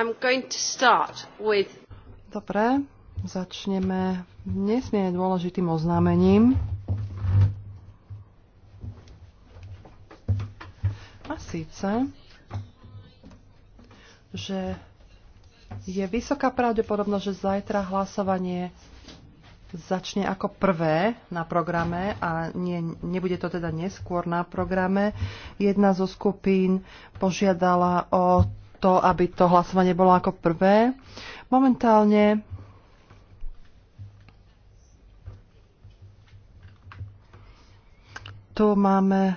I'm going to start with... Dobre, začneme nesmierne dôležitým oznámením. A síce, že je vysoká pravdepodobnosť, že zajtra hlasovanie začne ako prvé na programe a nie, nebude to teda neskôr na programe. Jedna zo skupín požiadala o to, aby to hlasovanie bolo ako prvé. Momentálne tu máme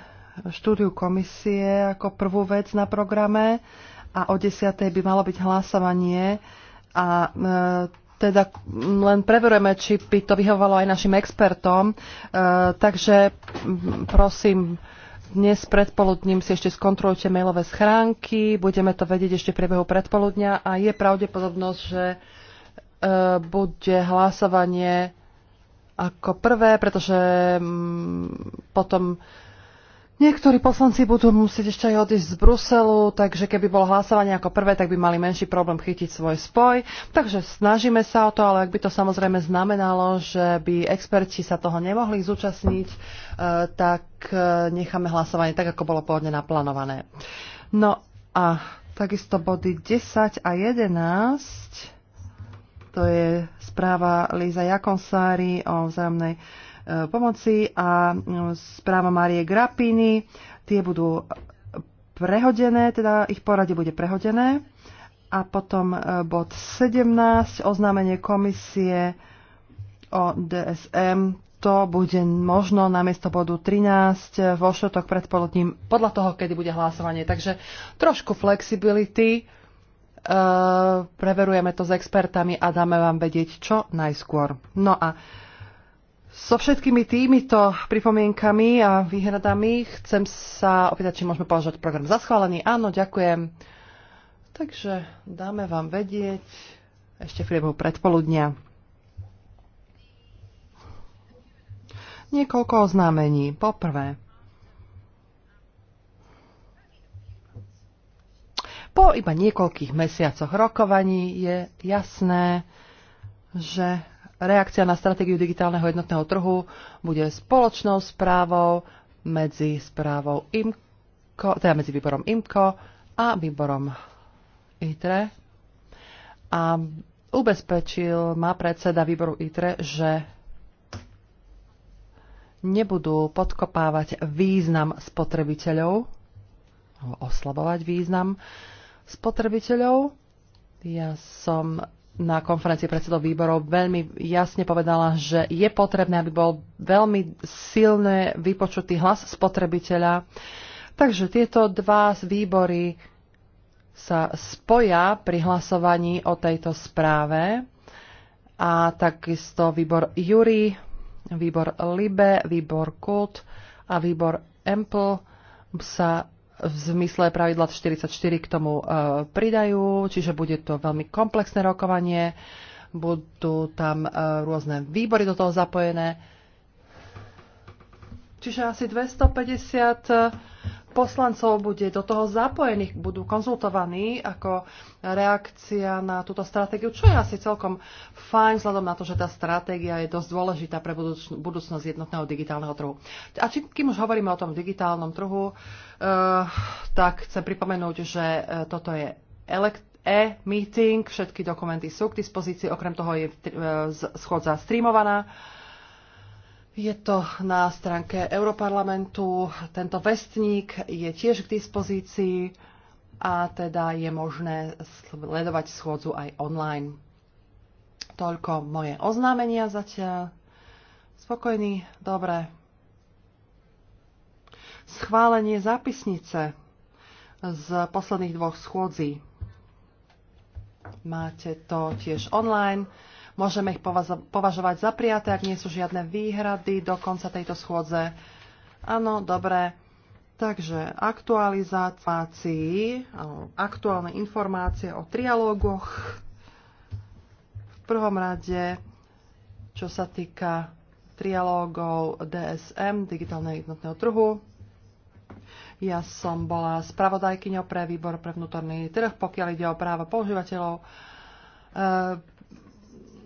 štúdiu komisie ako prvú vec na programe a o 10. by malo byť hlasovanie a e, teda len preverujeme, či by to vyhovalo aj našim expertom. E, takže prosím, dnes predpoludním si ešte skontrolujte mailové schránky, budeme to vedieť ešte v priebehu predpoludňa a je pravdepodobnosť, že e, bude hlasovanie ako prvé, pretože m, mm, potom Niektorí poslanci budú musieť ešte aj odísť z Bruselu, takže keby bolo hlasovanie ako prvé, tak by mali menší problém chytiť svoj spoj. Takže snažíme sa o to, ale ak by to samozrejme znamenalo, že by experti sa toho nemohli zúčastniť, e, tak e, necháme hlasovanie tak, ako bolo pôvodne naplánované. No a takisto body 10 a 11. To je správa Líza Jakonsári o vzájomnej Eh, pomoci a mm, správa Marie Grapiny. Tie budú prehodené, teda ich poradie bude prehodené. A potom eh, bod 17, oznámenie komisie o DSM. To bude možno namiesto bodu 13 eh, vo štvrtok predpoludním, podľa toho, kedy bude hlasovanie. Takže trošku flexibility. Uh, preverujeme to s expertami a dáme vám vedieť čo najskôr. No a so všetkými týmito pripomienkami a výhradami chcem sa opýtať, či môžeme považovať program za schválený. Áno, ďakujem. Takže dáme vám vedieť ešte v priebehu predpoludnia. Niekoľko oznámení. Poprvé, po iba niekoľkých mesiacoch rokovaní je jasné, že reakcia na stratégiu digitálneho jednotného trhu bude spoločnou správou medzi správou IMCO, teda medzi výborom IMCO a výborom ITRE. A ubezpečil ma predseda výboru ITRE, že nebudú podkopávať význam spotrebiteľov, oslabovať význam spotrebiteľov. Ja som na konferencii predsedov výborov veľmi jasne povedala, že je potrebné, aby bol veľmi silne vypočutý hlas spotrebiteľa. Takže tieto dva výbory sa spoja pri hlasovaní o tejto správe a takisto výbor Jury, výbor Libe, výbor Kult a výbor Empl sa v zmysle pravidla 44 k tomu e, pridajú, čiže bude to veľmi komplexné rokovanie, budú tam e, rôzne výbory do toho zapojené. Čiže asi 250 poslancov bude do toho zapojených, budú konzultovaní ako reakcia na túto stratégiu, čo je asi celkom fajn vzhľadom na to, že tá stratégia je dosť dôležitá pre budúcnosť jednotného digitálneho trhu. A či, kým už hovoríme o tom digitálnom trhu, uh, tak chcem pripomenúť, že eh, toto je elektronické e-meeting, všetky dokumenty sú k dispozícii, okrem toho je eh, schodza streamovaná. Je to na stránke Europarlamentu. Tento vestník je tiež k dispozícii a teda je možné sledovať schôdzu aj online. Toľko moje oznámenia zatiaľ. Spokojný, dobre. Schválenie zápisnice z posledných dvoch schôdzí. Máte to tiež online. Môžeme ich považovať za prijaté, ak nie sú žiadne výhrady do konca tejto schôdze. Áno, dobre. Takže aktualizácii, aktuálne informácie o trialógoch. V prvom rade, čo sa týka trialógov DSM, digitálneho jednotného trhu. Ja som bola spravodajkyňou pre výbor pre vnútorný trh, pokiaľ ide o práva používateľov. E,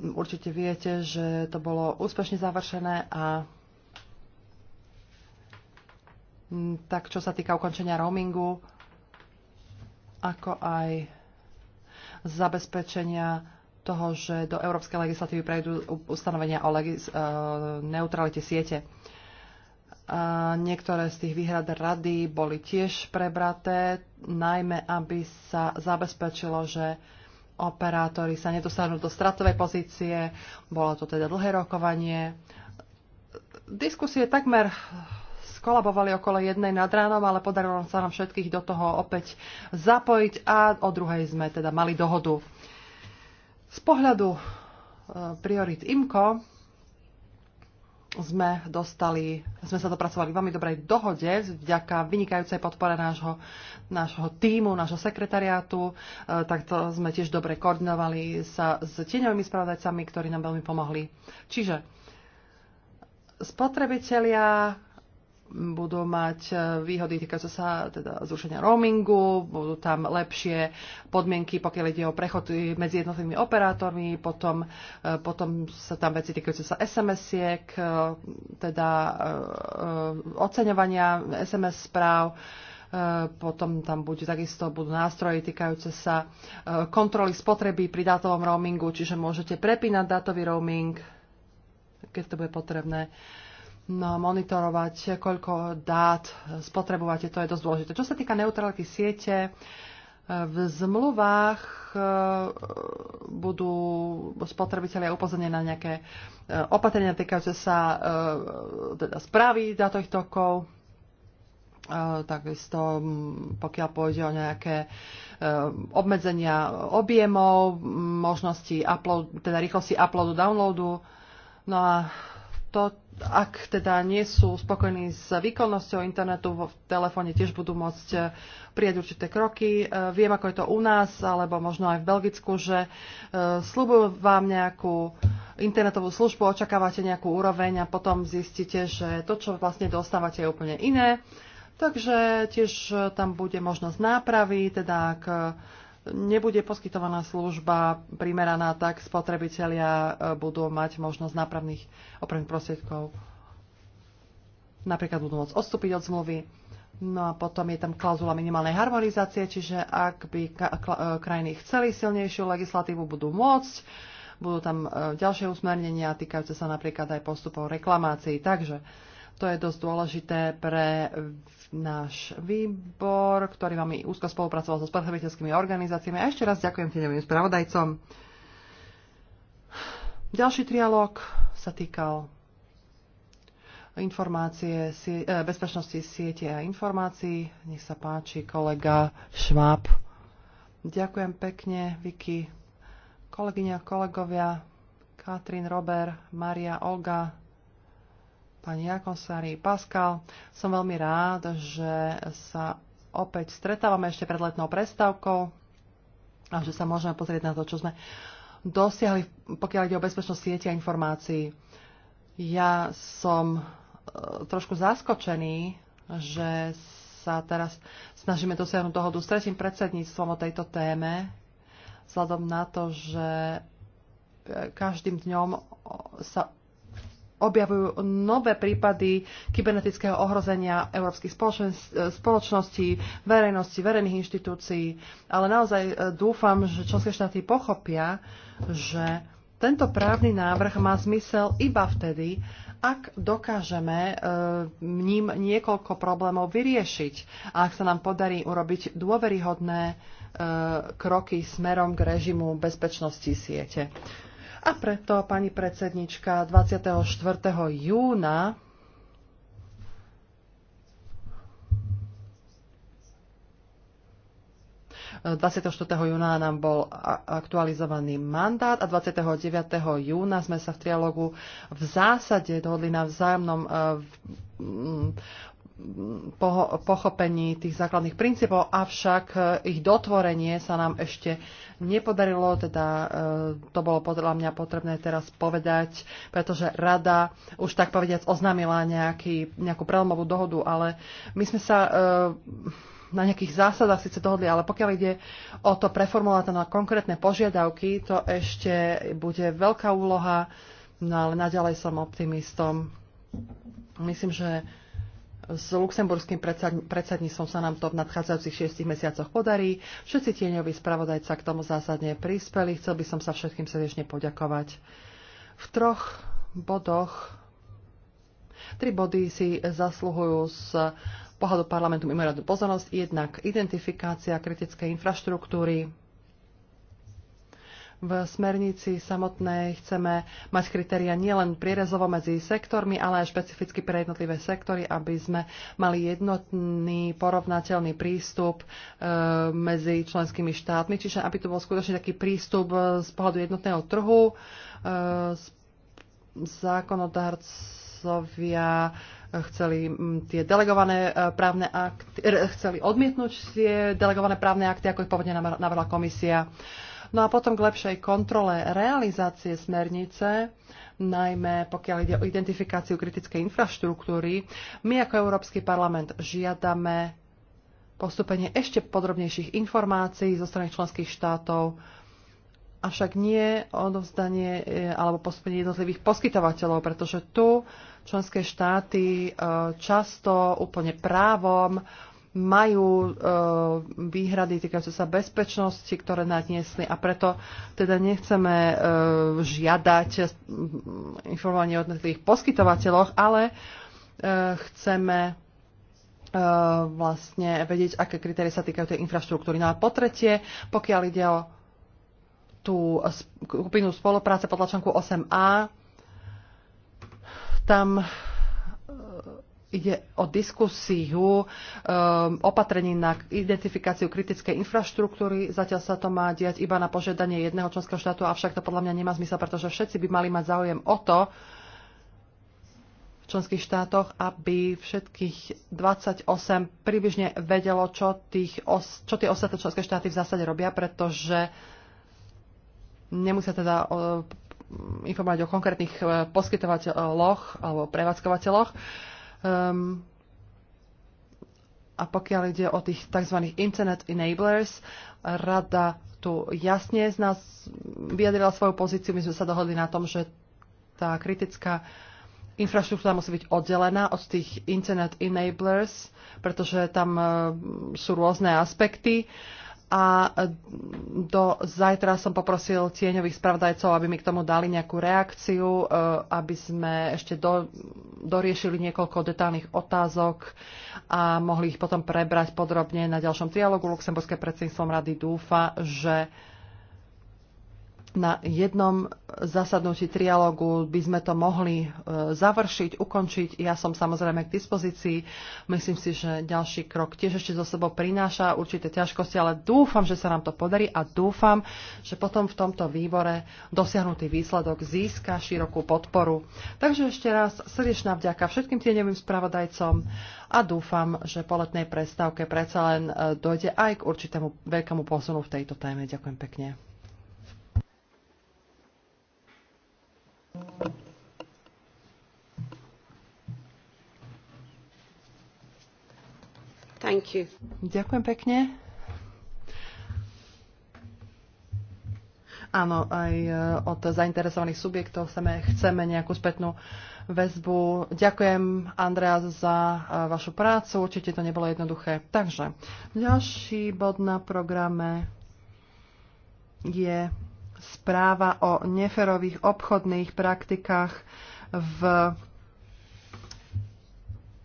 určite viete, že to bolo úspešne završené a tak čo sa týka ukončenia roamingu, ako aj zabezpečenia toho, že do európskej legislatívy prejdú ustanovenia o legis- e, neutralite siete. A e, niektoré z tých výhrad rady boli tiež prebraté, najmä aby sa zabezpečilo, že operátori sa nedostanú do stratovej pozície, bolo to teda dlhé rokovanie. Diskusie takmer skolabovali okolo jednej nad ránom, ale podarilo sa nám všetkých do toho opäť zapojiť a o druhej sme teda mali dohodu. Z pohľadu e, priorit IMCO sme dostali, sme sa dopracovali veľmi dobrej dohode vďaka vynikajúcej podpore nášho, nášho týmu, nášho sekretariátu. E, takto sme tiež dobre koordinovali sa s tieňovými spravodajcami, ktorí nám veľmi pomohli. Čiže spotrebitelia budú mať e, výhody týkajúce sa teda zrušenia roamingu, budú tam lepšie podmienky, pokiaľ ide o prechod medzi jednotlivými operátormi, potom, e, potom sa tam veci týkajúce sa SMS-iek, e, teda oceňovania SMS správ, potom tam bude, takisto budú nástroje týkajúce sa kontroly spotreby pri dátovom roamingu, čiže môžete prepínať dátový roaming, keď to bude potrebné. Uh, no, monitorovať, koľko dát spotrebujete, to je dosť dôležité. Čo sa týka neutrality siete, e, v zmluvách e, budú spotrebitelia upozornení na nejaké e, opatrenia týkajúce sa teda správy dátových tokov, takisto pokiaľ pôjde o nejaké obmedzenia objemov, možnosti upload, teda rýchlosti uploadu, downloadu. No a to, ak teda nie sú spokojní s výkonnosťou internetu, v telefóne tiež budú môcť eh, prijať určité kroky. Eh, viem, ako je to u nás, alebo možno aj v Belgicku, že eh, slúbujú vám nejakú internetovú službu, očakávate nejakú úroveň a potom zistíte, že to, čo vlastne dostávate, je úplne iné. Takže tiež tam bude možnosť nápravy, teda ak nebude poskytovaná služba primeraná, tak spotrebitelia e, budú mať možnosť nápravných opravných prostriedkov. Napríklad budú môcť odstúpiť od zmluvy. No a potom je tam klauzula minimálnej harmonizácie, čiže ak by e, krajiny chceli silnejšiu legislatívu, budú môcť. Budú tam e, ďalšie usmernenia týkajúce sa napríklad aj postupov reklamácií. Takže to je dosť dôležité pre náš výbor, ktorý vám úzko spolupracoval so spotrebiteľskými organizáciami. A ešte raz ďakujem tieňovým spravodajcom. Ďalší trialóg sa týkal informácie, eh, bezpečnosti siete a informácií. Nech sa páči kolega Šváb. Ďakujem pekne, Vicky, kolegyňa, kolegovia, Katrin, Robert, Maria, Olga, pani Jakonsari, Pascal. Som veľmi rád, že sa opäť stretávame ešte pred letnou prestávkou a že sa môžeme pozrieť na to, čo sme dosiahli, pokiaľ ide o bezpečnosť siete a informácií. Ja som e, trošku zaskočený, že sa teraz snažíme dosiahnuť dohodu s tretím predsedníctvom o tejto téme, vzhľadom na to, že e, každým dňom sa objavujú nové prípady kybernetického ohrozenia európskych spoločností, verejnosti, verejných inštitúcií. Ale naozaj e, dúfam, že členské štáty pochopia, že tento právny návrh má zmysel iba vtedy, ak dokážeme e, ním niekoľko problémov vyriešiť a ak sa nám podarí urobiť dôveryhodné e, kroky smerom k režimu bezpečnosti siete. A preto, pani predsednička, 24. júna – 24. júna nám bol aktualizovaný mandát a 29. júna sme sa v trialogu v zásade dohodli na vzájomnom eh, pochopení tých základných princípov, avšak e, ich dotvorenie sa nám ešte nepodarilo, teda e, to bolo podľa mňa potrebné teraz povedať, pretože rada už tak povediac oznámila nejaký, nejakú prelomovú dohodu, ale my sme sa e, na nejakých zásadách síce dohodli, ale pokiaľ ide o to preformulovať na konkrétne požiadavky, to ešte bude veľká úloha, no ale naďalej som optimistom. Myslím, že s luxemburským predsedníctvom sa nám to v nadchádzajúcich šiestich mesiacoch podarí. Všetci tieňoví spravodajca k tomu zásadne prispeli. Chcel by som sa všetkým srdečne poďakovať. V troch bodoch Tri body si zasluhujú z pohľadu parlamentu mimoriadnu pozornosť. Jednak identifikácia kritickej infraštruktúry, v smernici samotnej chceme mať kritéria nielen prierezovo medzi sektormi, ale aj špecificky pre jednotlivé sektory, aby sme mali jednotný porovnateľný prístup e, medzi členskými štátmi, čiže aby to bol skutočne taký prístup e, z pohľadu jednotného trhu, e, zákonodárcovia chceli tie delegované právne akty, chceli odmietnúť tie delegované právne akty, ako ich pôvodne navrhla komisia. No a potom k lepšej kontrole realizácie smernice, najmä pokiaľ ide o identifikáciu kritickej infraštruktúry, my ako Európsky parlament žiadame postupenie ešte podrobnejších informácií zo strany členských štátov, avšak nie odovzdanie e, alebo postupenie jednotlivých poskytovateľov, pretože tu členské štáty e, často úplne právom majú e, výhrady týkajúce sa bezpečnosti, ktoré nadniesli a preto teda nechceme e, žiadať e, informovanie o tých poskytovateľoch, ale e, chceme e, vlastne vedieť, aké kritérie sa týkajú tej infraštruktúry. No a po tretie, pokiaľ ide o tú skupinu spolupráce pod tlačenku 8a, tam ide o diskusiu um, opatrení na identifikáciu kritickej infraštruktúry. Zatiaľ sa to má diať iba na požiadanie jedného členského štátu, avšak to podľa mňa nemá zmysel, pretože všetci by mali mať záujem o to v členských štátoch, aby všetkých 28 približne vedelo, čo, tých os, čo tie ostatné členské štáty v zásade robia, pretože nemusia teda informovať o konkrétnych e, poskytovateľoch alebo prevádzkovateľoch, Um, a pokiaľ ide o tých tzv. Internet Enablers, rada tu jasne z nás vyjadrila svoju pozíciu. My sme sa dohodli na tom, že tá kritická infraštruktúra musí byť oddelená od tých Internet Enablers, pretože tam uh, sú rôzne aspekty. Uh, a mm, do zajtra som poprosil tieňových spravodajcov, aby mi k tomu dali nejakú reakciu, e, aby sme ešte do, doriešili niekoľko detálnych otázok a mohli ich potom prebrať podrobne na ďalšom dialogu. Luxemburské predsedníctvom rady dúfa, že na jednom zasadnutí trialógu by sme to mohli e, završiť, ukončiť. Ja som samozrejme k dispozícii. Myslím si, že ďalší krok tiež ešte zo sebou prináša určité ťažkosti, ale dúfam, že sa nám to podarí a dúfam, že potom v tomto výbore dosiahnutý výsledok získa širokú podporu. Takže ešte raz srdečná vďaka všetkým tieňovým spravodajcom a dúfam, že po letnej prestávke predsa len e, dojde aj k určitému veľkému posunu v tejto téme. Ďakujem pekne. Thank you. Ďakujem pekne. Áno, aj eh, od zainteresovaných subjektov chceme, chceme nejakú spätnú väzbu. Ďakujem, Andreas, za eh, vašu prácu. Určite to nebolo jednoduché. Takže, ďalší bod na programe je správa o neferových obchodných praktikách v,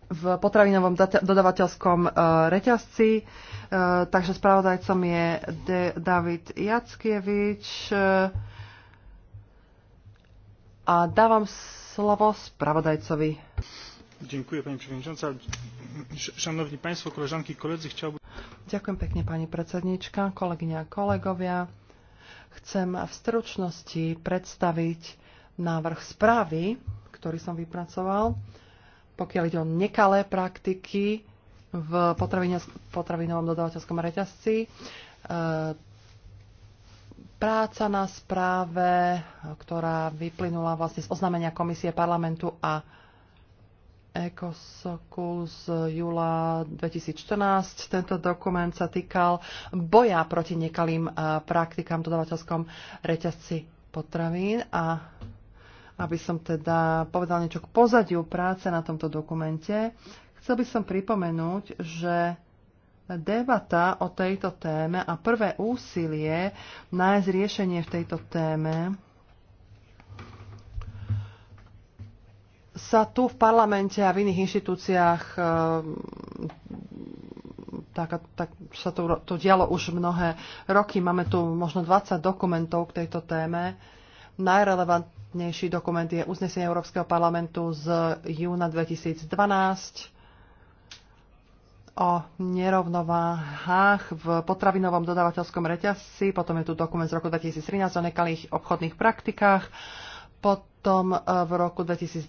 v potravinovom dodavateľskom e, reťazci. E, takže spravodajcom je De- David Jackievič. E, a dávam slovo spravodajcovi. Dziękuję Pani Przewodnicząca. Szanowni Państwo, koleżanki i koledzy, chciałbym... Ďakujem pekne, pani predsednička, kolegyňa a kolegovia. Chcem v stručnosti predstaviť návrh správy, ktorý som vypracoval, pokiaľ ide o nekalé praktiky v potravinovom dodavateľskom reťazci. E, práca na správe, ktorá vyplynula vlastne z oznámenia Komisie parlamentu a ECOSOKu z júla 2014. Tento dokument sa týkal boja proti nekalým eh, praktikám v dodavateľskom reťazci potravín a aby som teda povedal niečo k pozadiu práce na tomto dokumente, chcel by som pripomenúť, že debata o tejto téme a prvé úsilie nájsť riešenie v tejto téme sa tu v parlamente a v iných inštitúciách eh, tak, tak sa to, to dialo už mnohé roky. Máme tu možno 20 dokumentov k tejto téme. Najrelevantnejší dokument je uznesenie Európskeho parlamentu z júna 2012 o nerovnováhách v potravinovom dodávateľskom reťazci. Potom je tu dokument z roku 2013 o nekalých obchodných praktikách potom e, v roku 2010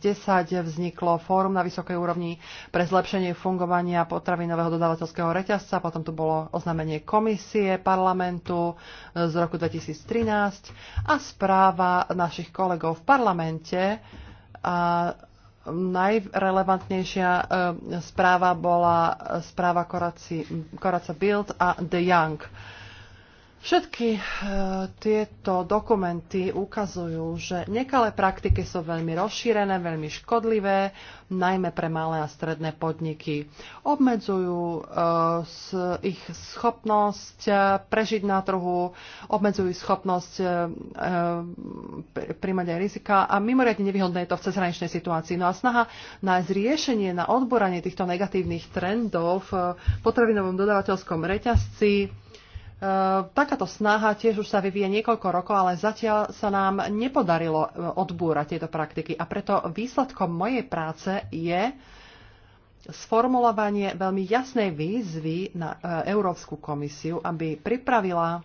vzniklo fórum na vysokej úrovni pre zlepšenie fungovania potravinového dodávateľského reťazca, potom tu bolo oznámenie komisie parlamentu e, z roku 2013 a správa našich kolegov v parlamente. A najrelevantnejšia e, správa bola správa Koraci, Koraca Bild a De Young Všetky e, tieto dokumenty ukazujú, že nekalé praktiky sú veľmi rozšírené, veľmi škodlivé, najmä pre malé a stredné podniky. Obmedzujú e, ich schopnosť e, prežiť na trhu, obmedzujú ich schopnosť príjmať aj rizika a mimoriadne nevyhodné je to v cezhraničnej situácii. No a snaha nájsť riešenie na odboranie týchto negatívnych trendov v potravinovom dodávateľskom reťazci E, takáto snaha tiež už sa vyvíje niekoľko rokov, ale zatiaľ sa nám nepodarilo e, odbúrať tieto praktiky. A preto výsledkom mojej práce je sformulovanie veľmi jasnej výzvy na e, Európsku komisiu, aby pripravila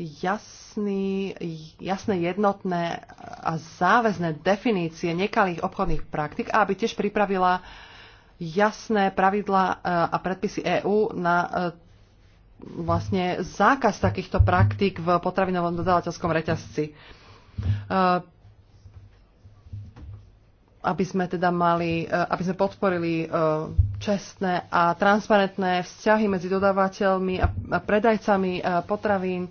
jasný, jasné, jednotné a záväzné definície nekalých obchodných praktik a aby tiež pripravila jasné pravidlá a predpisy EÚ na vlastne zákaz takýchto praktík v potravinovom dodávateľskom reťazci. E, aby sme teda mali, e, aby sme podporili e, čestné a transparentné vzťahy medzi dodávateľmi a predajcami potravín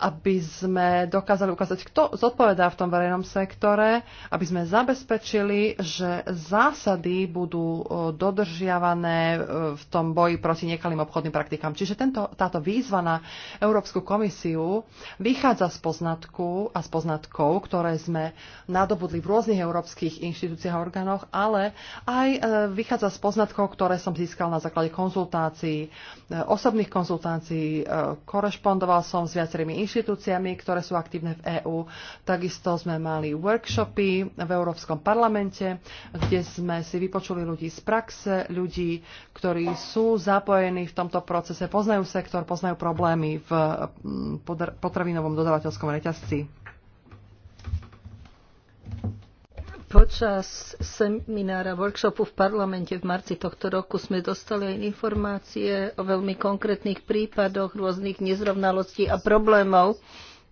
aby sme dokázali ukázať, kto zodpovedá v tom verejnom sektore, aby sme zabezpečili, že zásady budú e, dodržiavané e, v tom boji proti nekalým obchodným praktikám. Čiže tento, táto výzva na Európsku komisiu vychádza z poznatku a z poznatkov, ktoré sme nadobudli v rôznych európskych inštitúciách a orgánoch, ale aj e, vychádza z poznatkov, ktoré som získal na základe konzultácií, osobných konzultácií, korešpondoval som s viacerými inštitúciami, inštitúciami, ktoré sú aktívne v EÚ. Takisto sme mali workshopy v Európskom parlamente, kde sme si vypočuli ľudí z praxe, ľudí, ktorí sú zapojení v tomto procese, poznajú sektor, poznajú problémy v mm, potravinovom dodavateľskom reťazci. Počas seminára, workshopu v parlamente v marci tohto roku sme dostali aj informácie o veľmi konkrétnych prípadoch rôznych nezrovnalostí a problémov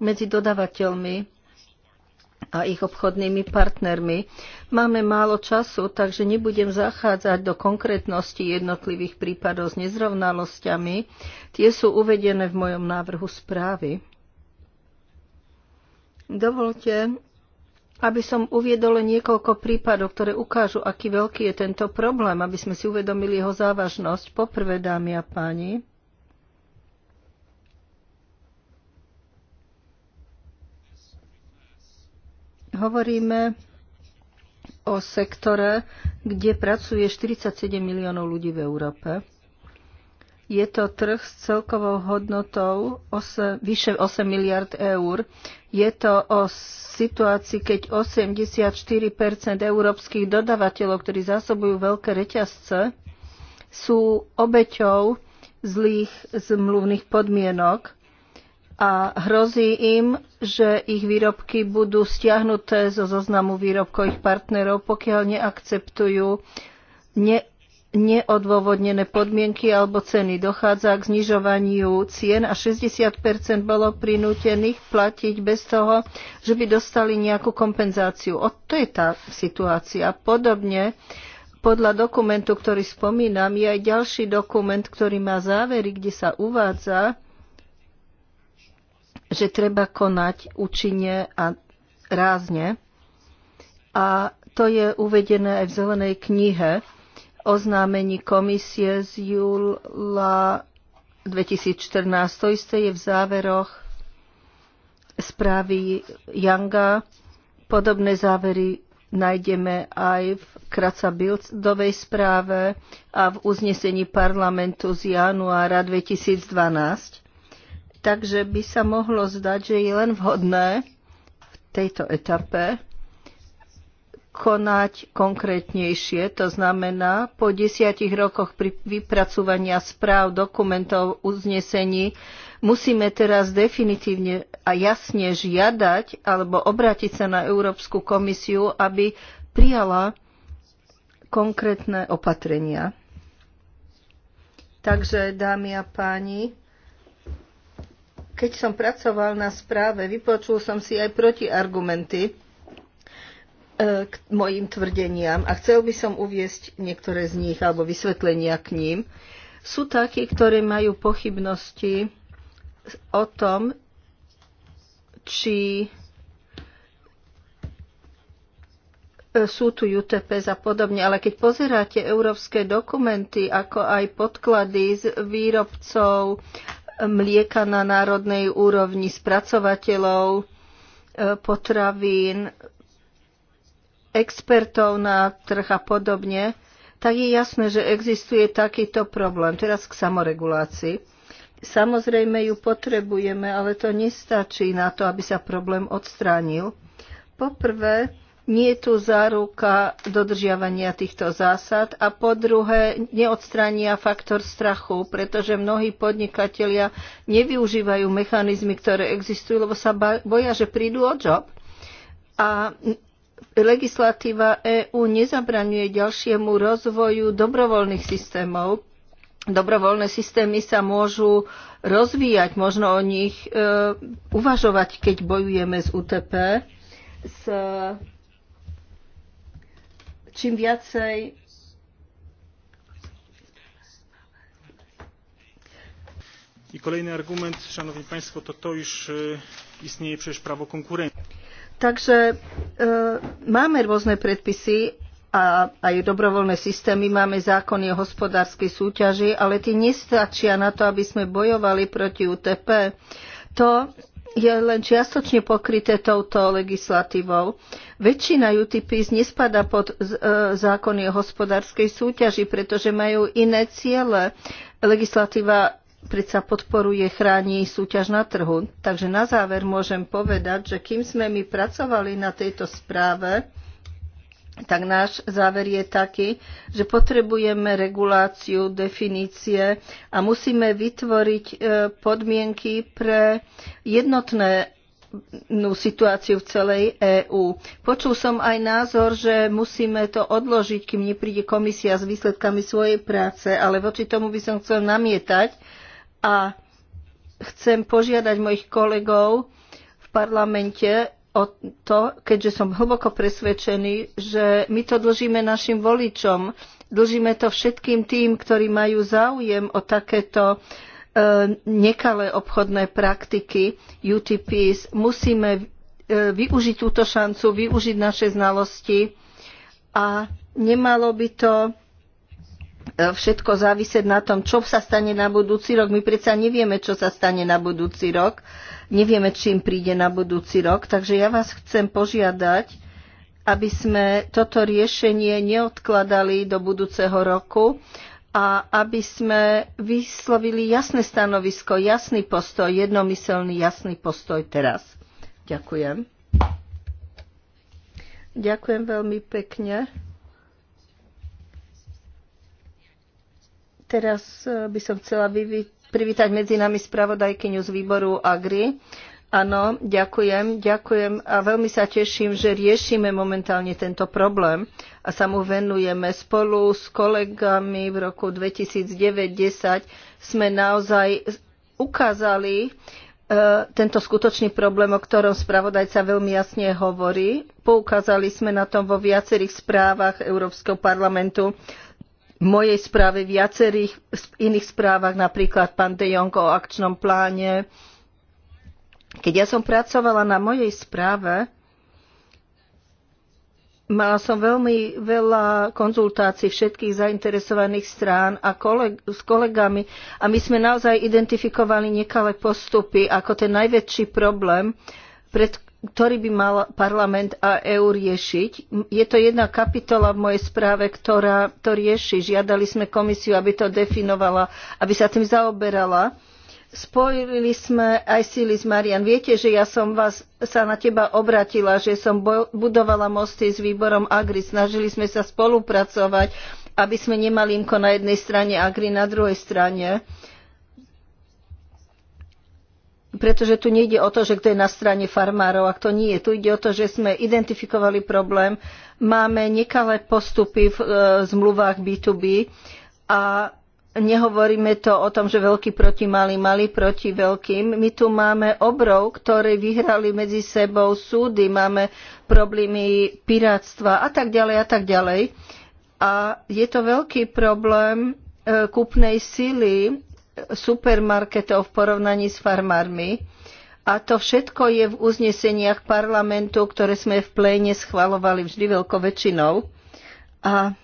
medzi dodávateľmi a ich obchodnými partnermi. Máme málo času, takže nebudem zachádzať do konkrétnosti jednotlivých prípadov s nezrovnalosťami. Tie sú uvedené v mojom návrhu správy. Dovolte, aby som uviedol niekoľko prípadov, ktoré ukážu, aký veľký je tento problém, aby sme si uvedomili jeho závažnosť. Poprvé, dámy a páni, hovoríme o sektore, kde pracuje 47 miliónov ľudí v Európe. Je to trh s celkovou hodnotou 8, vyše 8 miliard eur. Je to o situácii, keď 84 európskych dodavateľov, ktorí zásobujú veľké reťazce, sú obeťou zlých zmluvných podmienok a hrozí im, že ich výrobky budú stiahnuté zo zoznamu výrobkových partnerov, pokiaľ neakceptujú ne- neodôvodnené podmienky alebo ceny. Dochádza k znižovaniu cien a 60 bolo prinútených platiť bez toho, že by dostali nejakú kompenzáciu. O, to je tá situácia. Podobne podľa dokumentu, ktorý spomínam, je aj ďalší dokument, ktorý má závery, kde sa uvádza, že treba konať účinne a rázne. A to je uvedené aj v zelenej knihe oznámení komisie z júla 2014. To isté je v záveroch správy Yanga. Podobné závery nájdeme aj v Kraca Bildovej správe a v uznesení parlamentu z januára 2012. Takže by sa mohlo zdať, že je len vhodné v tejto etape konať konkrétnejšie. To znamená, po desiatich rokoch pri vypracovania správ, dokumentov, uznesení musíme teraz definitívne a jasne žiadať alebo obrátiť sa na Európsku komisiu, aby prijala konkrétne opatrenia. Takže, dámy a páni, keď som pracoval na správe, vypočul som si aj protiargumenty E, k mojim tvrdeniam a chcel by som uviesť niektoré z nich alebo vysvetlenia k ním. Sú takí, ktorí majú pochybnosti o tom, či e, sú tu UTPs a podobne, ale keď pozeráte európske dokumenty, ako aj podklady z výrobcov mlieka na národnej úrovni, spracovateľov e, potravín, expertov na trh a podobne, tak je jasné, že existuje takýto problém. Teraz k samoregulácii. Samozrejme ju potrebujeme, ale to nestačí na to, aby sa problém odstránil. Poprvé, nie je tu záruka dodržiavania týchto zásad a po druhé neodstrania faktor strachu, pretože mnohí podnikatelia nevyužívajú mechanizmy, ktoré existujú, lebo sa boja, že prídu o job. A legislatíva EÚ nezabraňuje ďalšiemu rozvoju dobrovoľných systémov. Dobrovoľné systémy sa môžu rozvíjať, možno o nich e, uvažovať, keď bojujeme s UTP. S, čím viacej I kolejny argument, szanowni państwo, to to, iż e, istnieje przecież prawo konkurencji. Takže e, máme rôzne predpisy a aj dobrovoľné systémy, máme zákony o hospodárskej súťaži, ale tie nestačia na to, aby sme bojovali proti UTP. To je len čiastočne pokryté touto legislatívou. Väčšina UTP nespada pod e, zákony o hospodárskej súťaži, pretože majú iné ciele. Legislatíva predsa podporuje, chráni súťaž na trhu. Takže na záver môžem povedať, že kým sme my pracovali na tejto správe, tak náš záver je taký, že potrebujeme reguláciu, definície a musíme vytvoriť e, podmienky pre jednotné situáciu v celej EÚ. Počul som aj názor, že musíme to odložiť, kým nepríde komisia s výsledkami svojej práce, ale voči tomu by som chcel namietať, a chcem požiadať mojich kolegov v parlamente o to, keďže som hlboko presvedčený, že my to dlžíme našim voličom, dlžíme to všetkým tým, ktorí majú záujem o takéto e, nekalé obchodné praktiky UTPs. Musíme e, využiť túto šancu, využiť naše znalosti a nemalo by to E, všetko závisieť na tom, čo sa stane na budúci rok. My predsa nevieme, čo sa stane na budúci rok. Nevieme, čím príde na budúci rok. Takže ja vás chcem požiadať, aby sme toto riešenie neodkladali do budúceho roku a aby sme vyslovili jasné stanovisko, jasný postoj, jednomyselný jasný postoj teraz. Ďakujem. Ďakujem veľmi pekne. Teraz e, by som chcela privítať medzi nami spravodajkyňu z výboru AGRI. Áno, ďakujem, ďakujem a veľmi sa teším, že riešime momentálne tento problém a sa mu venujeme spolu s kolegami v roku 2009 2010 sme naozaj ukázali e, tento skutočný problém, o ktorom spravodajca veľmi jasne hovorí. Poukázali sme na tom vo viacerých správach Európskeho parlamentu mojej správe, viacerých iných správach, napríklad pán De Jong o akčnom pláne. Keď ja som pracovala na mojej správe, Mala som veľmi veľa konzultácií všetkých zainteresovaných strán a koleg- s kolegami a my sme naozaj identifikovali nekalé postupy ako ten najväčší problém, pred ktorý by mal parlament a EÚ riešiť. Je to jedna kapitola v mojej správe, ktorá to rieši. Žiadali sme komisiu, aby to definovala, aby sa tým zaoberala. Spojili sme aj síly s Marian. Viete, že ja som vás, sa na teba obratila, že som budovala mosty s výborom Agri. Snažili sme sa spolupracovať, aby sme nemali imko na jednej strane, Agri na druhej strane pretože tu nejde o to, že kto je na strane farmárov a kto nie. Tu ide o to, že sme identifikovali problém, máme nekalé postupy v e, zmluvách B2B a nehovoríme to o tom, že veľký proti malý, malý proti veľkým. My tu máme obrov, ktorí vyhrali medzi sebou súdy, máme problémy pirátstva a tak ďalej a tak ďalej. A je to veľký problém e, kúpnej sily supermarketov v porovnaní s farmármi. A to všetko je v uzneseniach parlamentu, ktoré sme v pléne schvalovali vždy veľkou väčšinou. A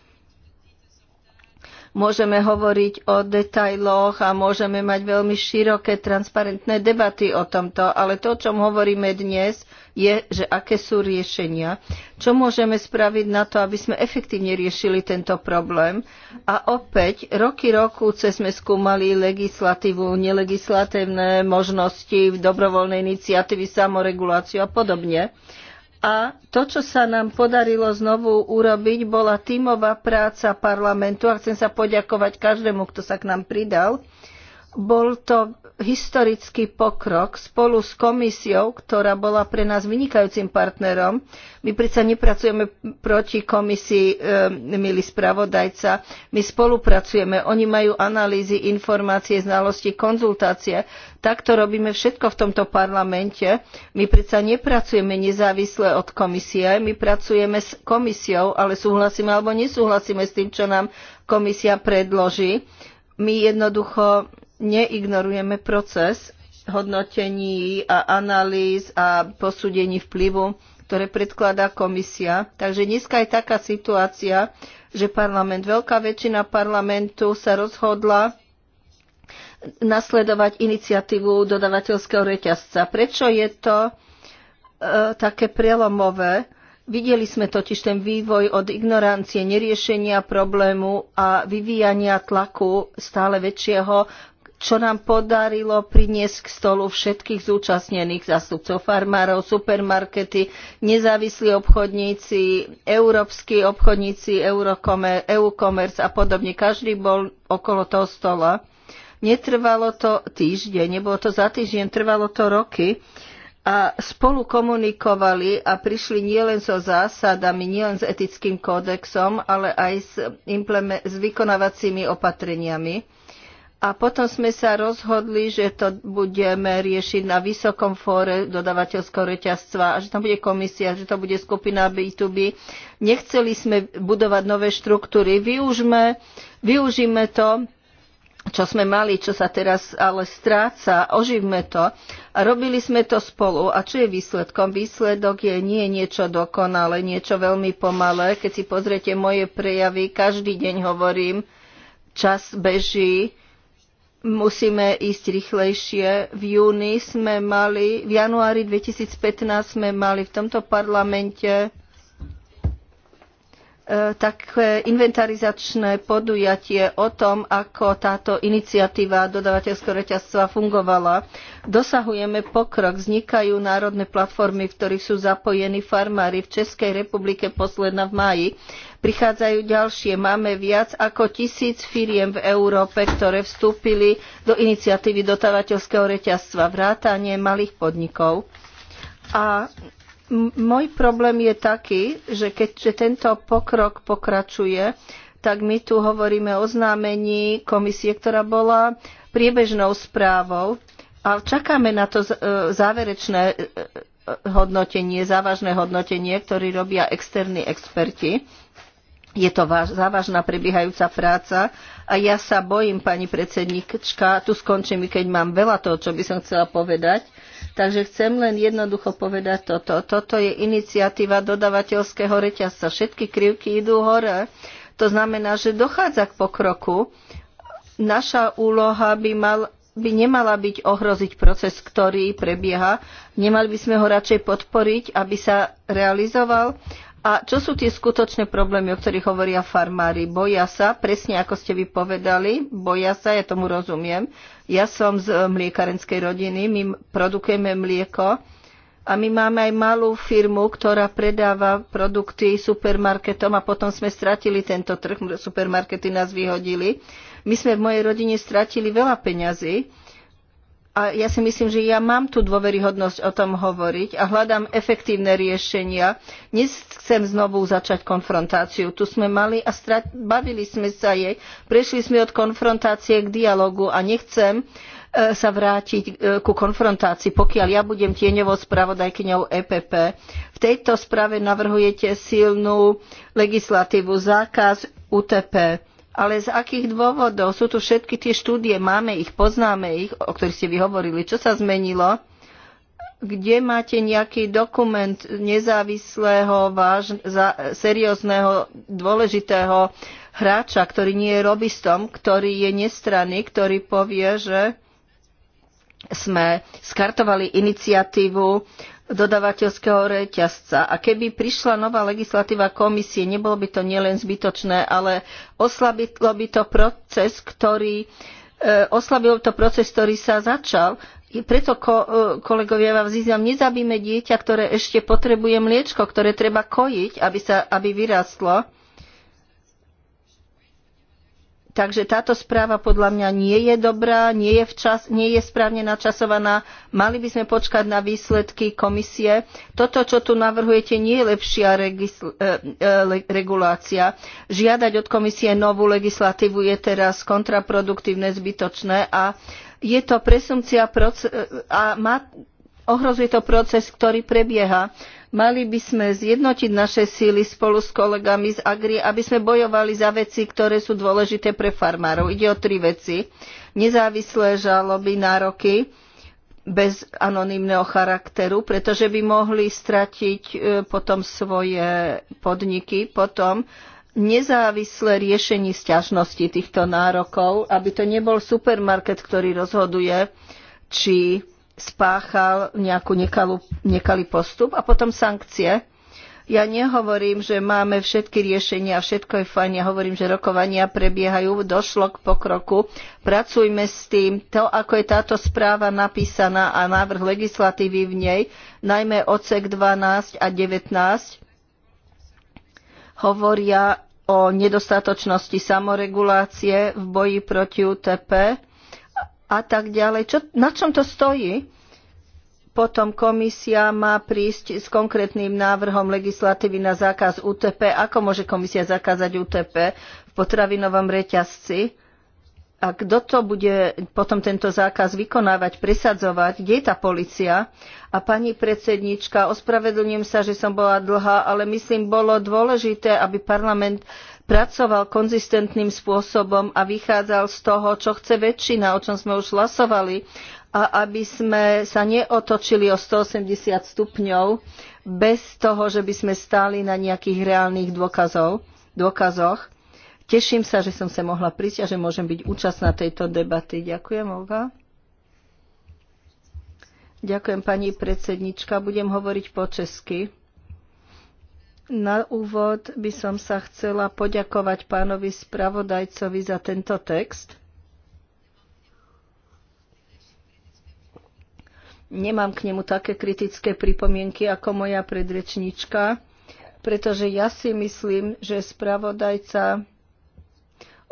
môžeme hovoriť o detailoch a môžeme mať veľmi široké, transparentné debaty o tomto, ale to, o čom hovoríme dnes, je, že aké sú riešenia, čo môžeme spraviť na to, aby sme efektívne riešili tento problém. A opäť, roky roku cez sme skúmali legislatívu, nelegislatívne možnosti, dobrovoľné iniciatívy, samoreguláciu a podobne. A to, čo sa nám podarilo znovu urobiť, bola tímová práca parlamentu a chcem sa poďakovať každému, kto sa k nám pridal. Bol to historický pokrok spolu s komisiou, ktorá bola pre nás vynikajúcim partnerom. My predsa nepracujeme proti komisii, e, milý spravodajca. My spolupracujeme. Oni majú analýzy, informácie, znalosti, konzultácie. Takto robíme všetko v tomto parlamente. My predsa nepracujeme nezávisle od komisie. My pracujeme s komisiou, ale súhlasíme alebo nesúhlasíme s tým, čo nám komisia predloží my jednoducho neignorujeme proces hodnotení a analýz a posúdení vplyvu, ktoré predkladá komisia. Takže dneska je taká situácia, že parlament, veľká väčšina parlamentu sa rozhodla nasledovať iniciatívu dodavateľského reťazca. Prečo je to e, také prelomové? Videli sme totiž ten vývoj od ignorancie, neriešenia problému a vyvíjania tlaku stále väčšieho čo nám podarilo priniesť k stolu všetkých zúčastnených zástupcov farmárov, supermarkety, nezávislí obchodníci, európsky obchodníci, EU-commerce a podobne. Každý bol okolo toho stola. Netrvalo to týždeň, nebolo to za týždeň, trvalo to roky a spolu komunikovali a prišli nielen so zásadami, nielen s etickým kódexom, ale aj s, s vykonávacími opatreniami a potom sme sa rozhodli, že to budeme riešiť na vysokom fóre dodavateľského reťazstva a že tam bude komisia, že to bude skupina B2B. Nechceli sme budovať nové štruktúry. Využme, využíme to, čo sme mali, čo sa teraz ale stráca, oživme to. A robili sme to spolu. A čo je výsledkom? Výsledok je nie niečo dokonale, niečo veľmi pomalé. Keď si pozriete moje prejavy, každý deň hovorím, čas beží, musíme ísť rýchlejšie. V júni sme mali, v januári 2015 sme mali v tomto parlamente e, také inventarizačné podujatie o tom, ako táto iniciatíva dodavateľského reťazstva fungovala. Dosahujeme pokrok, vznikajú národné platformy, v ktorých sú zapojení farmári. V Českej republike posledná v máji Prichádzajú ďalšie. Máme viac ako tisíc firiem v Európe, ktoré vstúpili do iniciatívy dotávateľského reťazstva, vrátanie malých podnikov. A môj problém je taký, že keďže tento pokrok pokračuje, tak my tu hovoríme o oznámení komisie, ktorá bola priebežnou správou a čakáme na to e, záverečné e, e, hodnotenie, závažné hodnotenie, ktoré robia externí experti. Je to závažná prebiehajúca práca a ja sa bojím, pani predsednička, tu skončím, keď mám veľa toho, čo by som chcela povedať. Takže chcem len jednoducho povedať toto. Toto je iniciatíva dodavateľského reťazca. Všetky krivky idú hore. To znamená, že dochádza k pokroku. Naša úloha by, mal, by nemala byť ohroziť proces, ktorý prebieha. Nemali by sme ho radšej podporiť, aby sa realizoval a čo sú tie skutočné problémy, o ktorých hovoria farmári? Boja sa, presne ako ste vy povedali, boja sa, ja tomu rozumiem. Ja som z eh, mliekarenskej rodiny, my produkujeme mlieko a my máme aj malú firmu, ktorá predáva produkty supermarketom a potom sme stratili tento trh, supermarkety nás vyhodili. My sme v mojej rodine stratili veľa peňazí, a ja si myslím, že ja mám tú dôveryhodnosť o tom hovoriť a hľadám efektívne riešenia. Nechcem znovu začať konfrontáciu. Tu sme mali a strat- bavili sme sa jej. Prešli sme od konfrontácie k dialogu a nechcem e, sa vrátiť e, ku konfrontácii, pokiaľ ja budem tieňovou spravodajkyňou EPP. V tejto sprave navrhujete silnú legislatívu, zákaz UTP ale z akých dôvodov? Sú tu všetky tie štúdie, máme ich, poznáme ich, o ktorých ste vy hovorili. Čo sa zmenilo? Kde máte nejaký dokument nezávislého, váž, za, seriózneho, dôležitého hráča, ktorý nie je robistom, ktorý je nestranný, ktorý povie, že sme skartovali iniciatívu dodavateľského reťazca. A keby prišla nová legislatíva komisie, nebolo by to nielen zbytočné, ale oslabilo by to proces, ktorý e, oslabilo to proces, ktorý sa začal. I preto, e, kolegovia, vám zízam, nezabíme dieťa, ktoré ešte potrebuje mliečko, ktoré treba kojiť, aby, sa, aby vyrastlo. Takže táto správa podľa mňa nie je dobrá, nie je, včas, nie je správne načasovaná. Mali by sme počkať na výsledky komisie. Toto, čo tu navrhujete, nie je lepšia e, e, regulácia. Žiadať od komisie novú legislatívu je teraz kontraproduktívne, zbytočné a je to presumcia e, a má, ohrozuje to proces, ktorý prebieha. Mali by sme zjednotiť naše síly spolu s kolegami z Agri, aby sme bojovali za veci, ktoré sú dôležité pre farmárov. Ide o tri veci. Nezávislé žaloby, nároky bez anonimného charakteru, pretože by mohli stratiť e, potom svoje podniky, potom nezávislé riešenie sťažnosti týchto nárokov, aby to nebol supermarket, ktorý rozhoduje, či spáchal nejakú nekalú, nekalý postup a potom sankcie. Ja nehovorím, že máme všetky riešenia, všetko je fajn, ja hovorím, že rokovania prebiehajú, došlo k pokroku, pracujme s tým. To, ako je táto správa napísaná a návrh legislatívy v nej, najmä odsek 12 a 19, hovoria o nedostatočnosti samoregulácie v boji proti UTP a tak ďalej. Čo, na čom to stojí? Potom komisia má prísť s konkrétnym návrhom legislatívy na zákaz UTP. Ako môže komisia zakázať UTP v potravinovom reťazci? A kto to bude potom tento zákaz vykonávať, presadzovať? Kde je tá policia? A pani predsednička, ospravedlňujem sa, že som bola dlhá, ale myslím, bolo dôležité, aby parlament uh, pracoval konzistentným spôsobom a vychádzal z toho, čo chce väčšina, o čom sme už hlasovali, a aby sme sa neotočili o 180 stupňov bez toho, že by sme stáli na nejakých reálnych dôkazov, dôkazoch. Teším sa, že som sa mohla prísť a že môžem byť účastná tejto debaty. Ďakujem, Olga. Ďakujem, pani predsednička. Budem hovoriť po česky. Na úvod by som sa chcela poďakovať pánovi spravodajcovi za tento text. Nemám k nemu také kritické pripomienky ako moja predrečníčka, pretože ja si myslím, že spravodajca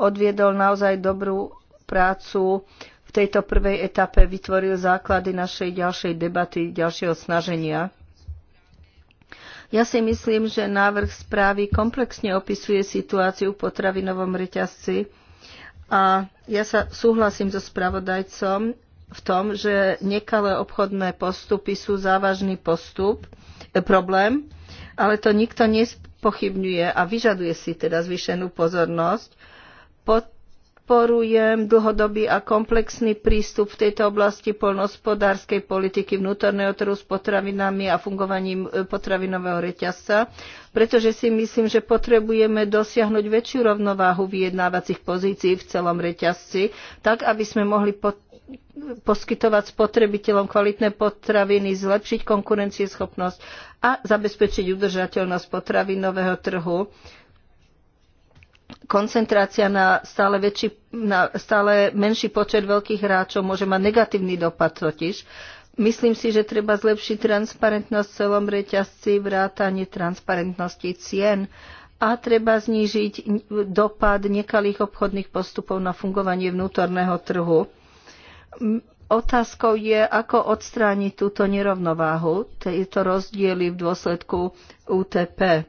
odviedol naozaj dobrú prácu. V tejto prvej etape vytvoril základy našej ďalšej debaty, ďalšieho snaženia. Ja si myslím, že návrh správy komplexne opisuje situáciu v potravinovom reťazci a ja sa súhlasím so spravodajcom v tom, že nekalé obchodné postupy sú závažný postup, e, problém, ale to nikto nespochybňuje a vyžaduje si teda zvýšenú pozornosť. Pod podporujem dlhodobý a komplexný prístup v tejto oblasti poľnohospodárskej politiky vnútorného trhu s potravinami a fungovaním e, potravinového reťazca, pretože si myslím, že potrebujeme dosiahnuť väčšiu rovnováhu vyjednávacích pozícií v celom reťazci, tak aby sme mohli poskytovať spotrebiteľom kvalitné potraviny, zlepšiť konkurencieschopnosť a zabezpečiť udržateľnosť potravinového trhu koncentrácia na stále, väčší, na stále menší počet veľkých hráčov môže mať negatívny dopad totiž. Myslím si, že treba zlepšiť transparentnosť v celom reťazci, vrátanie transparentnosti cien a treba znížiť dopad nekalých obchodných postupov na fungovanie vnútorného trhu. Otázkou je, ako odstrániť túto nerovnováhu, tieto rozdiely v dôsledku UTP,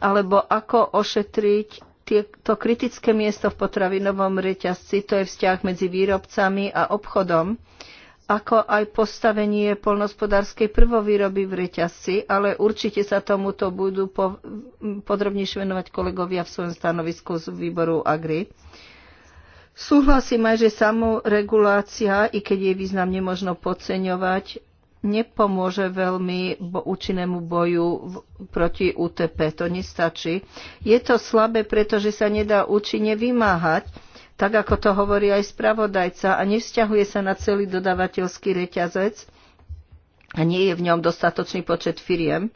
alebo ako ošetriť to kritické miesto v potravinovom reťazci, to je vzťah medzi výrobcami a obchodom, ako aj postavenie polnospodárskej prvovýroby v reťazci, ale určite sa tomuto budú po, podrobnejšie venovať kolegovia v svojom stanovisku z výboru AGRI. Súhlasím aj, že samoregulácia, i keď jej význam nemožno podceňovať, nepomôže veľmi bo- účinnému boju v- proti UTP. To nestačí. Je to slabé, pretože sa nedá účinne vymáhať, tak ako to hovorí aj spravodajca, a nevzťahuje sa na celý dodávateľský reťazec a nie je v ňom dostatočný počet firiem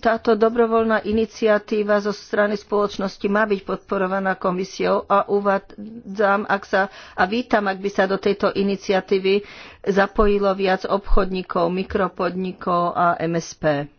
táto dobrovoľná iniciatíva zo strany spoločnosti má byť podporovaná komisiou a uvádzam, ak sa, a vítam, ak by sa do tejto iniciatívy zapojilo viac obchodníkov, mikropodnikov a MSP.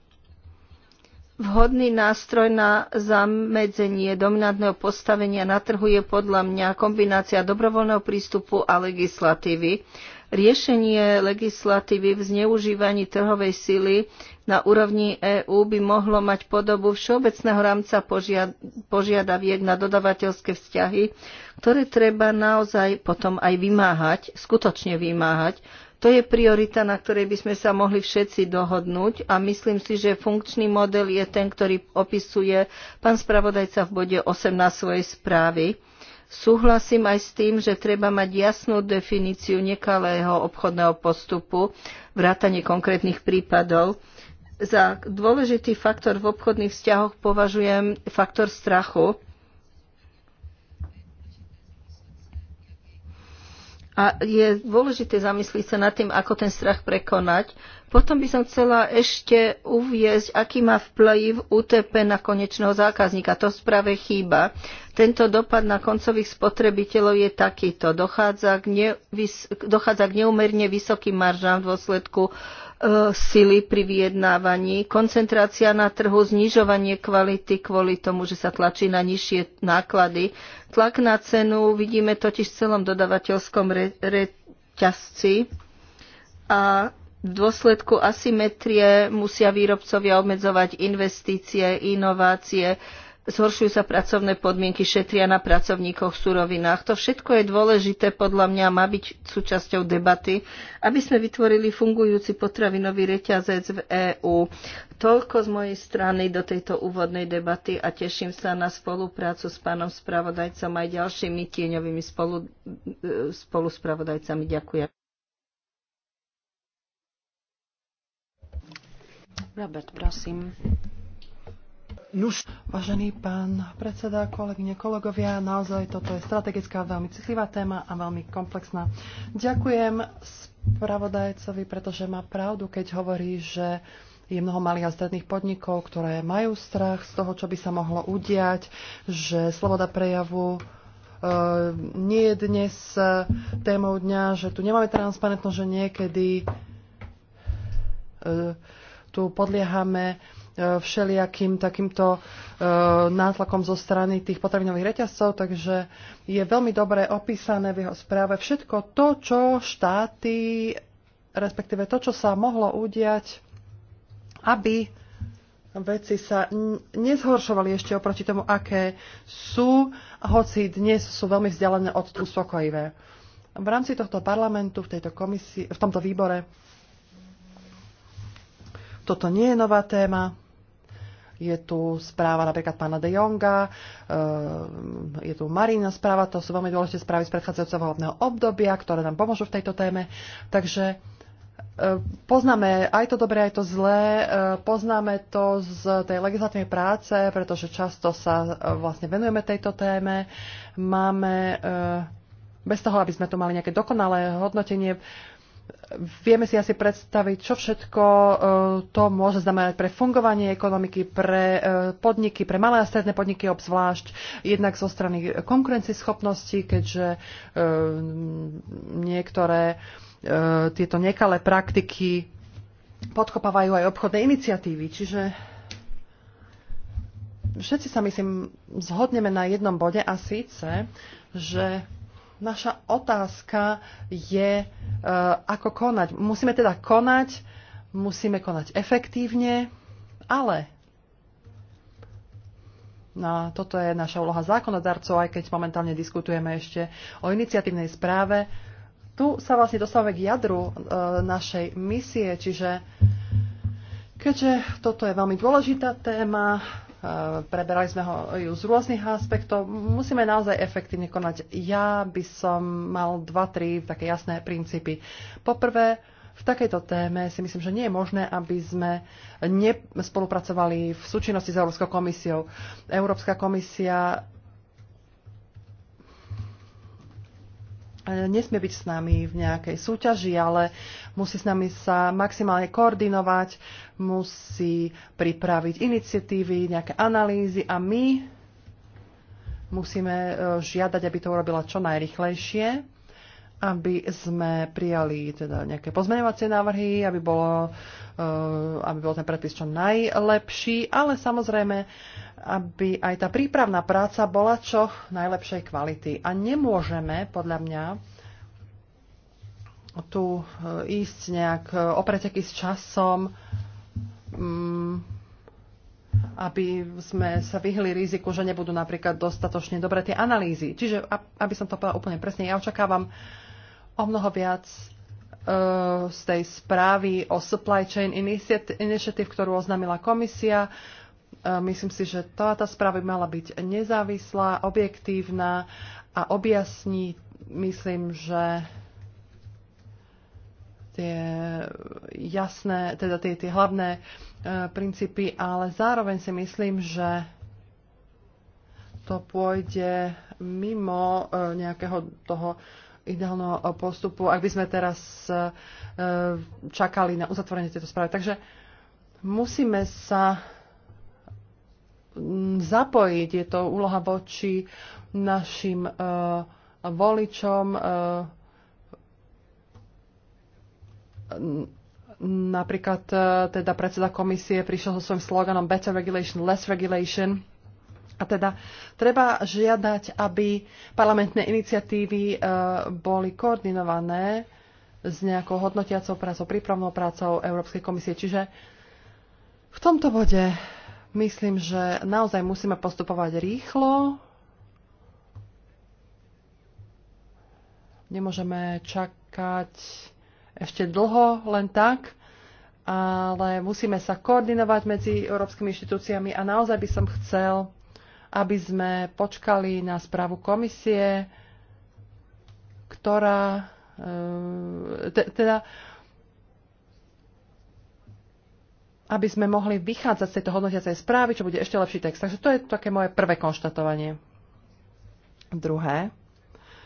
Vhodný nástroj na zamedzenie dominantného postavenia na trhu je podľa mňa kombinácia dobrovoľného prístupu a legislatívy Riešenie legislatívy v zneužívaní trhovej sily na úrovni EÚ by mohlo mať podobu všeobecného rámca požiad- požiadaviek na dodavateľské vzťahy, ktoré treba naozaj potom aj vymáhať, skutočne vymáhať. To je priorita, na ktorej by sme sa mohli všetci dohodnúť a myslím si, že funkčný model je ten, ktorý opisuje pán spravodajca v bode 8 na svojej správy Súhlasím aj s tým, že treba mať jasnú definíciu nekalého obchodného postupu, vrátanie konkrétnych prípadov. Za dôležitý faktor v obchodných vzťahoch považujem faktor strachu, A je dôležité zamyslieť sa nad tým, ako ten strach prekonať. Potom by som chcela ešte uviezť, aký má vplyv UTP na konečného zákazníka. To správe chýba. Tento dopad na koncových spotrebiteľov je takýto. Dochádza k, ne, dochádza k neumerne vysokým maržám v dôsledku E, sily pri vyjednávaní, koncentrácia na trhu, znižovanie kvality kvôli tomu, že sa tlačí na nižšie náklady. Tlak na cenu vidíme totiž v celom dodavateľskom reťazci a v dôsledku asymetrie musia výrobcovia obmedzovať investície, inovácie, zhoršujú sa pracovné podmienky, šetria na pracovníkoch, surovinách. To všetko je dôležité, podľa mňa má byť súčasťou debaty, aby sme vytvorili fungujúci potravinový reťazec v EÚ. Toľko z mojej strany do tejto úvodnej debaty a teším sa na spoluprácu s pánom spravodajcom aj ďalšími tieňovými spolu, e, spoluspravodajcami. Ďakujem. Robert, prosím. Vážený pán predseda, kolegyne, kolegovia, naozaj toto je strategická, veľmi citlivá téma a veľmi komplexná. Ďakujem spravodajcovi, pretože má pravdu, keď hovorí, že je mnoho malých a stredných podnikov, ktoré majú strach z toho, čo by sa mohlo udiať, že sloboda prejavu e, nie je dnes e, témou dňa, že tu nemáme transparentnosť, že niekedy e, tu podliehame E, všelijakým takýmto e, nátlakom zo strany tých potravinových reťazcov, takže je veľmi dobre opísané v jeho správe všetko to, čo štáty, respektíve to, čo sa mohlo udiať, aby veci sa nezhoršovali ešte oproti tomu, aké sú, hoci dnes sú veľmi vzdialené od uspokojivé. V rámci tohto parlamentu, v, tejto komisii, v tomto výbore, toto nie je nová téma je tu správa napríklad pána De Jonga, ehm, je tu Marina správa, to sú veľmi dôležité správy z predchádzajúceho volebného obdobia, ktoré nám pomôžu v tejto téme. Takže ehm, poznáme aj to dobré, aj to zlé, ehm, poznáme to z tej legislatívnej práce, pretože často sa vlastne venujeme tejto téme. Máme bez toho, aby sme tu mali nejaké dokonalé hodnotenie, vieme si asi predstaviť, čo všetko e, to môže znamenať pre fungovanie ekonomiky, pre e, podniky, pre malé a stredné podniky obzvlášť, jednak zo strany konkurencieschopnosti, keďže e, niektoré tieto nekalé praktiky podkopávajú aj obchodné iniciatívy. Čiže všetci sa, myslím, zhodneme na jednom bode a síce, že naša otázka je, e, ako konať. Musíme teda konať, musíme konať efektívne, ale No, toto je naša úloha zákonodarcov, aj keď momentálne diskutujeme ešte o iniciatívnej správe. Tu sa vlastne dostávame k jadru e, našej misie, čiže keďže toto je veľmi dôležitá téma, Eh, preberali sme ho ju z rôznych aspektov. Musíme naozaj efektívne konať. Ja by som mal dva, tri také jasné princípy. Poprvé, v takejto téme si myslím, že nie je možné, aby sme nespolupracovali v súčinnosti s Európskou komisiou. Európska komisia nesmie byť s nami v nejakej súťaži, ale musí s nami sa maximálne koordinovať, musí pripraviť iniciatívy, nejaké analýzy a my musíme e, žiadať, aby to urobila čo najrychlejšie aby sme prijali teda nejaké pozmeňovacie návrhy, aby, bolo, eh, aby bol ten predpis čo najlepší, ale samozrejme, aby aj tá prípravná práca bola čo najlepšej kvality. A nemôžeme, podľa mňa, tu eh, ísť nejak eh, o preteky s časom, mm, aby sme sa vyhli riziku, že nebudú napríklad dostatočne dobré tie analýzy. Čiže, aby som to povedala úplne presne, ja očakávam uh, o mnoho viac e, z tej správy o Supply Chain Initiative, ktorú oznámila komisia. E, myslím si, že tá, tá správa by mala byť nezávislá, objektívna a objasní, myslím, že tie jasné, teda tie, tie hlavné e, princípy, ale zároveň si myslím, že to pôjde mimo nejakého toho ideálneho eh, postupu, ak by sme teraz eh, čakali na uzatvorenie tejto správy. Takže musíme sa mm, zapojiť. Je to úloha voči našim eh, voličom. Napríklad teda predseda komisie prišiel so svojím sloganom Better Regulation, Less Regulation a teda treba žiadať, aby parlamentné iniciatívy e, boli koordinované s nejakou hodnotiacou prácou, prípravnou prácou Európskej komisie. Čiže v tomto bode myslím, že naozaj musíme postupovať rýchlo. Nemôžeme čakať ešte dlho len tak ale musíme sa koordinovať medzi európskymi inštitúciami a naozaj by som chcel aby sme počkali na správu komisie, ktorá e, teda aby sme mohli vychádzať z tejto hodnotiacej správy, čo bude ešte lepší text. Takže to je také moje prvé konštatovanie. Druhé,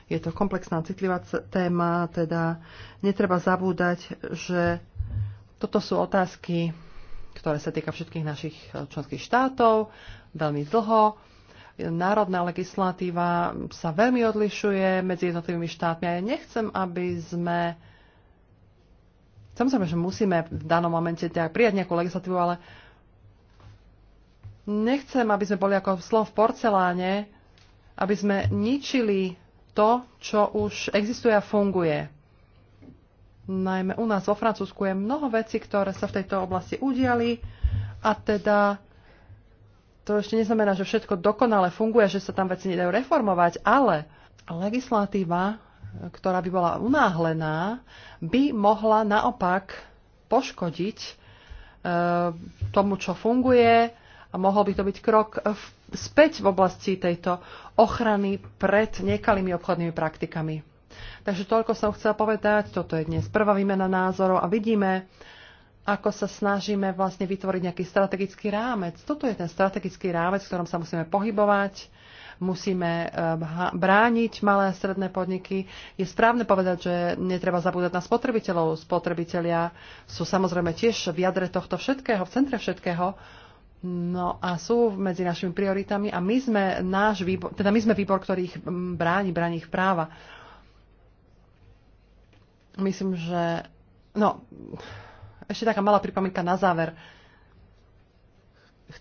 je to komplexná citlivá téma, teda netreba zabúdať, že toto sú otázky, ktoré sa týka všetkých našich e, členských štátov veľmi dlho národná legislatíva sa veľmi odlišuje medzi jednotlivými štátmi a ja nechcem, aby sme Samozrejme, že musíme v danom momente teda prijať nejakú legislatívu, ale nechcem, aby sme boli ako slon v porceláne, aby sme ničili to, čo už existuje a funguje. Najmä u nás vo Francúzsku je mnoho vecí, ktoré sa v tejto oblasti udiali a teda to ešte neznamená, že všetko dokonale funguje, že sa tam veci nedajú reformovať, ale legislatíva, ktorá by bola unáhlená, by mohla naopak poškodiť e, tomu, čo funguje a mohol by to byť krok v, späť v oblasti tejto ochrany pred nekalými obchodnými praktikami. Takže toľko som chcela povedať, toto je dnes prvá výmena názorov a vidíme, ako sa snažíme vlastne vytvoriť nejaký strategický rámec. Toto je ten strategický rámec, v ktorom sa musíme pohybovať, musíme eh, brániť malé a stredné podniky. Je správne povedať, že netreba zabúdať na spotrebiteľov. Spotrebitelia sú samozrejme tiež v jadre tohto všetkého, v centre všetkého. No a sú medzi našimi prioritami a my sme náš výbor, teda my sme výbor, ktorý ich mm, bráni, bráni ich práva. Myslím, že no, ešte taká malá pripomienka na záver.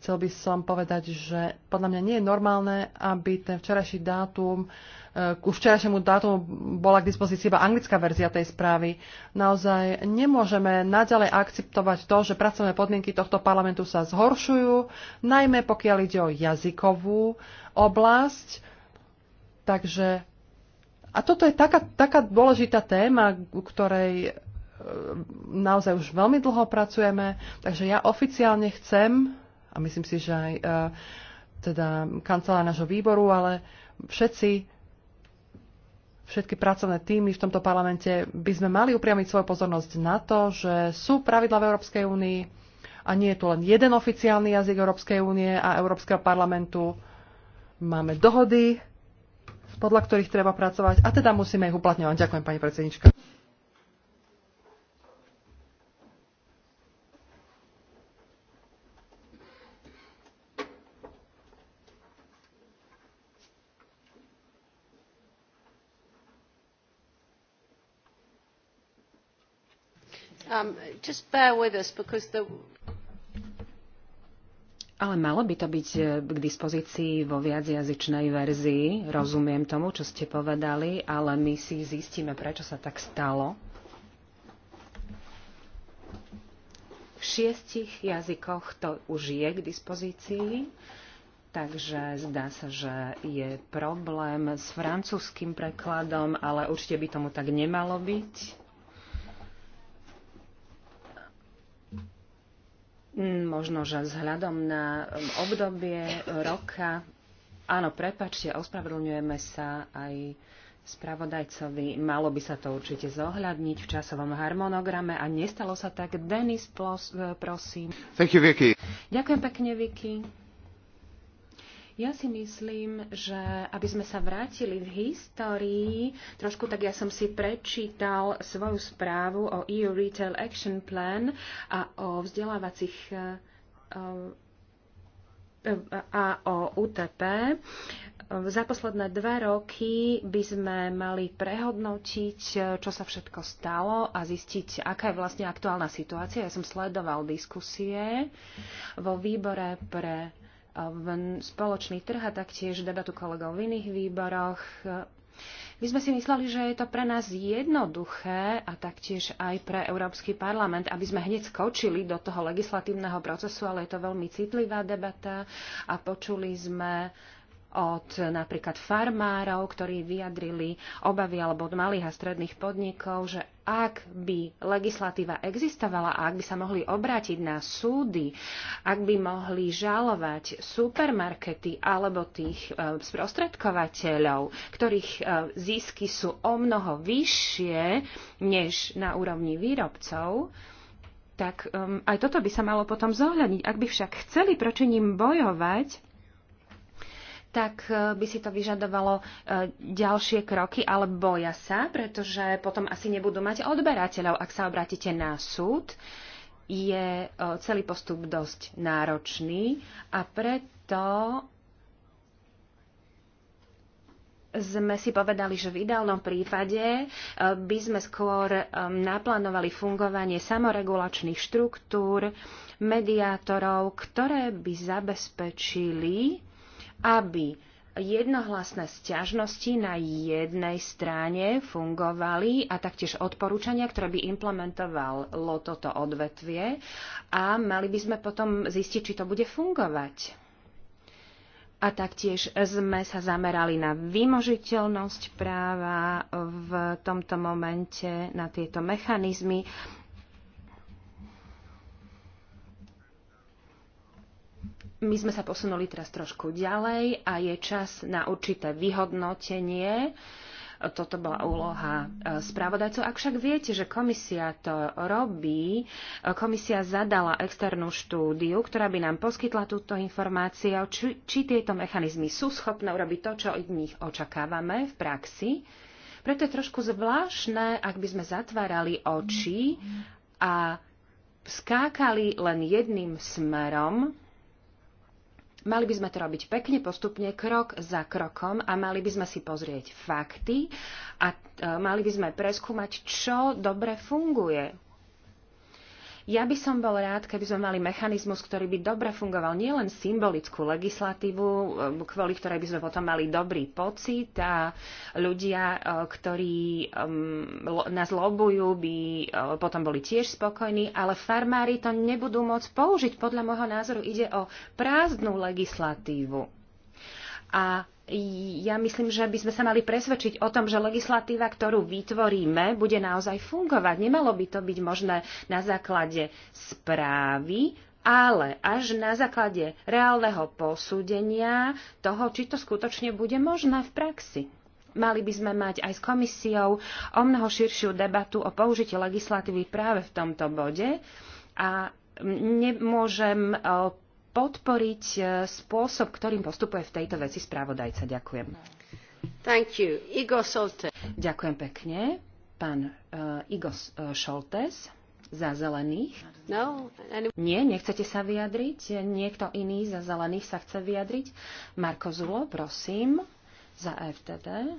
Chcel by som povedať, že podľa mňa nie je normálne, aby ten včerajší dátum, ku eh, včerajšiemu dátumu bola k dispozícii iba anglická verzia tej správy. Naozaj nemôžeme naďalej akceptovať to, že pracovné podmienky tohto parlamentu sa zhoršujú, najmä pokiaľ ide o jazykovú oblasť. Takže a toto je taká, taká dôležitá téma, ktorej Ehm, naozaj už veľmi dlho pracujeme, takže ja oficiálne chcem, a myslím si, že aj e, teda kancelár nášho výboru, ale všetci, všetky pracovné týmy v tomto parlamente by sme mali upriamiť svoju pozornosť na to, že sú pravidla v Európskej únii a nie je tu len jeden oficiálny jazyk Európskej únie a Európskeho parlamentu. Máme dohody, podľa ktorých treba pracovať a teda musíme ich uplatňovať. Ďakujem, pani predsednička. Um, just bear with us because the... Ale malo by to byť eh, k dispozícii vo viacjazyčnej verzii. Rozumiem tomu, čo ste povedali, ale my si zistíme, prečo sa tak stalo. V šiestich jazykoch to už je k dispozícii, takže zdá sa, že je problém s francúzským prekladom, ale určite by tomu tak nemalo byť. Mm, možno, že vzhľadom na um, obdobie roka. Áno, prepačte, ospravedlňujeme sa aj spravodajcovi. Malo by sa to určite zohľadniť v časovom harmonograme a nestalo sa tak. Denis, e, prosím. Thank you, Vicky. Ďakujem pekne, Vicky. Ja si myslím, že aby sme sa vrátili v histórii, trošku tak ja som si prečítal svoju správu o EU Retail Action Plan a o vzdelávacích eh, a o UTP. Za posledné dva roky by sme mali prehodnotiť, čo sa všetko stalo a zistiť, aká je vlastne aktuálna situácia. Ja som sledoval diskusie vo výbore pre v spoločný trh a taktiež debatu kolegov v iných výboroch. My sme si mysleli, že je to pre nás jednoduché a taktiež aj pre Európsky parlament, aby sme hneď skočili do toho legislatívneho procesu, ale je to veľmi citlivá debata a počuli sme uh, od napríklad farmárov, ktorí vyjadrili obavy alebo od malých a stredných podnikov, že ak by legislatíva existovala a ak by sa mohli obrátiť na súdy, ak by mohli žalovať supermarkety alebo tých e, sprostredkovateľov, ktorých e, zisky sú o mnoho vyššie než na úrovni výrobcov, tak um, aj toto by sa malo potom zohľadniť. Ak by však chceli proti ním bojovať, tak e, by si to vyžadovalo e, ďalšie kroky, ale boja sa, pretože potom asi nebudú mať odberateľov. Ak sa obratíte na súd, je e, celý postup dosť náročný a preto sme si povedali, že v ideálnom prípade by sme skôr naplánovali fungovanie samoregulačných štruktúr, mediátorov, ktoré by zabezpečili aby jednohlasné sťažnosti na jednej strane fungovali a taktiež odporúčania, ktoré by implementovalo toto odvetvie a mali by sme potom zistiť, či to bude fungovať. A taktiež sme sa zamerali na vymožiteľnosť práva v tomto momente, na tieto mechanizmy my sme sa posunuli teraz trošku ďalej a je čas na určité vyhodnotenie. Toto bola úloha e, správodajcov. Ak však viete, že komisia to robí, e, komisia zadala externú štúdiu, ktorá by nám poskytla túto informáciu, či, či tieto mechanizmy sú schopné urobiť to, čo od nich očakávame v praxi. Preto je trošku zvláštne, ak by sme zatvárali oči a skákali len jedným smerom, Mali by sme to robiť pekne, postupne, krok za krokom a mali by sme si pozrieť fakty a e, mali by sme preskúmať, čo dobre funguje ja by som bol rád, keby sme mali mechanizmus, ktorý by dobre fungoval nielen symbolickú legislatívu, e, kvôli ktorej by sme potom mali dobrý pocit a ľudia, e, ktorí nás lobujú, by e, potom boli tiež spokojní, ale farmári to nebudú môcť použiť. Podľa môjho názoru ide o prázdnu legislatívu. A ja myslím, že by sme sa mali presvedčiť o tom, že legislatíva, ktorú vytvoríme, bude naozaj fungovať. Nemalo by to byť možné na základe správy, ale až na základe reálneho posúdenia toho, či to skutočne bude možné v praxi. Mali by sme mať aj s komisiou o mnoho širšiu debatu o použití legislatívy práve v tomto bode a nemôžem podporiť e, spôsob, ktorým postupuje v tejto veci správodajca. Ďakujem. Thank you. Igor Soltes. Ďakujem pekne. Pán uh, Igor uh, Šoltes za zelených. No, any... Nie, nechcete sa vyjadriť? Niekto iný za zelených sa chce vyjadriť? Marko Zulo, prosím, za FTD.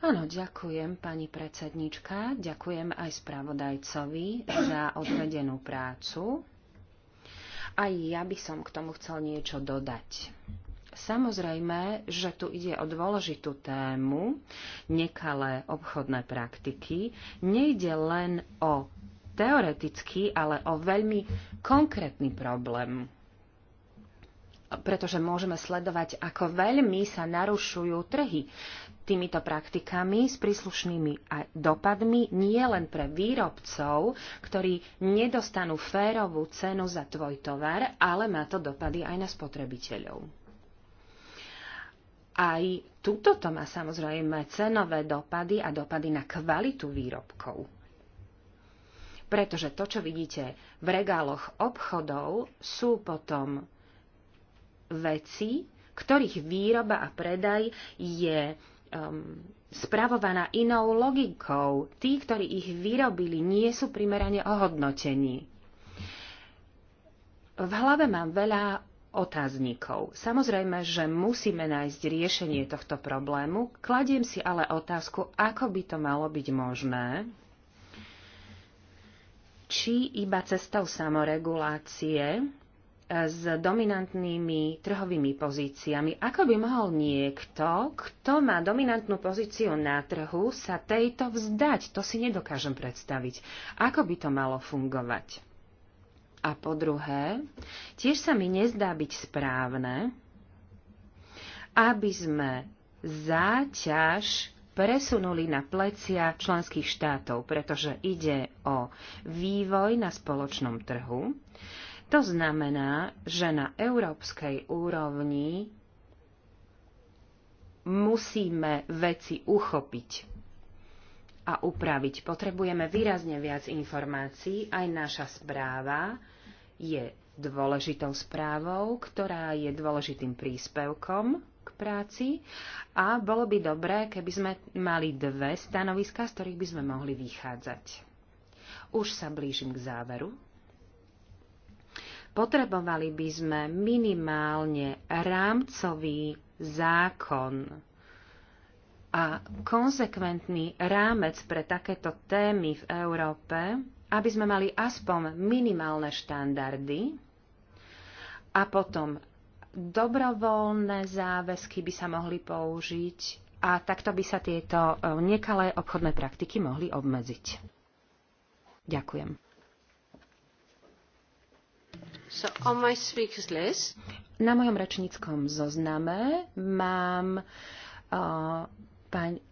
Áno, ďakujem pani predsednička, ďakujem aj spravodajcovi za odvedenú prácu. Aj ja by som k tomu chcel niečo dodať. Samozrejme, že tu ide o dôležitú tému, nekalé obchodné praktiky. Nejde len o teoretický, ale o veľmi konkrétny problém pretože môžeme sledovať, ako veľmi sa narušujú trhy týmito praktikami s príslušnými dopadmi nie len pre výrobcov, ktorí nedostanú férovú cenu za tvoj tovar, ale má to dopady aj na spotrebiteľov. Aj túto to má samozrejme cenové dopady a dopady na kvalitu výrobkov pretože to, čo vidíte v regáloch obchodov, sú potom veci, ktorých výroba a predaj je um, spravovaná inou logikou. Tí, ktorí ich vyrobili, nie sú primerane ohodnotení. V hlave mám veľa otáznikov. Samozrejme, že musíme nájsť riešenie tohto problému. Kladiem si ale otázku, ako by to malo byť možné, či iba cestou samoregulácie s dominantnými trhovými pozíciami. Ako by mohol niekto, kto má dominantnú pozíciu na trhu, sa tejto vzdať? To si nedokážem predstaviť. Ako by to malo fungovať? A po druhé, tiež sa mi nezdá byť správne, aby sme záťaž presunuli na plecia členských štátov, pretože ide o vývoj na spoločnom trhu, to znamená, že na európskej úrovni musíme veci uchopiť a upraviť. Potrebujeme výrazne viac informácií. Aj naša správa je dôležitou správou, ktorá je dôležitým príspevkom k práci a bolo by dobré, keby sme mali dve stanoviska, z ktorých by sme mohli vychádzať. Už sa blížim k záveru. Potrebovali by sme minimálne rámcový zákon a konsekventný rámec pre takéto témy v Európe, aby sme mali aspoň minimálne štandardy a potom dobrovoľné záväzky by sa mohli použiť a takto by sa tieto e, nekalé obchodné praktiky mohli obmedziť. Ďakujem. So on my speakers list. Na mojom rečníckom zozname mám uh, pani,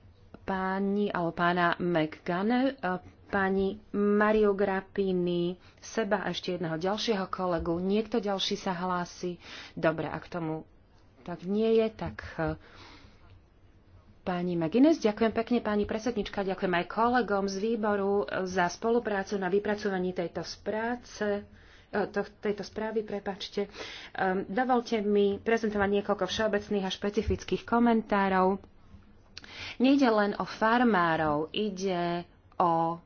pani alebo pána McGunne, uh, pani Mario Grappini, seba a ešte jedného ďalšieho kolegu. Niekto ďalší sa hlási. Dobre, ak tomu tak nie je, tak uh, Pani McGuinness, ďakujem pekne pani presednička, ďakujem aj kolegom z výboru uh, za spoluprácu na vypracovaní tejto spráce. E, tejto správy, prepačte. E, dovolte mi prezentovať niekoľko všeobecných a špecifických komentárov. Nejde len o farmárov, ide o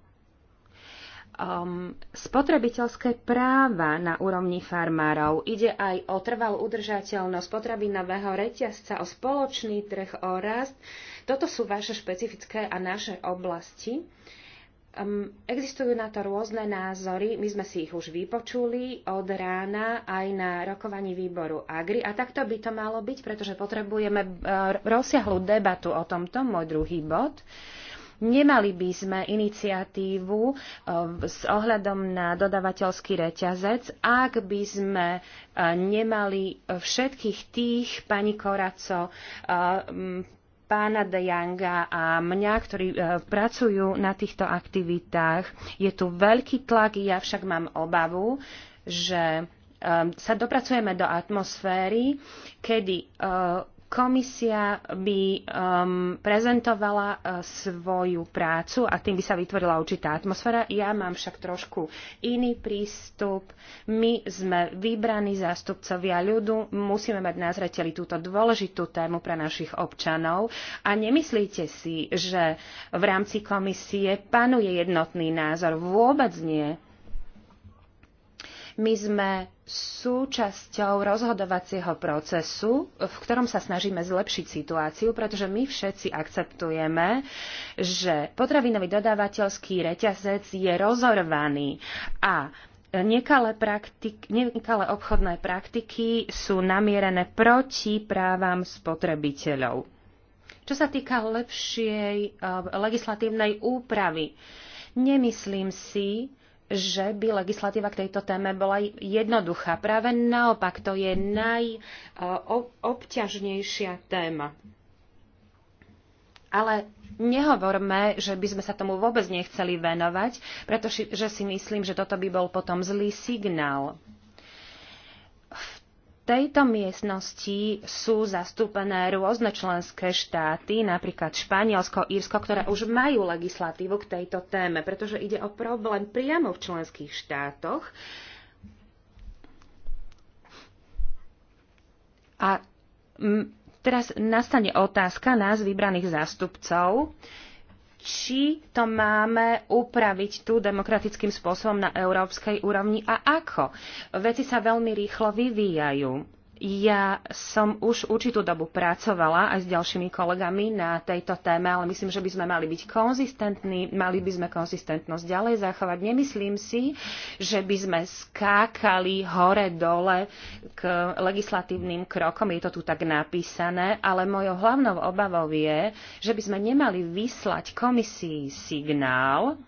um, spotrebiteľské práva na úrovni farmárov. Ide aj o trvalú udržateľnosť potravinového reťazca, o spoločný trh, o rast. Toto sú vaše špecifické a naše oblasti. Uh, Um, existujú na to rôzne názory, my sme si ich už vypočuli od rána aj na rokovaní výboru AGRI a takto by to malo byť, pretože potrebujeme uh, rozsiahlu debatu o tomto, môj druhý bod. Nemali by sme iniciatívu e, s ohľadom na dodavateľský reťazec, ak by sme e, nemali všetkých tých, pani Koraco, pána Janga a mňa, ktorí e, pracujú na týchto aktivitách. Je tu veľký tlak, ja však mám obavu, že e, sa dopracujeme do atmosféry, kedy e, komisia by um, prezentovala uh, svoju prácu a tým by sa vytvorila určitá atmosféra. Ja mám však trošku iný prístup. My sme vybraní zástupcovia ľudu, musíme mať na zreteli túto dôležitú tému pre našich občanov a nemyslíte si, že v rámci komisie panuje jednotný názor. Vôbec nie. My sme súčasťou rozhodovacieho procesu, v ktorom sa snažíme zlepšiť situáciu, pretože my všetci akceptujeme, že potravinový dodávateľský reťazec je rozorvaný a Nekalé, praktik, nekalé obchodné praktiky sú namierené proti právam spotrebiteľov. Čo sa týka lepšej eh, legislatívnej úpravy, nemyslím si, že by legislatíva k tejto téme bola jednoduchá. Práve naopak, to je najobťažnejšia e, téma. Ale nehovorme, že by sme sa tomu vôbec nechceli venovať, pretože si myslím, že toto by bol potom zlý signál tejto miestnosti sú zastúpené rôzne členské štáty, napríklad Španielsko, Írsko, ktoré už majú legislatívu k tejto téme, pretože ide o problém priamo v členských štátoch. A teraz nastane otázka nás, vybraných zástupcov, či to máme upraviť tu demokratickým spôsobom na európskej úrovni a ako. Veci sa veľmi rýchlo vyvíjajú ja som už určitú dobu pracovala aj s ďalšími kolegami na tejto téme, ale myslím, že by sme mali byť konzistentní, mali by sme konzistentnosť ďalej zachovať. Nemyslím si, že by sme skákali hore-dole k legislatívnym krokom, je to tu tak napísané, ale mojou hlavnou obavou je, že by sme nemali vyslať komisii signál,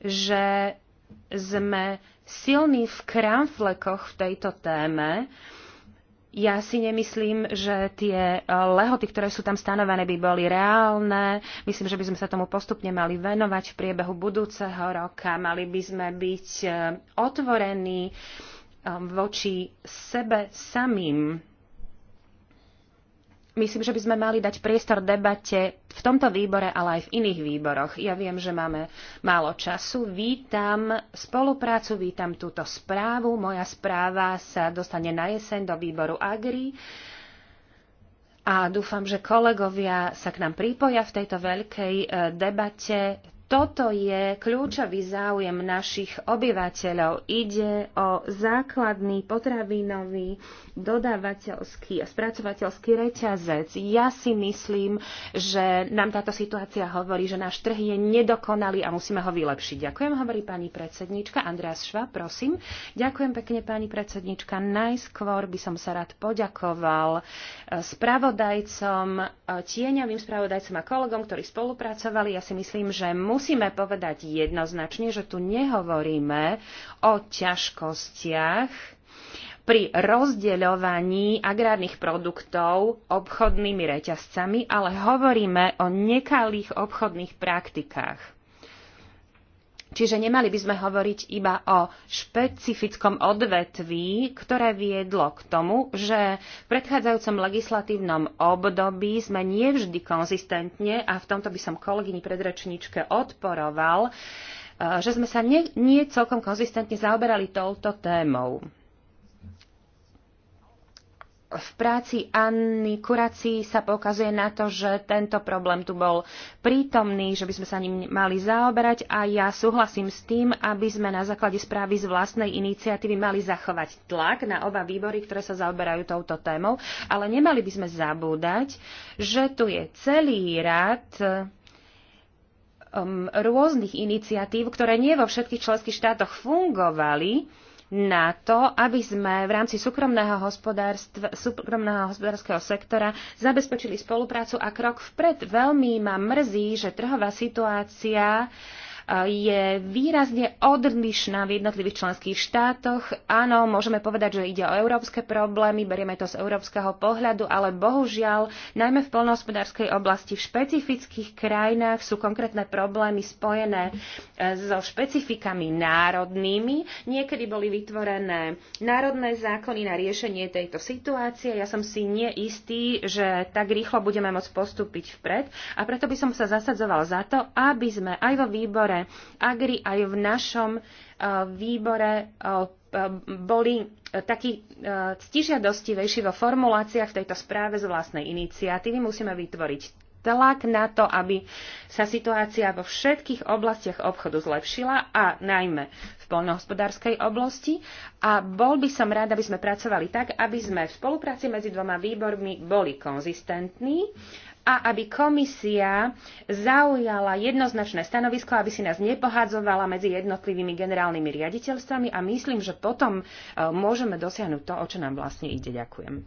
že sme silní v kramflekoch v tejto téme. Ja si nemyslím, že tie e, lehoty, ktoré sú tam stanovené, by boli reálne. Myslím, že by sme sa tomu postupne mali venovať v priebehu budúceho roka. Mali by sme byť e, otvorení e, voči sebe samým Myslím, že by sme mali dať priestor debate v tomto výbore, ale aj v iných výboroch. Ja viem, že máme málo času. Vítam spoluprácu, vítam túto správu. Moja správa sa dostane na jeseň do výboru Agri a dúfam, že kolegovia sa k nám pripoja v tejto veľkej e, debate. Toto je kľúčový záujem našich obyvateľov. Ide o základný potravinový dodávateľský a spracovateľský reťazec. Ja si myslím, že nám táto situácia hovorí, že náš trh je nedokonalý a musíme ho vylepšiť. Ďakujem, hovorí pani predsednička. Andreas Šva, prosím. Ďakujem pekne, pani predsednička. Najskôr by som sa rád poďakoval e, spravodajcom, e, tieňovým spravodajcom a kolegom, ktorí spolupracovali. Ja si myslím, že musíme musíme povedať jednoznačne, že tu nehovoríme o ťažkostiach, pri rozdeľovaní agrárnych produktov obchodnými reťazcami, ale hovoríme o nekalých obchodných praktikách. Čiže nemali by sme hovoriť iba o špecifickom odvetví, ktoré viedlo k tomu, že v predchádzajúcom legislatívnom období sme nevždy konzistentne, a v tomto by som kolegyni predrečníčke odporoval, e, že sme sa nie, nie celkom konzistentne zaoberali touto témou v práci Anny Kurací sa poukazuje na to, že tento problém tu bol prítomný, že by sme sa ním mali zaoberať a ja súhlasím s tým, aby sme na základe správy z vlastnej iniciatívy mali zachovať tlak na oba výbory, ktoré sa zaoberajú touto témou, ale nemali by sme zabúdať, že tu je celý rad um, rôznych iniciatív, ktoré nie vo všetkých členských štátoch fungovali, na to, aby sme v rámci súkromného, súkromného hospodárskeho sektora zabezpečili spoluprácu a krok vpred. Veľmi ma mrzí, že trhová situácia je výrazne odlišná v jednotlivých členských štátoch. Áno, môžeme povedať, že ide o európske problémy, berieme to z európskeho pohľadu, ale bohužiaľ, najmä v polnohospodárskej oblasti v špecifických krajinách sú konkrétne problémy spojené e, so špecifikami národnými. Niekedy boli vytvorené národné zákony na riešenie tejto situácie. Ja som si neistý, že tak rýchlo budeme môcť postúpiť vpred a preto by som sa zasadzoval za to, aby sme aj vo výbore Agri aj v našom e, výbore e, e, boli takí stižiadostivejší vo formuláciách v tejto správe z vlastnej iniciatívy. Musíme vytvoriť tlak na to, aby sa situácia vo všetkých oblastiach obchodu zlepšila a najmä v polnohospodárskej oblasti. A bol by som rád, aby sme pracovali tak, aby sme v spolupráci medzi dvoma výbormi boli konzistentní a aby komisia zaujala jednoznačné stanovisko, aby si nás nepohádzovala medzi jednotlivými generálnymi riaditeľstvami a myslím, že potom e, môžeme dosiahnuť to, o čo nám vlastne ide. Ďakujem.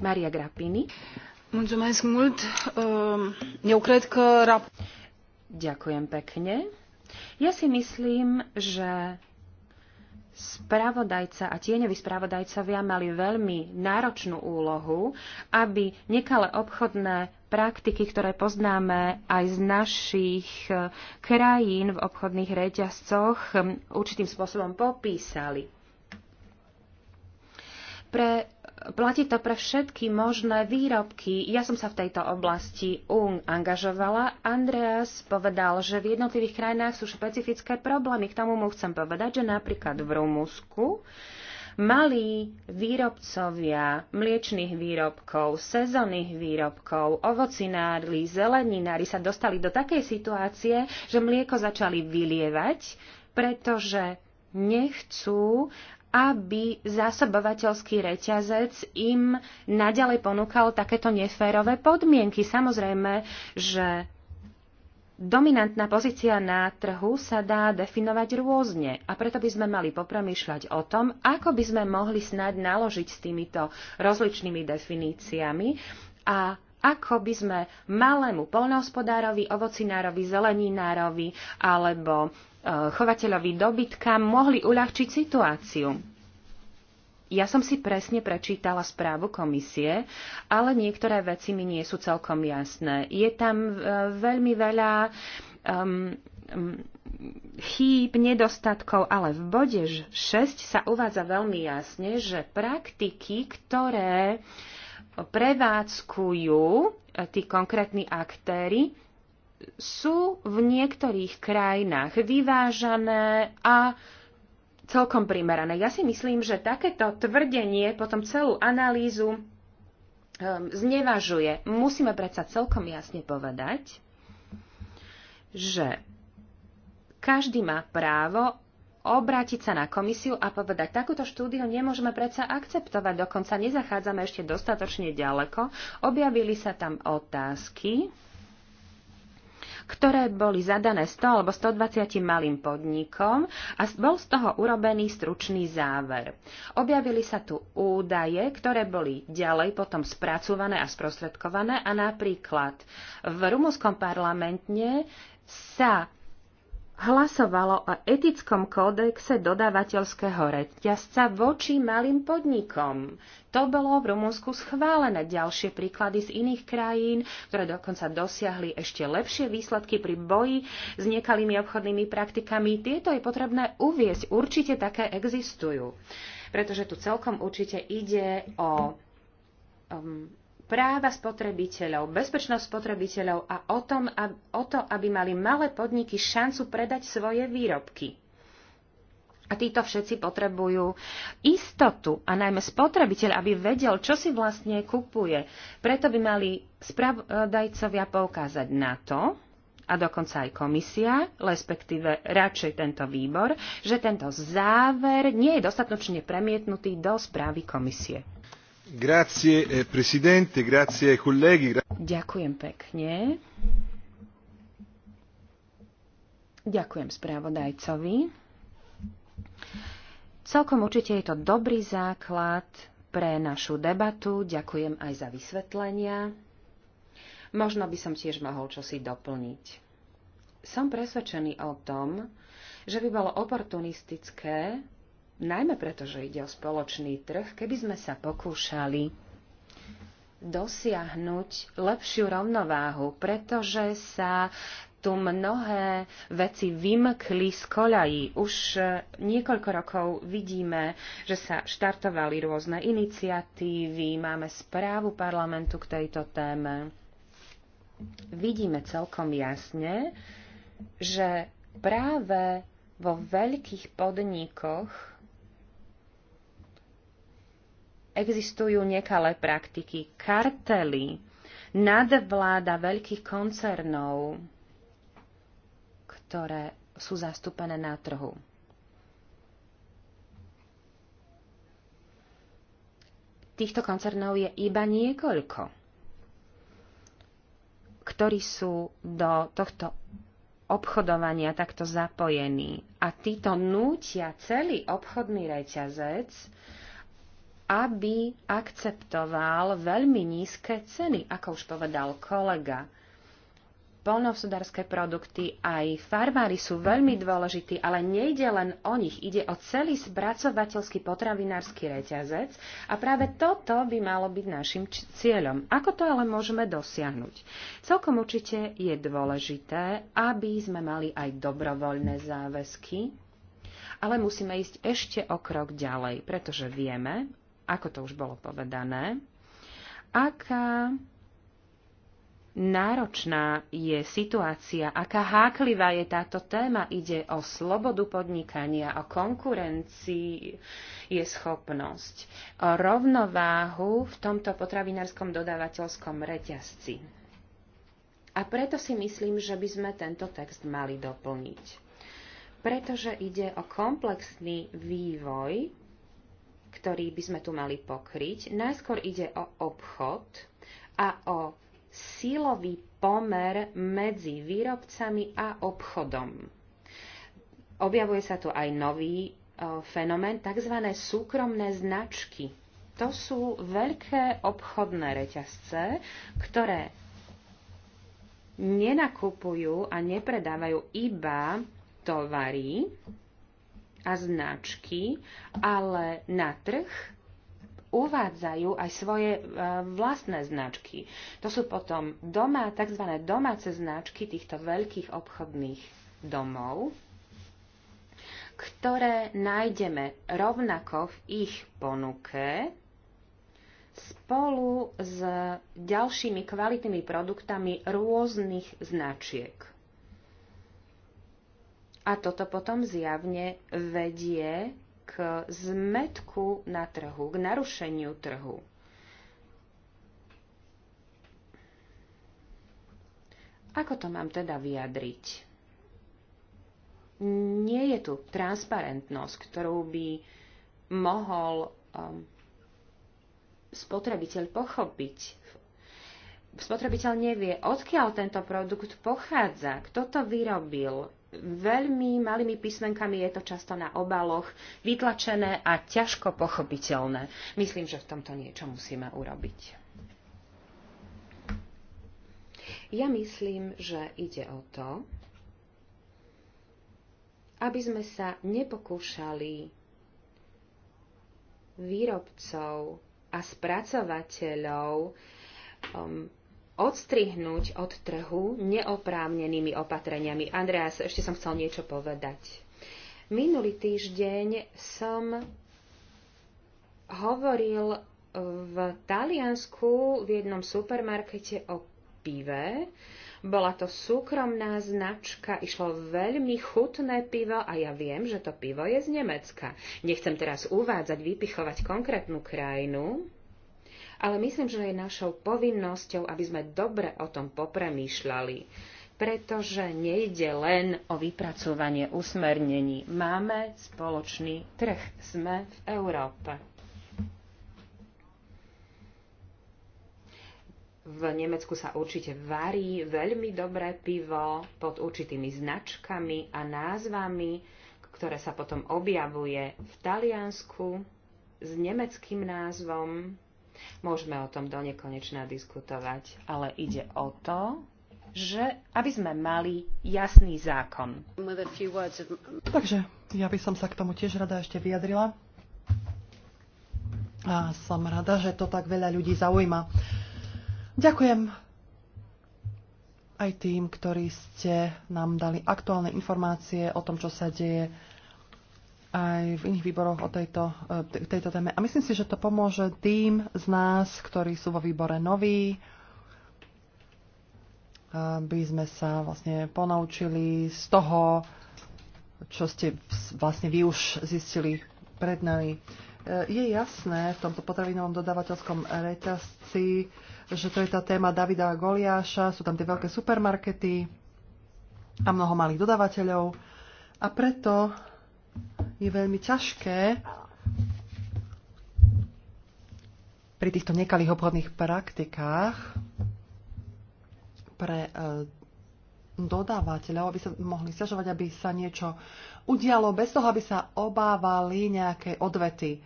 Maria Grappini. Mulțumesc mult. Ehm, eu cred că... Ďakujem pekne. Ja si myslím, že spravodajca a tieňoví spravodajcovia mali veľmi náročnú úlohu, aby nekale obchodné praktiky, ktoré poznáme aj z našich eh, krajín v obchodných reťazcoch, eh, určitým spôsobom popísali. Pre Platí to pre všetky možné výrobky. Ja som sa v tejto oblasti UN angažovala. Andreas povedal, že v jednotlivých krajinách sú špecifické problémy. K tomu mu chcem povedať, že napríklad v Rumúnsku malí výrobcovia mliečných výrobkov, sezónnych výrobkov, ovocinári, zeleninári sa dostali do takej situácie, že mlieko začali vylievať, pretože nechcú, aby zásobovateľský reťazec im naďalej ponúkal takéto neférové podmienky. Samozrejme, že Dominantná pozícia na trhu sa dá definovať rôzne a preto by sme mali popremýšľať o tom, ako by sme mohli snať naložiť s týmito rozličnými definíciami a ako by sme malému polnohospodárovi, ovocinárovi, zeleninárovi alebo chovateľovi dobytka mohli uľahčiť situáciu. Ja som si presne prečítala správu komisie, ale niektoré veci mi nie sú celkom jasné. Je tam e, veľmi veľa um, chýb, nedostatkov, ale v bode 6 sa uvádza veľmi jasne, že praktiky, ktoré prevádzkujú e, tí konkrétni aktéry, sú v niektorých krajinách vyvážané a celkom primerané. Ja si myslím, že takéto tvrdenie potom celú analýzu um, znevažuje. Musíme predsa celkom jasne povedať, že každý má právo obrátiť sa na komisiu a povedať, takúto štúdiu nemôžeme predsa akceptovať, dokonca nezachádzame ešte dostatočne ďaleko. Objavili sa tam otázky, ktoré boli zadané 100 alebo 120 malým podnikom a bol z toho urobený stručný záver. Objavili sa tu údaje, ktoré boli ďalej potom spracované a sprostredkované a napríklad v rumúskom parlamente sa hlasovalo o etickom kódexe dodávateľského reťazca voči malým podnikom. To bolo v Rumunsku schválené. Ďalšie príklady z iných krajín, ktoré dokonca dosiahli ešte lepšie výsledky pri boji s nekalými obchodnými praktikami, tieto je potrebné uviesť. Určite také existujú. Pretože tu celkom určite ide o um, práva spotrebiteľov, bezpečnosť spotrebiteľov a o, tom, a, o to, aby mali malé podniky šancu predať svoje výrobky. A títo všetci potrebujú istotu a najmä spotrebiteľ, aby vedel, čo si vlastne kupuje. Preto by mali spravodajcovia poukázať na to, a dokonca aj komisia, respektíve radšej tento výbor, že tento záver nie je dostatočne premietnutý do správy komisie. Eh, Ďakujem pekne. Ďakujem spravodajcovi. Celkom určite je to dobrý základ pre našu debatu. Ďakujem aj za vysvetlenia. Možno by som tiež mohol čosi doplniť. Som presvedčený o tom, že by bolo oportunistické najmä preto, že ide o spoločný trh, keby sme sa pokúšali dosiahnuť lepšiu rovnováhu, pretože sa tu mnohé veci vymkli z koľají. Už e, niekoľko rokov vidíme, že sa štartovali rôzne iniciatívy, máme správu parlamentu k tejto téme. Vidíme celkom jasne, že práve vo veľkých podnikoch existujú nekalé praktiky, kartely, nadvláda veľkých koncernov, ktoré sú zastúpené na trhu. Týchto koncernov je iba niekoľko, ktorí sú do tohto obchodovania takto zapojení. A títo nútia celý obchodný reťazec aby akceptoval veľmi nízke ceny, ako už povedal kolega. Polnohospodárske produkty aj farmári sú veľmi dôležití, ale nejde len o nich, ide o celý spracovateľský potravinársky reťazec a práve toto by malo byť našim cieľom. Ako to ale môžeme dosiahnuť? Celkom určite je dôležité, aby sme mali aj dobrovoľné záväzky, ale musíme ísť ešte o krok ďalej, pretože vieme, ako to už bolo povedané, aká náročná je situácia, aká háklivá je táto téma. Ide o slobodu podnikania, o konkurencii je schopnosť, o rovnováhu v tomto potravinárskom dodávateľskom reťazci. A preto si myslím, že by sme tento text mali doplniť. Pretože ide o komplexný vývoj ktorý by sme tu mali pokryť. Najskôr ide o obchod a o sílový pomer medzi výrobcami a obchodom. Objavuje sa tu aj nový e, fenomén, tzv. súkromné značky. To sú veľké obchodné reťazce, ktoré nenakupujú a nepredávajú iba tovary, a značky, ale na trh uvádzajú aj svoje e, vlastné značky. To sú potom doma, tzv. domáce značky týchto veľkých obchodných domov, ktoré nájdeme rovnako v ich ponuke spolu s ďalšími kvalitnými produktami rôznych značiek. A toto potom zjavne vedie k zmetku na trhu, k narušeniu trhu. Ako to mám teda vyjadriť? Nie je tu transparentnosť, ktorú by mohol um, spotrebiteľ pochopiť. Spotrebiteľ nevie, odkiaľ tento produkt pochádza, kto to vyrobil, veľmi malými písmenkami je to často na obaloch vytlačené a ťažko pochopiteľné. Myslím, že v tomto niečo musíme urobiť. Ja myslím, že ide o to, aby sme sa nepokúšali výrobcov a spracovateľov um, odstrihnúť od trhu neoprávnenými opatreniami. Andreas, ešte som chcel niečo povedať. Minulý týždeň som hovoril v Taliansku v jednom supermarkete o pive. Bola to súkromná značka, išlo veľmi chutné pivo a ja viem, že to pivo je z Nemecka. Nechcem teraz uvádzať, vypichovať konkrétnu krajinu, ale myslím, že je našou povinnosťou, aby sme dobre o tom popremýšľali, pretože nejde len o vypracovanie usmernení. Máme spoločný trh, sme v Európe. V Nemecku sa určite varí veľmi dobré pivo pod určitými značkami a názvami, ktoré sa potom objavuje v Taliansku s nemeckým názvom. Môžeme o tom do nekonečna diskutovať, ale ide o to, že aby sme mali jasný zákon. Takže ja by som sa k tomu tiež rada ešte vyjadrila. A som rada, že to tak veľa ľudí zaujíma. Ďakujem aj tým, ktorí ste nám dali aktuálne informácie o tom, čo sa deje aj v iných výboroch o tejto, e, tejto téme. A myslím si, že to pomôže tým z nás, ktorí sú vo výbore noví, aby sme sa vlastne ponaučili z toho, čo ste vlastne vy už zistili pred nami. E, je jasné v tomto potravinovom dodávateľskom reťazci, že to je tá téma Davida a Goliáša, sú tam tie veľké supermarkety a mnoho malých dodávateľov. A preto je veľmi ťažké pri týchto nekalých obchodných praktikách pre e, dodávateľov, aby sa mohli stiažovať, aby sa niečo udialo, bez toho, aby sa obávali nejaké odvety.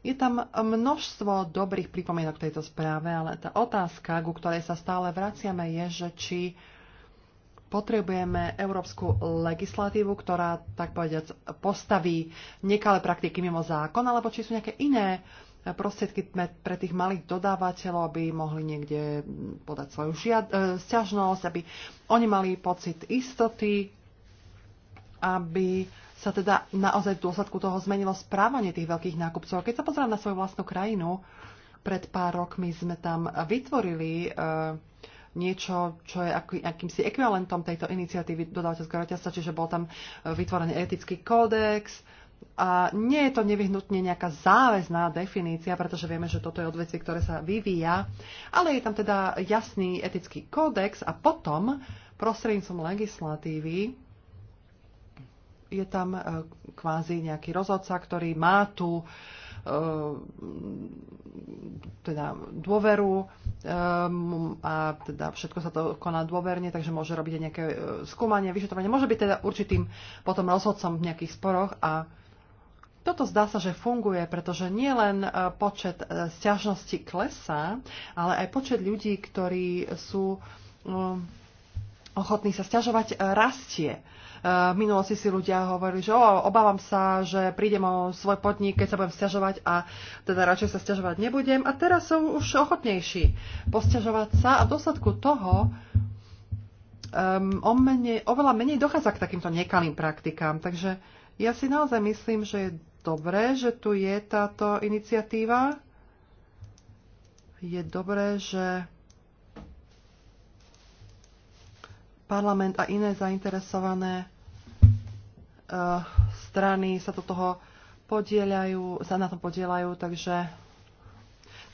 Je tam množstvo dobrých pripomienok v tejto správe, ale tá otázka, ku ktorej sa stále vraciame, je, že či uh, potrebujeme európsku legislatívu, ktorá, tak povedať postaví nekalé praktiky mimo zákon, alebo či sú nejaké iné prostriedky pre tých malých dodávateľov, aby mohli niekde podať svoju žiad- e, sťažnosť, aby oni mali pocit istoty, aby sa teda naozaj v dôsledku toho zmenilo správanie tých veľkých nákupcov. Keď sa pozerám na svoju vlastnú krajinu, pred pár rokmi sme tam vytvorili uh, niečo, čo je aký, akýmsi ekvivalentom tejto iniciatívy dodávateľského reťazca, čiže bol tam e, vytvorený etický kódex, a nie je to nevyhnutne nejaká záväzná definícia, pretože vieme, že toto je odvecie, ktoré sa vyvíja, ale je tam teda jasný etický kódex a potom prostredníctvom legislatívy je tam e, kvázi nejaký rozhodca, ktorý má tu. uh, Ehm, teda dôveru ehm, a teda všetko sa to koná dôverne, takže môže robiť aj nejaké e, skúmanie, vyšetrovanie. Môže byť teda určitým potom rozhodcom v nejakých sporoch a toto zdá sa, že funguje, pretože nie len e, počet e, sťažností klesá, ale aj počet ľudí, ktorí sú Ochotní sa stiažovať e, rastie. E, v minulosti si ľudia hovorili, že o, obávam sa, že prídem o svoj podnik, keď sa budem stiažovať a teda radšej sa stiažovať nebudem. A teraz sú už ochotnejší posťažovať sa a v dôsledku toho um, o menej, oveľa menej dochádza k takýmto nekalým praktikám. Takže ja si naozaj myslím, že je dobré, že tu je táto iniciatíva. Je dobré, že parlament a iné zainteresované eh, strany sa do toho podielajú, sa na tom podielajú, takže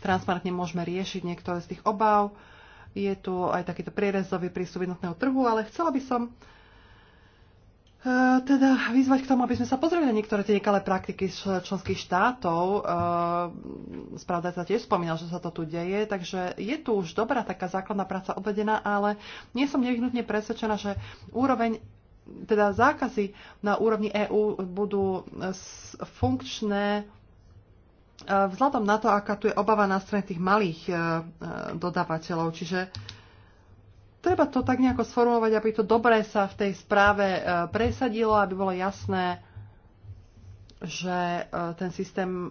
transparentne môžeme riešiť niektoré z tých obav. Je tu aj takýto prierezový prístup jednotného trhu, ale chcela by som E, teda vyzvať k tomu, aby sme sa pozreli na niektoré tie nekalé praktiky z členských štátov. E, spravda sa tiež spomínal, že sa to tu deje, takže je tu už dobrá taká základná práca obvedená, ale nie som nevyhnutne presvedčená, že úroveň teda zákazy na úrovni EÚ budú funkčné e, vzhľadom na to, aká tu je obava na strane tých malých dodávateľov. Čiže treba to tak nejako sformulovať, aby to dobre sa v tej správe e, presadilo, aby bolo jasné, že e, ten systém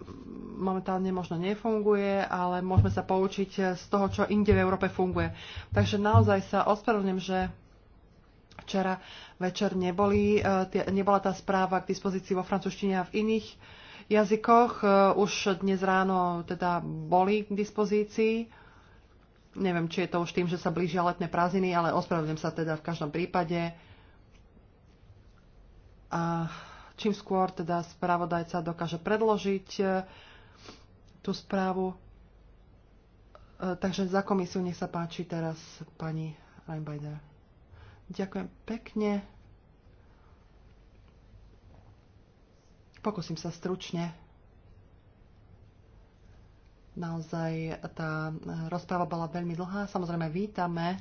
momentálne možno nefunguje, ale môžeme sa poučiť e, z toho, čo inde v Európe funguje. Takže naozaj sa ospravedlňujem, že včera večer neboli, nebola tá správa k dispozícii vo francúzštine a v iných jazykoch. Už dnes ráno teda boli k dispozícii. Neviem, či je to už tým, že sa blížia letné prázdniny, ale ospravedlňujem sa teda v každom prípade. A čím skôr teda spravodajca dokáže predložiť e, tú správu. E, takže za komisiu nech sa páči teraz pani Reinbeider. Ďakujem pekne. Pokúsim sa stručne Naozaj tá rozpráva bola veľmi dlhá. Samozrejme vítame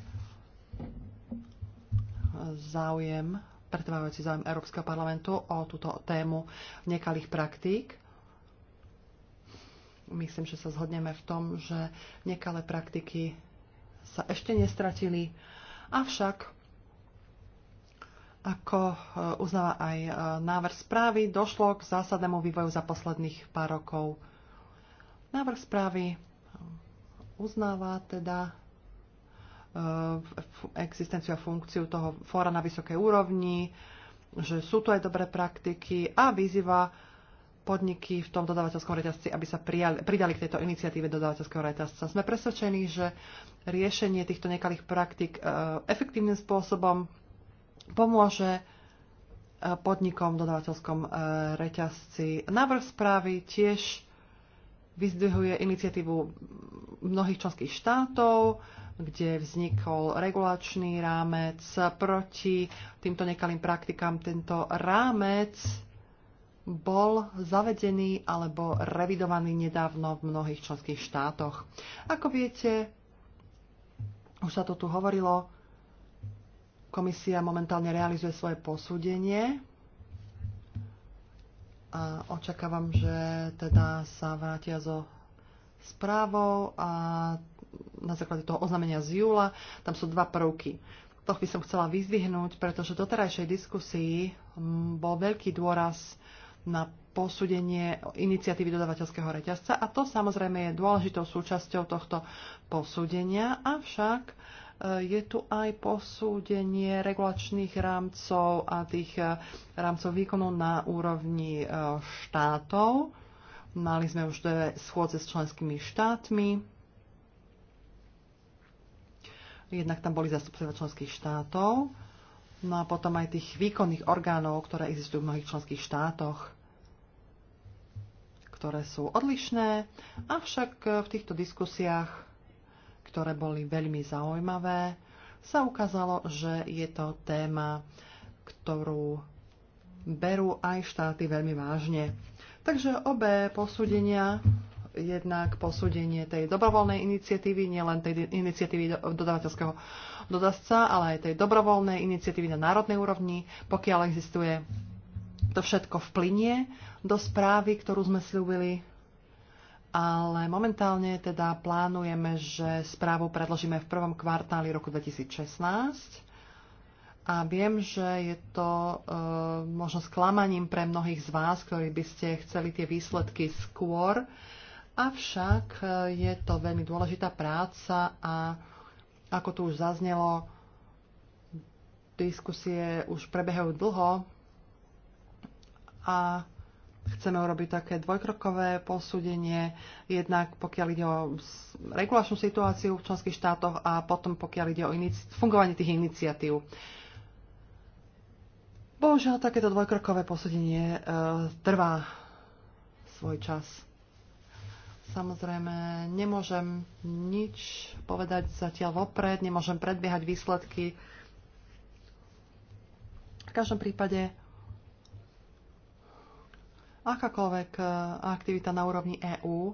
záujem, pretrvávajúci záujem Európskeho parlamentu o túto tému nekalých praktík. Myslím, že sa zhodneme v tom, že nekalé praktiky sa ešte nestratili, avšak ako eh, uznáva aj eh, návrh správy, došlo k zásadnému vývoju za posledných pár rokov. Návrh správy uznáva teda e, existenciu a funkciu toho fóra na vysokej úrovni, že sú tu aj dobré praktiky a vyzýva podniky v tom dodávateľskom reťazci, aby sa prijali, pridali k tejto iniciatíve dodávateľského reťazca. Sme presvedčení, že riešenie týchto nekalých praktik e, efektívnym spôsobom pomôže e, podnikom v dodávateľskom reťazci. Návrh správy tiež vyzdvihuje iniciatívu mnohých členských štátov, kde vznikol regulačný rámec proti týmto nekalým praktikám. Tento rámec bol zavedený alebo revidovaný nedávno v mnohých členských štátoch. Ako viete, už sa to tu hovorilo, komisia momentálne realizuje svoje posúdenie a očakávam, že teda sa vrátia zo správou a na základe toho oznámenia z júla. Tam sú dva prvky. To by som chcela vyzdvihnúť, pretože v doterajšej diskusii bol veľký dôraz na posúdenie iniciatívy dodavateľského reťazca a to samozrejme je dôležitou súčasťou tohto posúdenia, avšak Eh, je tu aj posúdenie regulačných rámcov a tých eh, rámcov výkonov na úrovni eh, štátov. Mali sme už dve schôdze s členskými štátmi. Jednak tam boli zastupcovia členských štátov. No a potom aj tých výkonných orgánov, ktoré existujú v mnohých členských štátoch ktoré sú odlišné, avšak v týchto diskusiách ktoré boli veľmi zaujímavé, sa ukázalo, že je to téma, ktorú berú aj štáty veľmi vážne. Takže obe posúdenia, jednak posúdenie tej dobrovoľnej iniciatívy, nielen tej iniciatívy dodavateľského dodazca, ale aj tej dobrovoľnej iniciatívy na národnej úrovni, pokiaľ existuje to všetko vplynie do správy, ktorú sme slúbili ale momentálne teda plánujeme, že správu predložíme v prvom kvartáli roku 2016 a viem, že je to e, možno sklamaním pre mnohých z vás, ktorí by ste chceli tie výsledky skôr, avšak e, je to veľmi dôležitá práca a ako tu už zaznelo, diskusie už prebehajú dlho a Chceme urobiť také dvojkrokové posúdenie, jednak pokiaľ ide o regulačnú situáciu v členských štátoch a potom pokiaľ ide o fungovanie tých iniciatív. Bohužiaľ, takéto dvojkrokové posúdenie e, trvá svoj čas. Samozrejme, nemôžem nič povedať zatiaľ vopred, nemôžem predbiehať výsledky. V každom prípade akákoľvek e, aktivita na úrovni EÚ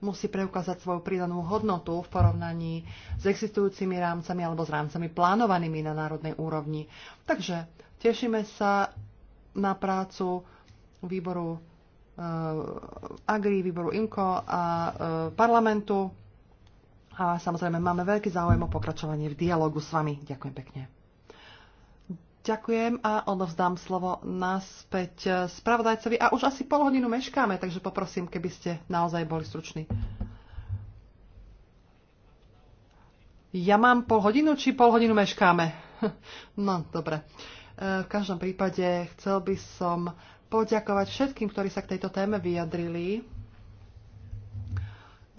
musí preukázať svoju pridanú hodnotu v porovnaní s existujúcimi rámcami alebo s rámcami plánovanými na národnej úrovni. Takže tešíme sa na prácu výboru uh, Agri, výboru IMCO a uh, parlamentu. A samozrejme máme veľký záujem o pokračovanie v dialogu s vami. Ďakujem pekne. Ďakujem a odovzdám slovo naspäť spravodajcovi. A už asi pol hodinu meškáme, takže poprosím, keby ste naozaj boli struční. Ja mám pol hodinu, či pol hodinu meškáme? No, dobre. E, v každom prípade chcel by som poďakovať všetkým, ktorí sa k tejto téme vyjadrili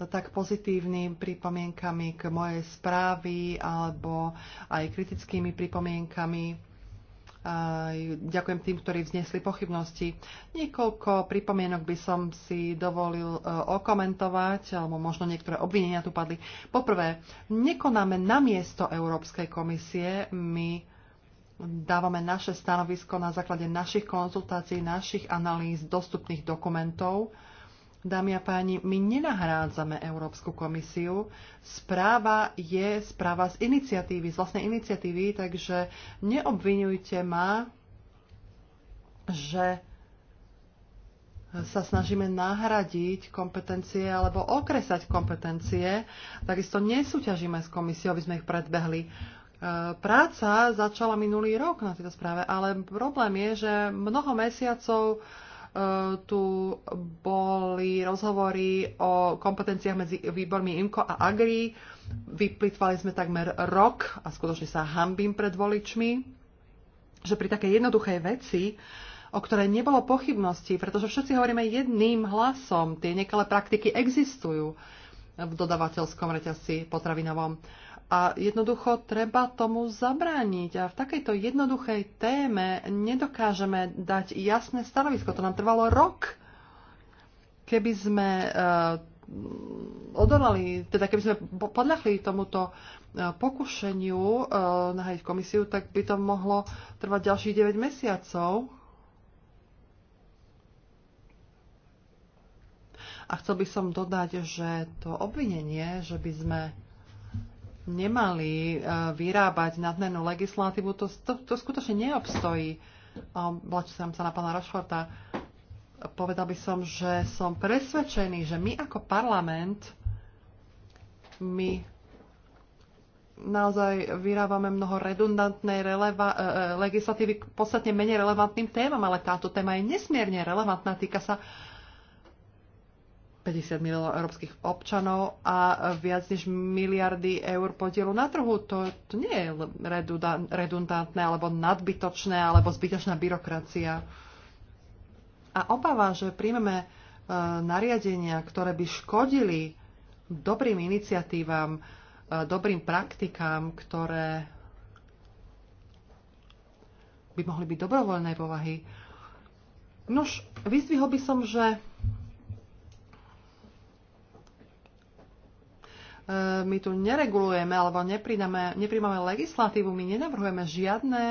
tak pozitívnym pripomienkami k mojej správy alebo aj kritickými pripomienkami Ďakujem tým, ktorí vznesli pochybnosti. Niekoľko pripomienok by som si dovolil e, okomentovať, alebo možno niektoré obvinenia tu padli. Poprvé, nekonáme na miesto Európskej komisie, my dávame naše stanovisko na základe našich konzultácií, našich analýz, dostupných dokumentov Dámy a páni, my nenahrádzame Európsku komisiu. Správa je správa z iniciatívy, z vlastnej iniciatívy, takže neobvinujte ma, že sa snažíme nahradiť kompetencie alebo okresať kompetencie. Takisto nesúťažíme s komisiou, aby sme ich predbehli. E, práca začala minulý rok na tejto správe, ale problém je, že mnoho mesiacov tu boli rozhovory o kompetenciách medzi výbormi IMCO a AGRI. Vyplitvali sme takmer rok a skutočne sa hambím pred voličmi, že pri takej jednoduchej veci, o ktorej nebolo pochybnosti, pretože všetci hovoríme jedným hlasom, tie nekalé praktiky existujú v dodavateľskom reťazci potravinovom a jednoducho treba tomu zabrániť. A v takejto jednoduchej téme nedokážeme dať jasné stanovisko. To nám trvalo rok, keby sme eh, odolali, teda keby sme podľahli tomuto eh, pokušeniu eh, nahajiť komisiu, tak by to mohlo trvať ďalších 9 mesiacov. A chcel by som dodať, že to obvinenie, že by sme nemali eh, vyrábať nadmernú legislatívu, to, to, to skutočne neobstojí. Vlačím sa na pána Rošforta. Povedal by som, že som presvedčený, že my ako parlament my naozaj vyrábame mnoho redundantnej releva- eh, eh, legislatívy k podstatne menej relevantným témam, ale táto téma je nesmierne relevantná, týka sa 50 miliónov európskych občanov a viac než miliardy eur podielu na trhu. To, to nie je redundantné alebo nadbytočné alebo zbytočná byrokracia. A obava, že príjmeme e, nariadenia, ktoré by škodili dobrým iniciatívam, e, dobrým praktikám, ktoré by mohli byť dobrovoľnej povahy. Nož, vyzvihol by som, že E, my tu neregulujeme alebo nepríjmame legislatívu, my nenavrhujeme žiadne,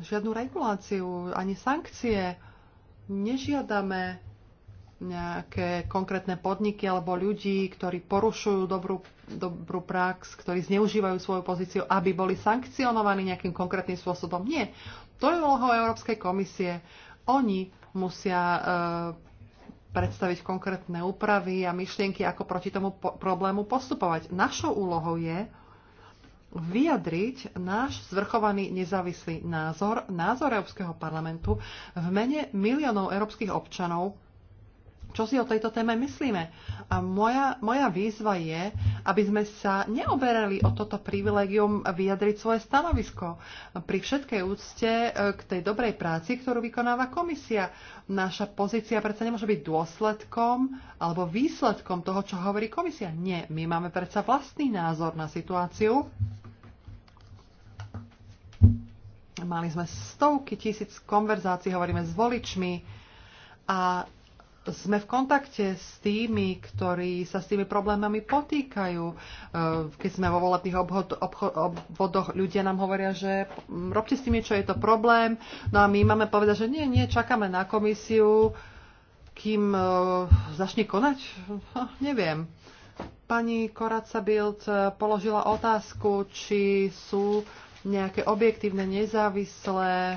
žiadnu reguláciu, ani sankcie. Nežiadame nejaké konkrétne podniky alebo ľudí, ktorí porušujú dobrú, dobrú prax, ktorí zneužívajú svoju pozíciu, aby boli sankcionovaní nejakým konkrétnym spôsobom. Nie. To je úlohou Európskej komisie. Oni musia e, predstaviť konkrétne úpravy a myšlienky, ako proti tomu po- problému postupovať. Našou úlohou je vyjadriť náš zvrchovaný nezávislý názor, názor Európskeho parlamentu v mene miliónov európskych občanov, čo si o tejto téme myslíme. A moja, moja výzva je, aby sme sa neoberali o toto privilegium vyjadriť svoje stanovisko. Pri všetkej úcte e, k tej dobrej práci, ktorú vykonáva komisia. Naša pozícia predsa nemôže byť dôsledkom alebo výsledkom toho, čo hovorí komisia. Nie, my máme predsa vlastný názor na situáciu. Mali sme stovky tisíc konverzácií, hovoríme s voličmi a sme v kontakte s tými, ktorí sa s tými problémami potýkajú. E, keď sme vo volebných obchod, obchod, obvodoch, ľudia nám hovoria, že robte s tým niečo, je to problém. No a my máme povedať, že nie, nie, čakáme na komisiu, kým e, začne konať. No, neviem. Pani Koraca Bild e, položila otázku, či sú nejaké objektívne, nezávislé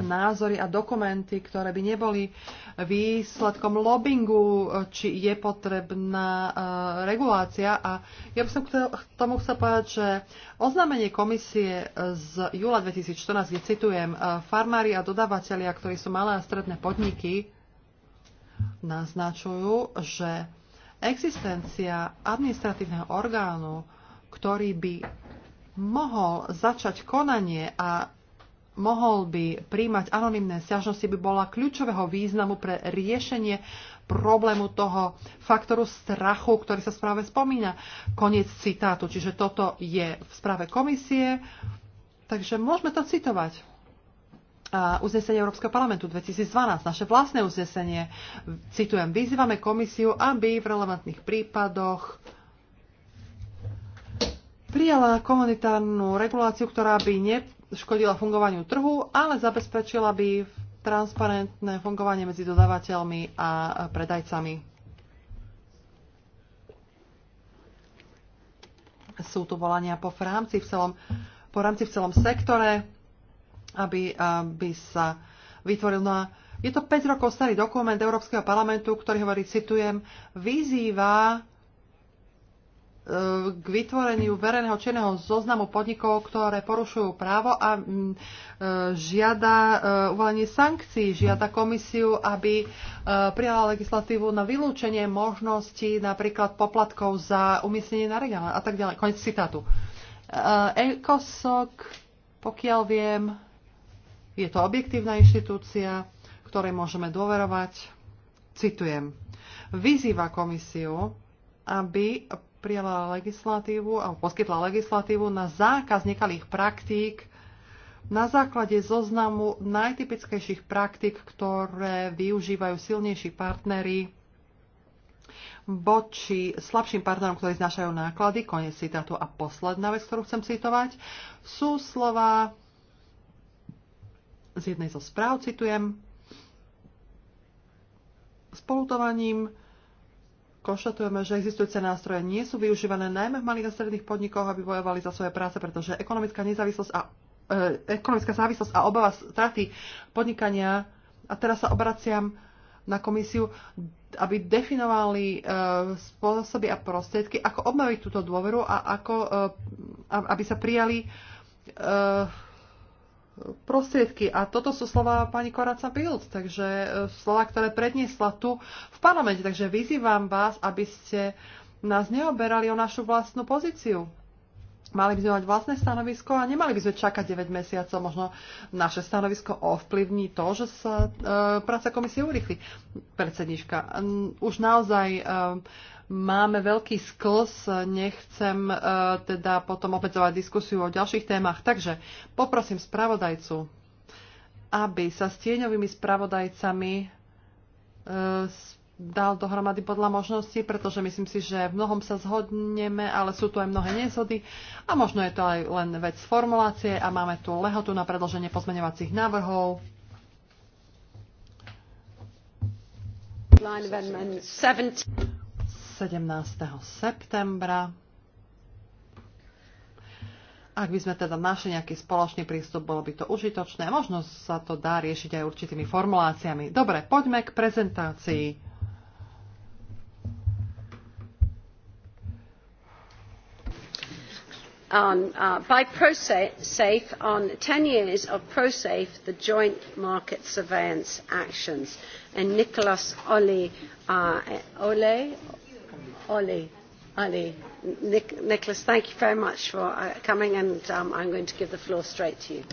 názory a dokumenty, ktoré by neboli výsledkom lobbingu, či je potrebná eh, regulácia. A ja by som k tomu chcel povedať, že oznámenie komisie z júla 2014, kde citujem, eh, farmári a dodávateľia, ktorí sú malé a stredné podniky, naznačujú, že existencia administratívneho orgánu, ktorý by mohol začať konanie a mohol by príjmať anonimné sťažnosti, by bola kľúčového významu pre riešenie problému toho faktoru strachu, ktorý sa v správe spomína. Koniec citátu. Čiže toto je v správe komisie, takže môžeme to citovať uznesenie Európskeho parlamentu 2012, naše vlastné uznesenie. Citujem, vyzývame komisiu, aby v relevantných prípadoch prijala komunitárnu reguláciu, ktorá by ne škodila fungovaniu trhu, ale zabezpečila by transparentné fungovanie medzi dodávateľmi a predajcami. Sú tu volania po rámci v celom, po rámci v celom sektore, aby, aby sa vytvoril. No je to 5 rokov starý dokument Európskeho parlamentu, ktorý hovorí, citujem, vyzýva k vytvoreniu verejného čierneho zoznamu podnikov, ktoré porušujú právo a mm, e, žiada e, uvalenie sankcií, žiada komisiu, aby e, prijala legislatívu na vylúčenie možností napríklad poplatkov za umiestnenie na regál a tak ďalej. Konec citátu. ECOSOC, pokiaľ viem, je to objektívna inštitúcia, ktorej môžeme dôverovať. Citujem. Vyzýva komisiu, aby prijala legislatívu alebo poskytla legislatívu na zákaz nekalých praktík na základe zoznamu najtypickejších praktík, ktoré využívajú silnejší partnery voči slabším partnerom, ktorí znašajú náklady, koniec citátu. A posledná vec, ktorú chcem citovať, sú slova z jednej zo správ, citujem, spolutovaním konštatujeme, že existujúce nástroje nie sú využívané najmä v malých a stredných podnikoch, aby bojovali za svoje práce, pretože ekonomická nezávislosť a e, ekonomická závislosť a obava straty podnikania a teraz sa obraciam na komisiu, aby definovali e, spôsoby a prostriedky, ako obnoviť túto dôveru a ako, e, aby sa prijali e, prostriedky. A toto sú slova pani Koraca Bild, takže e, slova, ktoré predniesla tu v parlamente. Takže vyzývam vás, aby ste nás neoberali o našu vlastnú pozíciu. Mali by sme mať vlastné stanovisko a nemali by sme čakať 9 mesiacov. Možno naše stanovisko ovplyvní to, že sa e, práca komisie urýchli. Predsednička, už naozaj e, máme veľký sklz, nechcem e, teda potom obmedzovať diskusiu o ďalších témach. Takže poprosím spravodajcu, aby sa s tieňovými spravodajcami e, dal dohromady podľa možností, pretože myslím si, že v mnohom sa zhodneme, ale sú tu aj mnohé nezhody a možno je to aj len vec formulácie a máme tu lehotu na predloženie pozmeňovacích návrhov. Line 17. 17. septembra. Ak by sme teda našli nejaký spoločný prístup, bolo by to užitočné. Možno sa to dá riešiť aj určitými formuláciami. Dobre, poďme k prezentácii. on, uh, by prosafe on 10 years of prosafe the joint market surveillance actions and nicolas Ole, uh, Ole, Ollie. Ali, Nicholas, thank you very much for uh, coming, and um, I'm going to give the floor straight to you.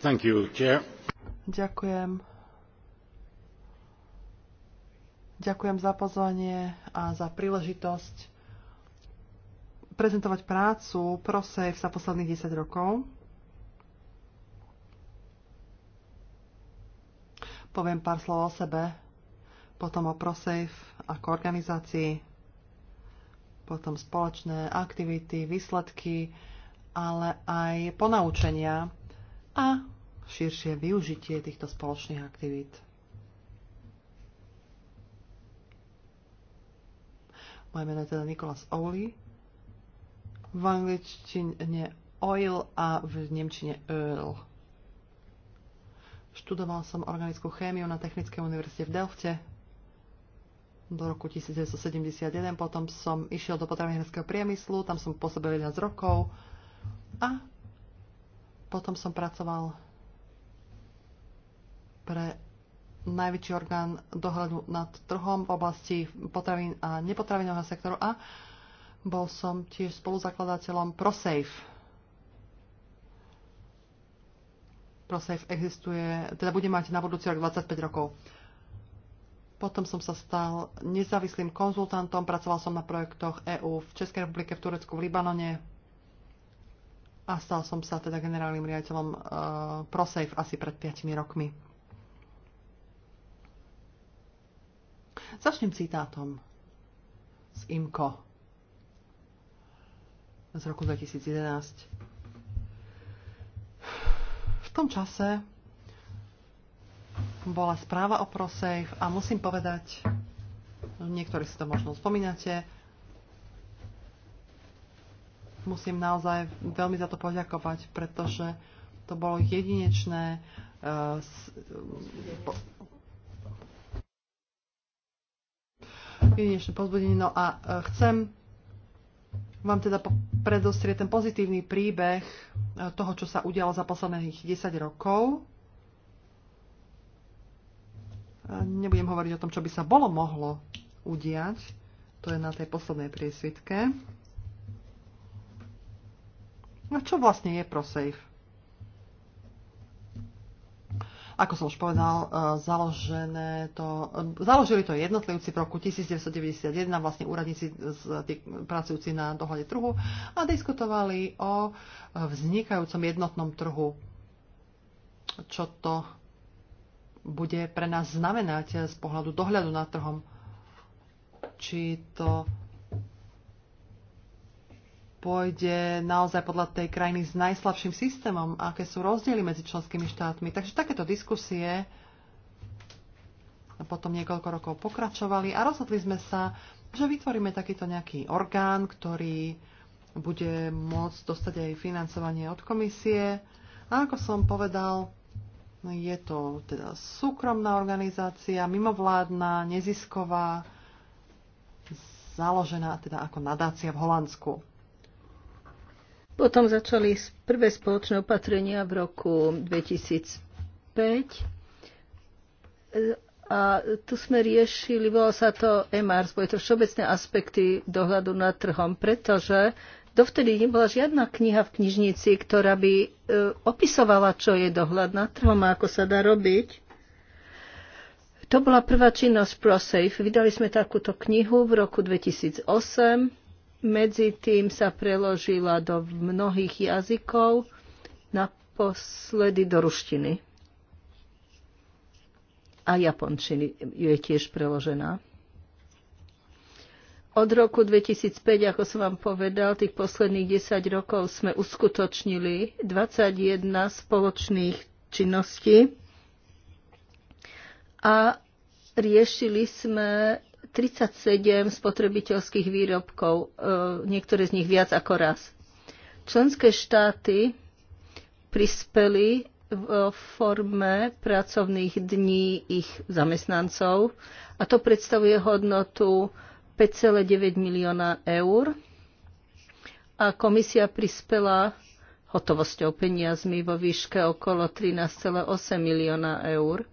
Thank you, Chair. Ďakujem. Ďakujem za pozvanie a za príležitosť prezentovať prácu ProSafe za posledných 10 rokov. Poviem pár slov o sebe, potom o ProSafe ako organizácii, potom spoločné aktivity, výsledky, ale aj ponaučenia a širšie využitie týchto spoločných aktivít. Moje meno je teda Nikolas Ouli. V angličtine oil a v nemčine earl. Študoval som organickú chémiu na Technickej univerzite v Delfte do roku 1971. Potom som išiel do potravinárskeho priemyslu, tam som pôsobil 11 rokov a potom som pracoval pre najväčší orgán dohľadu nad trhom v oblasti potravín a nepotravinového sektoru a bol som tiež spoluzakladateľom ProSafe, ProSafe existuje, teda bude mať na budúci rok 25 rokov. Potom som sa stal nezávislým konzultantom, pracoval som na projektoch EÚ v Českej republike, v Turecku, v Libanone a stal som sa teda generálnym riaditeľom uh, ProSafe asi pred 5 rokmi. Začnem citátom z IMCO z roku 2011 tom čase bola správa o ProSafe a musím povedať, niektorí si to možno spomínate, musím naozaj veľmi za to poďakovať, pretože to bolo jedinečné uh, s, eh, po, jedinečné pozbudenie. No a uh, chcem vám teda predostrie ten pozitívny príbeh e, toho, čo sa udialo za posledných 10 rokov. E, nebudem hovoriť o tom, čo by sa bolo mohlo udiať. To je na tej poslednej priesvitke. A no, čo vlastne je ProSafe? ako som už povedal, e, založené to, e, založili to jednotlivci v roku 1991, vlastne úradníci z, tí, pracujúci na dohľade trhu a diskutovali o e, vznikajúcom jednotnom trhu, čo to bude pre nás znamenať z pohľadu dohľadu nad trhom, či to pôjde naozaj podľa tej krajiny s najslabším systémom, aké sú rozdiely medzi členskými štátmi. Takže takéto diskusie potom niekoľko rokov pokračovali a rozhodli sme sa, že vytvoríme takýto nejaký orgán, ktorý bude môcť dostať aj financovanie od komisie. A ako som povedal, je to teda súkromná organizácia, mimovládna, nezisková, založená teda ako nadácia v Holandsku. Potom začali prvé spoločné opatrenia v roku 2005 a tu sme riešili, volalo sa to EMARS, boli to všeobecné aspekty dohľadu nad trhom, pretože dovtedy nebola žiadna kniha v knižnici, ktorá by e, opisovala, čo je dohľad nad trhom a ako sa dá robiť. To bola prvá činnosť ProSafe. Vydali sme takúto knihu v roku 2008 medzi tým sa preložila do mnohých jazykov, naposledy do ruštiny. A japončiny je tiež preložená. Od roku 2005, ako som vám povedal, tých posledných 10 rokov sme uskutočnili 21 spoločných činností a riešili sme 37 spotrebiteľských výrobkov, e, niektoré z nich viac ako raz. Členské štáty prispeli v e, forme pracovných dní ich zamestnancov a to predstavuje hodnotu 5,9 milióna eur a komisia prispela hotovosťou peniazmi vo výške okolo 13,8 milióna eur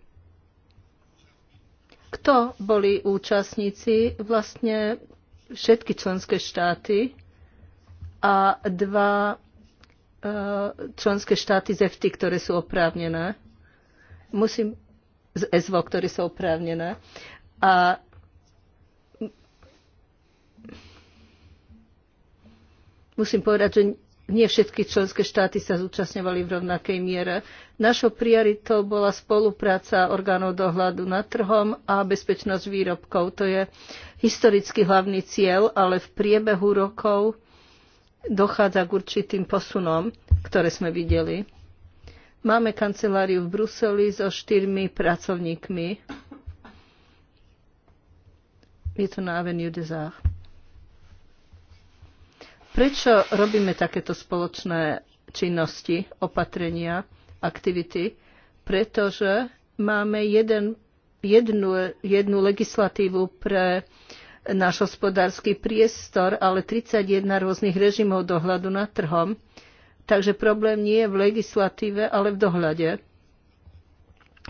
kto boli účastníci, vlastne všetky členské štáty a dva e, členské štáty z EFTI, ktoré sú oprávnené. Musím z ESVO, ktoré sú oprávnené. A musím povedať, že nie všetky členské štáty sa zúčastňovali v rovnakej miere. Našou prioritou bola spolupráca orgánov dohľadu nad trhom a bezpečnosť výrobkov. To je historicky hlavný cieľ, ale v priebehu rokov dochádza k určitým posunom, ktoré sme videli. Máme kanceláriu v Bruseli so štyrmi pracovníkmi. Je to na Avenue des Arts. Prečo robíme takéto spoločné činnosti, opatrenia, aktivity? Pretože máme jeden, jednu, jednu legislatívu pre náš hospodársky priestor, ale 31 rôznych režimov dohľadu nad trhom. Takže problém nie je v legislatíve, ale v dohľade.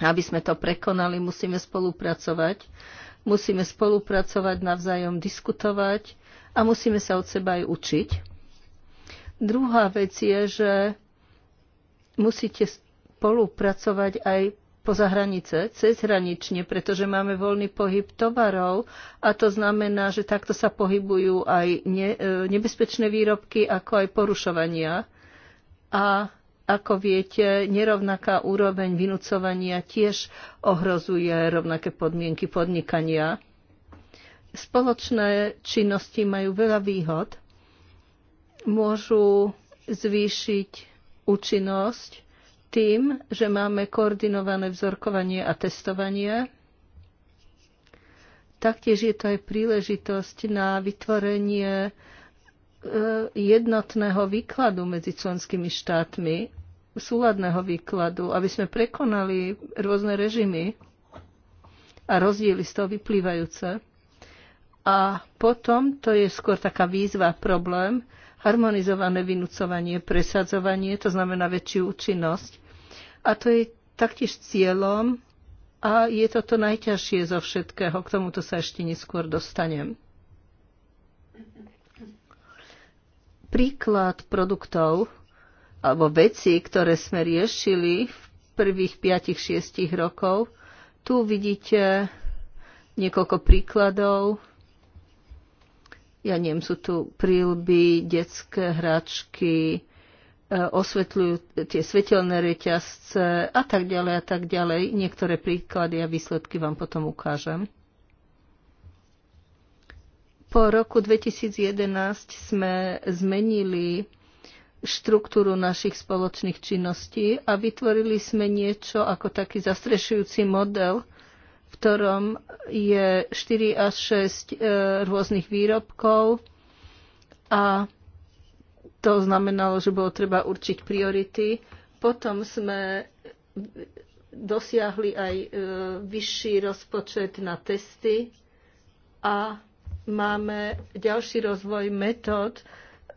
Aby sme to prekonali, musíme spolupracovať. Musíme spolupracovať, navzájom diskutovať, a musíme sa od seba aj učiť. Druhá vec je, že musíte spolupracovať aj poza hranice, cezhranične, pretože máme voľný pohyb tovarov a to znamená, že takto sa pohybujú aj ne, e, nebezpečné výrobky, ako aj porušovania. A ako viete, nerovnaká úroveň vynúcovania tiež ohrozuje rovnaké podmienky podnikania spoločné činnosti majú veľa výhod. Môžu zvýšiť účinnosť tým, že máme koordinované vzorkovanie a testovanie. Taktiež je to aj príležitosť na vytvorenie e, jednotného výkladu medzi členskými štátmi, súladného výkladu, aby sme prekonali rôzne režimy a rozdiely z toho vyplývajúce. A potom, to je skôr taká výzva, problém, harmonizované vynúcovanie, presadzovanie, to znamená väčšiu účinnosť. A to je taktiež cieľom a je to to najťažšie zo všetkého. K tomuto sa ešte neskôr dostanem. Príklad produktov alebo veci, ktoré sme riešili v prvých 5-6 rokov. Tu vidíte niekoľko príkladov ja neviem, sú tu prílby, detské hračky, e, osvetľujú tie svetelné reťazce a tak ďalej a tak ďalej. Niektoré príklady a výsledky vám potom ukážem. Po roku 2011 sme zmenili štruktúru našich spoločných činností a vytvorili sme niečo ako taký zastrešujúci model, ktorom je 4 až 6 e, rôznych výrobkov a to znamenalo, že bolo treba určiť priority. Potom sme dosiahli aj e, vyšší rozpočet na testy a máme ďalší rozvoj metód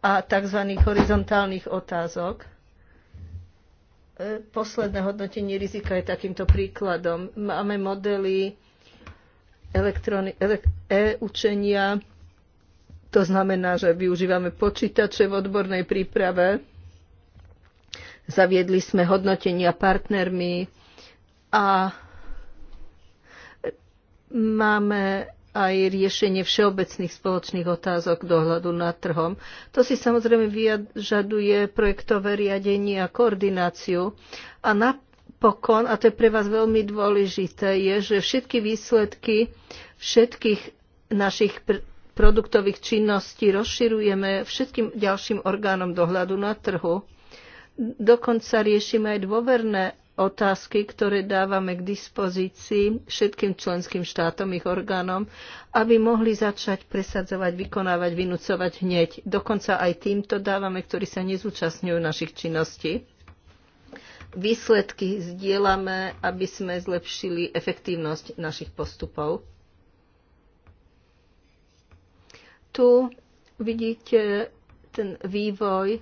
a tzv. horizontálnych otázok. E, posledné hodnotenie rizika je takýmto príkladom. Máme modely e-učenia, to znamená, že využívame počítače v odbornej príprave, zaviedli sme hodnotenia partnermi a máme aj riešenie všeobecných spoločných otázok dohľadu nad trhom. To si samozrejme vyžaduje projektové riadenie a koordináciu. A napokon, a to je pre vás veľmi dôležité, je, že všetky výsledky všetkých našich pr- produktových činností rozširujeme všetkým ďalším orgánom dohľadu na trhu. Dokonca riešime aj dôverné otázky, ktoré dávame k dispozícii všetkým členským štátom, ich orgánom, aby mohli začať presadzovať, vykonávať, vynúcovať hneď. Dokonca aj týmto dávame, ktorí sa nezúčastňujú našich činností. Výsledky zdieľame, aby sme zlepšili efektívnosť našich postupov. Tu vidíte ten vývoj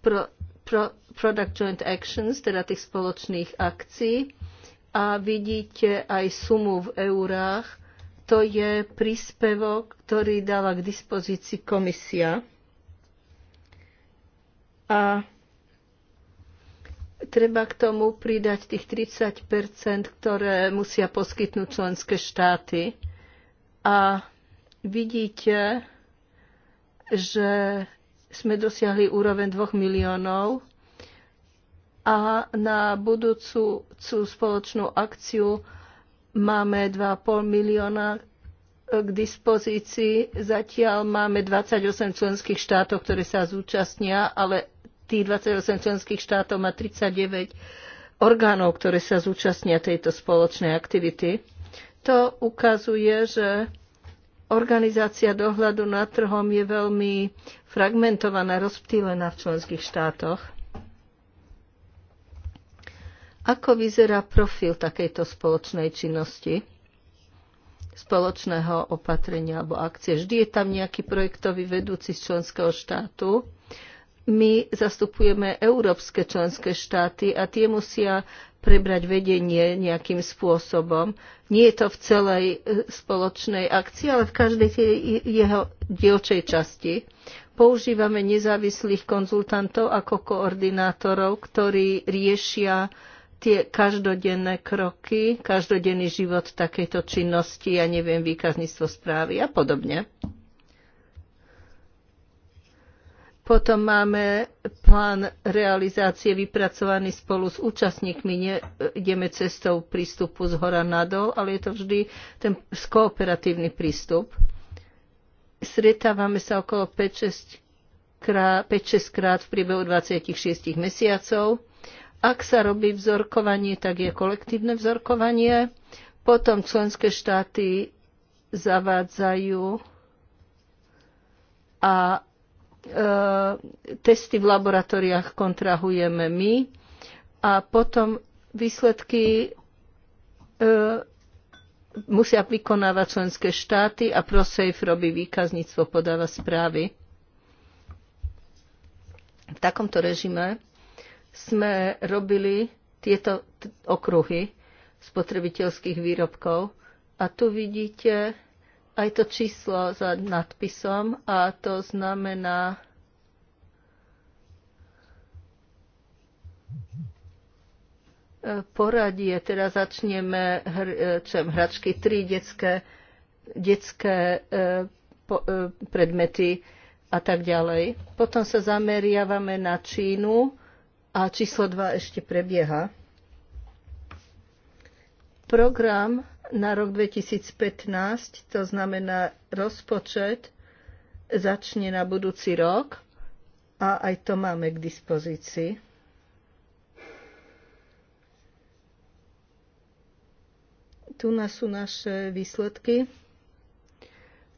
pro Product Joint Actions, teda tých spoločných akcií. A vidíte aj sumu v eurách. To je príspevok, ktorý dala k dispozícii komisia. A treba k tomu pridať tých 30 ktoré musia poskytnúť členské štáty. A vidíte, že sme dosiahli úroveň 2 miliónov a na budúcu spoločnú akciu máme 2,5 milióna k dispozícii. Zatiaľ máme 28 členských štátov, ktoré sa zúčastnia, ale tých 28 členských štátov má 39 orgánov, ktoré sa zúčastnia tejto spoločnej aktivity. To ukazuje, že organizácia dohľadu nad trhom je veľmi fragmentovaná, rozptýlená v členských štátoch. Ako vyzerá profil takejto spoločnej činnosti, spoločného opatrenia alebo akcie? Vždy je tam nejaký projektový vedúci z členského štátu, my zastupujeme európske členské štáty a tie musia prebrať vedenie nejakým spôsobom. Nie je to v celej e, spoločnej akcii, ale v každej tej jeho dielčej časti. Používame nezávislých konzultantov ako koordinátorov, ktorí riešia tie každodenné kroky, každodenný život takejto činnosti, ja neviem, výkazníctvo správy a podobne. Potom máme plán realizácie vypracovaný spolu s účastníkmi. Ne ideme cestou prístupu z hora nadol, ale je to vždy ten kooperatívny prístup. Stretávame sa okolo 5-6 krát, 5-6 krát v priebehu 26 mesiacov. Ak sa robí vzorkovanie, tak je kolektívne vzorkovanie. Potom členské štáty zavádzajú a E, testy v laboratóriách kontrahujeme my a potom výsledky e, musia vykonávať členské štáty a ProSafe robí výkazníctvo, podáva správy. V takomto režime sme robili tieto okruhy spotrebiteľských výrobkov a tu vidíte aj to číslo za nadpisom a to znamená e, poradie. Teraz začneme hr, e, čem, hračky, tri detské, detské e, po, e, predmety a tak ďalej. Potom sa zameriavame na Čínu a číslo 2 ešte prebieha. Program na rok 2015, to znamená rozpočet začne na budúci rok a aj to máme k dispozícii. Tu nás sú naše výsledky.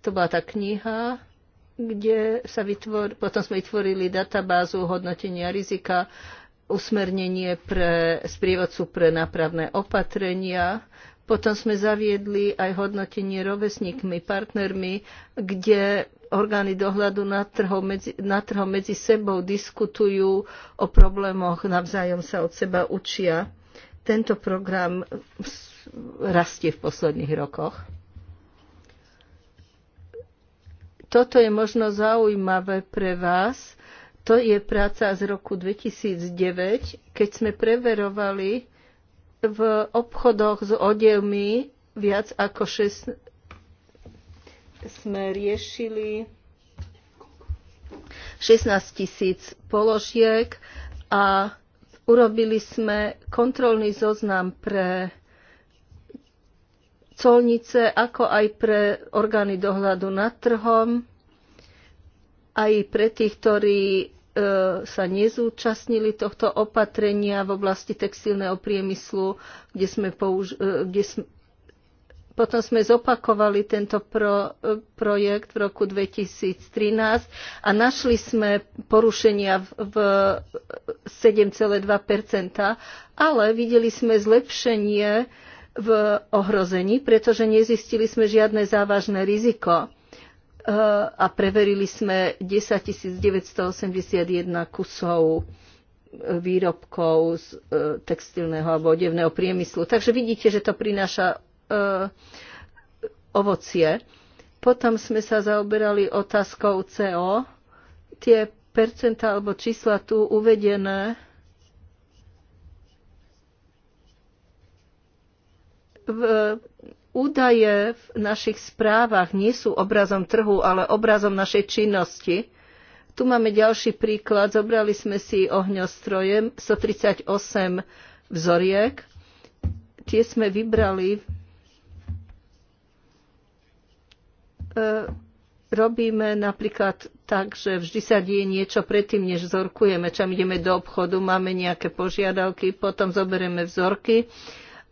To bola tá kniha, kde sa vytvor... potom sme vytvorili databázu hodnotenia rizika, usmernenie pre sprievodcu pre nápravné opatrenia, potom sme zaviedli aj hodnotenie rovesníkmi, partnermi, kde orgány dohľadu nad trhom medzi, medzi sebou diskutujú o problémoch, navzájom sa od seba učia. Tento program rastie v posledných rokoch. Toto je možno zaujímavé pre vás. To je práca z roku 2009, keď sme preverovali, v obchodoch s odevmi viac ako 6 sme riešili 16 tisíc položiek a urobili sme kontrolný zoznam pre colnice, ako aj pre orgány dohľadu nad trhom, aj pre tých, ktorí E, sa nezúčastnili tohto opatrenia v oblasti textilného priemyslu, kde sme, použ- e, kde sme potom sme zopakovali tento pro, e, projekt v roku 2013 a našli sme porušenia v, v 7,2 ale videli sme zlepšenie v ohrození, pretože nezistili sme žiadne závažné riziko a preverili sme 10 981 kusov e, výrobkov z e, textilného alebo odevného priemyslu. Takže vidíte, že to prináša e, ovocie. Potom sme sa zaoberali otázkou CO. Tie percentá alebo čísla tu uvedené v údaje v našich správach nie sú obrazom trhu, ale obrazom našej činnosti. Tu máme ďalší príklad. Zobrali sme si ohňostrojem 138 vzoriek. Tie sme vybrali. E, robíme napríklad tak, že vždy sa deje niečo predtým, než vzorkujeme. Čam ideme do obchodu, máme nejaké požiadavky, potom zoberieme vzorky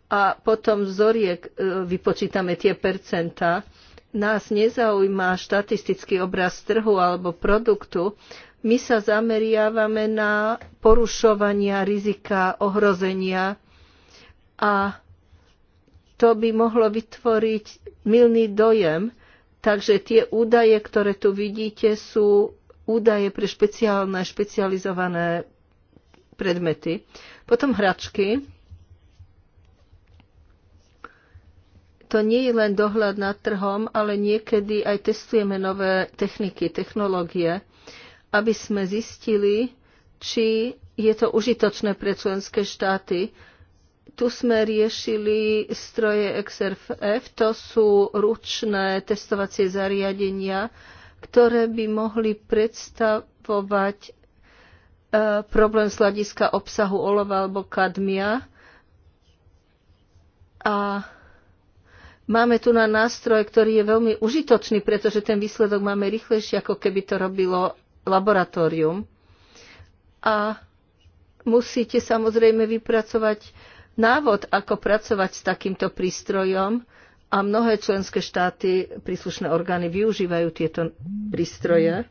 a potom vzoriek e, vypočítame tie percentá. Nás nezaujíma štatistický obraz trhu alebo produktu. My sa zameriavame na porušovania, rizika, ohrozenia a to by mohlo vytvoriť milný dojem. Takže tie údaje, ktoré tu vidíte, sú údaje pre špeciálne, špecializované predmety. Potom hračky to nie je len dohľad nad trhom, ale niekedy aj testujeme nové techniky, technológie, aby sme zistili, či je to užitočné pre členské štáty. Tu sme riešili stroje XRF, to sú ručné testovacie zariadenia, ktoré by mohli predstavovať e, problém z hľadiska obsahu olova alebo kadmia. A Máme tu na nástroj, ktorý je veľmi užitočný, pretože ten výsledok máme rýchlejšie, ako keby to robilo laboratórium. A musíte samozrejme vypracovať návod, ako pracovať s takýmto prístrojom a mnohé členské štáty, príslušné orgány využívajú tieto prístroje.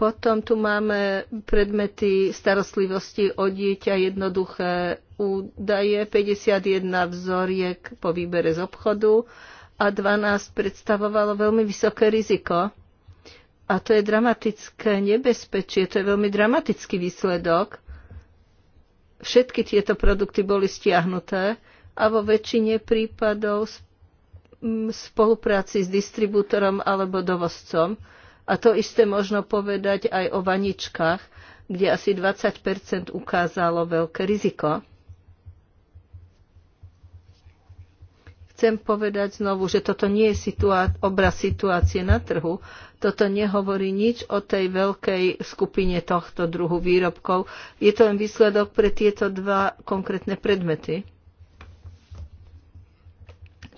Potom tu máme predmety starostlivosti o dieťa, jednoduché údaje, 51 vzoriek po výbere z obchodu a 12 predstavovalo veľmi vysoké riziko. A to je dramatické nebezpečie, to je veľmi dramatický výsledok. Všetky tieto produkty boli stiahnuté a vo väčšine prípadov spolupráci s distribútorom alebo dovozcom a to isté možno povedať aj o vaničkách, kde asi 20 ukázalo veľké riziko. chcem povedať znovu, že toto nie je situá- obraz situácie na trhu. Toto nehovorí nič o tej veľkej skupine tohto druhu výrobkov. Je to len výsledok pre tieto dva konkrétne predmety.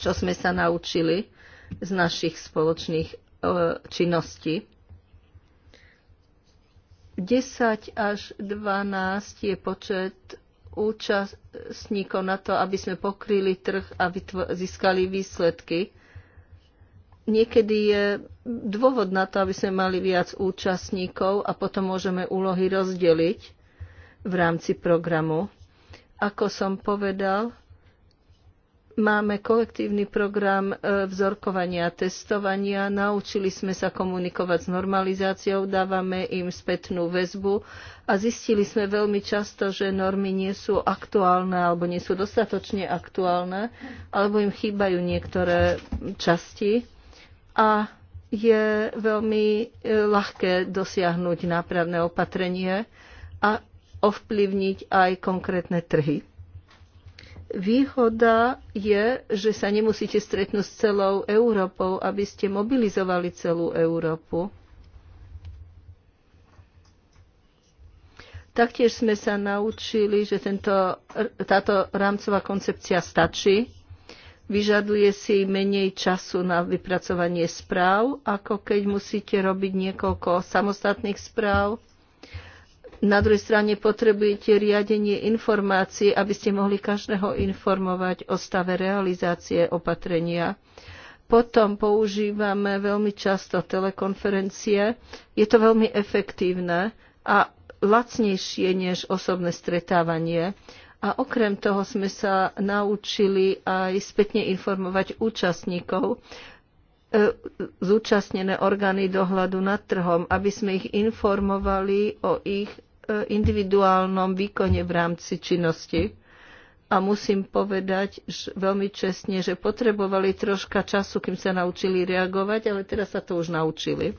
Čo sme sa naučili z našich spoločných E, činnosti. 10 až 12 je počet účastníkov na to, aby sme pokryli trh a získali výsledky. Niekedy je dôvod na to, aby sme mali viac účastníkov a potom môžeme úlohy rozdeliť v rámci programu. Ako som povedal, Máme kolektívny program e, vzorkovania a testovania, naučili sme sa komunikovať s normalizáciou, dávame im spätnú väzbu a zistili sme veľmi často, že normy nie sú aktuálne alebo nie sú dostatočne aktuálne, alebo im chýbajú niektoré časti a je veľmi e, ľahké dosiahnuť nápravné opatrenie a ovplyvniť aj konkrétne trhy. Výhoda je, že sa nemusíte stretnúť s celou Európou, aby ste mobilizovali celú Európu. Taktiež sme sa naučili, že tento, táto rámcová koncepcia stačí. Vyžaduje si menej času na vypracovanie správ, ako keď musíte robiť niekoľko samostatných správ na druhej strane potrebujete riadenie informácií, aby ste mohli každého informovať o stave realizácie opatrenia. Potom používame veľmi často telekonferencie. Je to veľmi efektívne a lacnejšie než osobné stretávanie. A okrem toho sme sa naučili aj spätne informovať účastníkov, e, zúčastnené orgány dohľadu nad trhom, aby sme ich informovali o ich individuálnom výkone v rámci činnosti. A musím povedať že veľmi čestne, že potrebovali troška času, kým sa naučili reagovať, ale teraz sa to už naučili.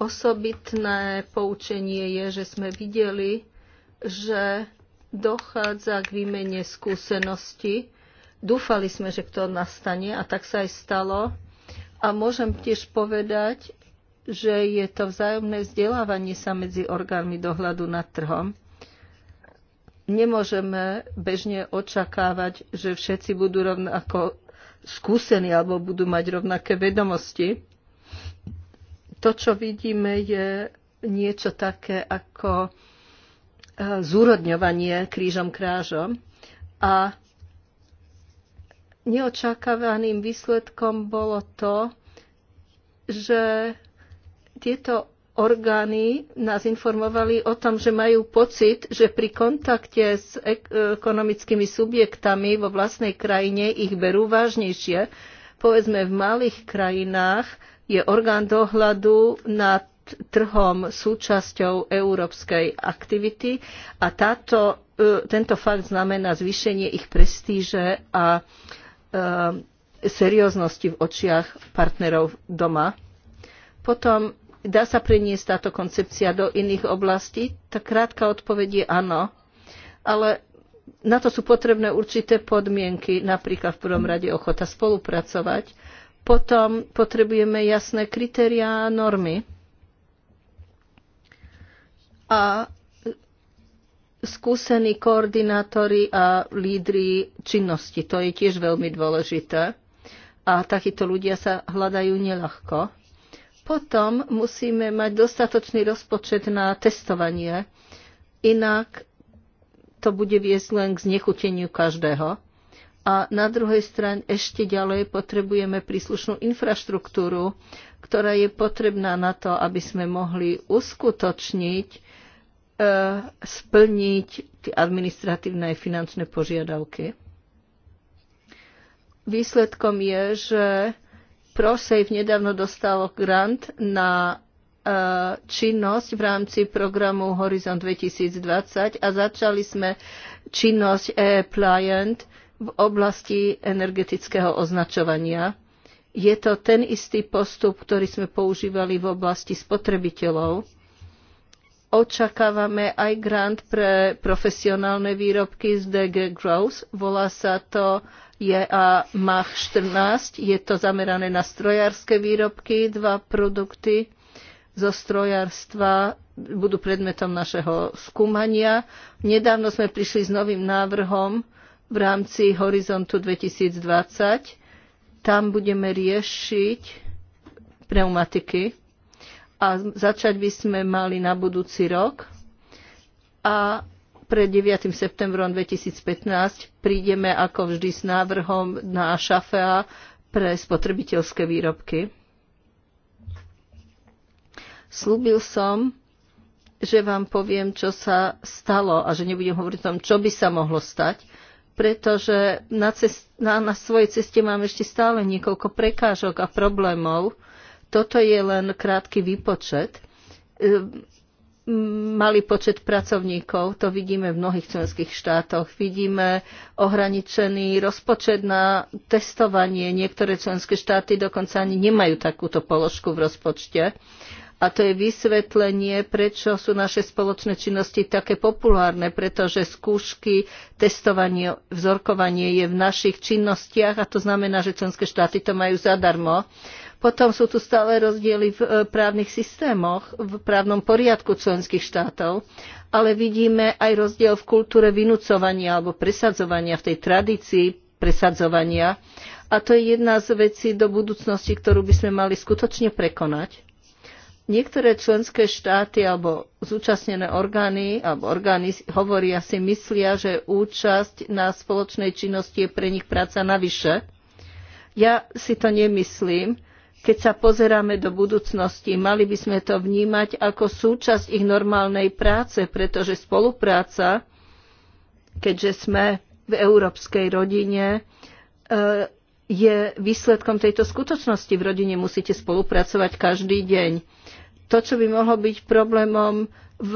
Osobitné poučenie je, že sme videli, že dochádza k výmene skúsenosti, Dúfali sme, že to nastane a tak sa aj stalo. A môžem tiež povedať, že je to vzájomné vzdelávanie sa medzi orgánmi dohľadu nad trhom. Nemôžeme bežne očakávať, že všetci budú rovnako skúsení alebo budú mať rovnaké vedomosti. To, čo vidíme, je niečo také ako e, zúrodňovanie krížom krážom a neočakávaným výsledkom bolo to, že tieto orgány nás informovali o tom, že majú pocit, že pri kontakte s ekonomickými subjektami vo vlastnej krajine ich berú vážnejšie. Povedzme, v malých krajinách je orgán dohľadu nad trhom súčasťou európskej aktivity a táto, e, tento fakt znamená zvýšenie ich prestíže a e, serióznosti v očiach partnerov doma. Potom Dá sa preniesť táto koncepcia do iných oblastí? Tá krátka odpoveď je áno. Ale na to sú potrebné určité podmienky, napríklad v prvom rade ochota spolupracovať. Potom potrebujeme jasné kritériá a normy. A skúsení koordinátori a lídri činnosti. To je tiež veľmi dôležité. A takíto ľudia sa hľadajú neľahko. Potom musíme mať dostatočný rozpočet na testovanie, inak to bude viesť len k znechuteniu každého. A na druhej strane ešte ďalej potrebujeme príslušnú infraštruktúru, ktorá je potrebná na to, aby sme mohli uskutočniť, e, splniť administratívne a finančné požiadavky. Výsledkom je, že ProSafe nedávno dostalo grant na e, činnosť v rámci programu Horizon 2020 a začali sme činnosť e-client v oblasti energetického označovania. Je to ten istý postup, ktorý sme používali v oblasti spotrebiteľov. Očakávame aj grant pre profesionálne výrobky z DG Growth. Volá sa to je a Mach 14. Je to zamerané na strojárske výrobky, dva produkty zo strojárstva budú predmetom našeho skúmania. Nedávno sme prišli s novým návrhom v rámci Horizontu 2020. Tam budeme riešiť pneumatiky a začať by sme mali na budúci rok. A pred 9. septembrom 2015 prídeme ako vždy s návrhom na šafea pre spotrebiteľské výrobky. Slúbil som, že vám poviem, čo sa stalo a že nebudem hovoriť o tom, čo by sa mohlo stať, pretože na, cest, na, na svojej ceste mám ešte stále niekoľko prekážok a problémov. Toto je len krátky výpočet ehm, malý počet pracovníkov. To vidíme v mnohých členských štátoch. Vidíme ohraničený rozpočet na testovanie. Niektoré členské štáty dokonca ani nemajú takúto položku v rozpočte. Uh, a to je vysvetlenie, prečo sú naše spoločné činnosti také populárne, pretože skúšky, testovanie, vzorkovanie je v našich činnostiach a to znamená, že členské štáty to majú zadarmo. Potom sú tu stále rozdiely v e, právnych systémoch, v právnom poriadku členských štátov, ale vidíme aj rozdiel v kultúre vynúcovania alebo presadzovania, v tej tradícii presadzovania. A to je jedna z vecí do budúcnosti, ktorú by sme mali skutočne prekonať Niektoré členské štáty alebo zúčastnené orgány alebo orgány hovoria si myslia, že účasť na spoločnej činnosti je pre nich práca navyše. Ja si to nemyslím. Keď sa pozeráme do budúcnosti, mali by sme to vnímať ako súčasť ich normálnej práce, pretože spolupráca, keďže sme v európskej rodine, eh, je výsledkom tejto skutočnosti. V rodine musíte spolupracovať každý deň. To, čo by mohlo byť problémom v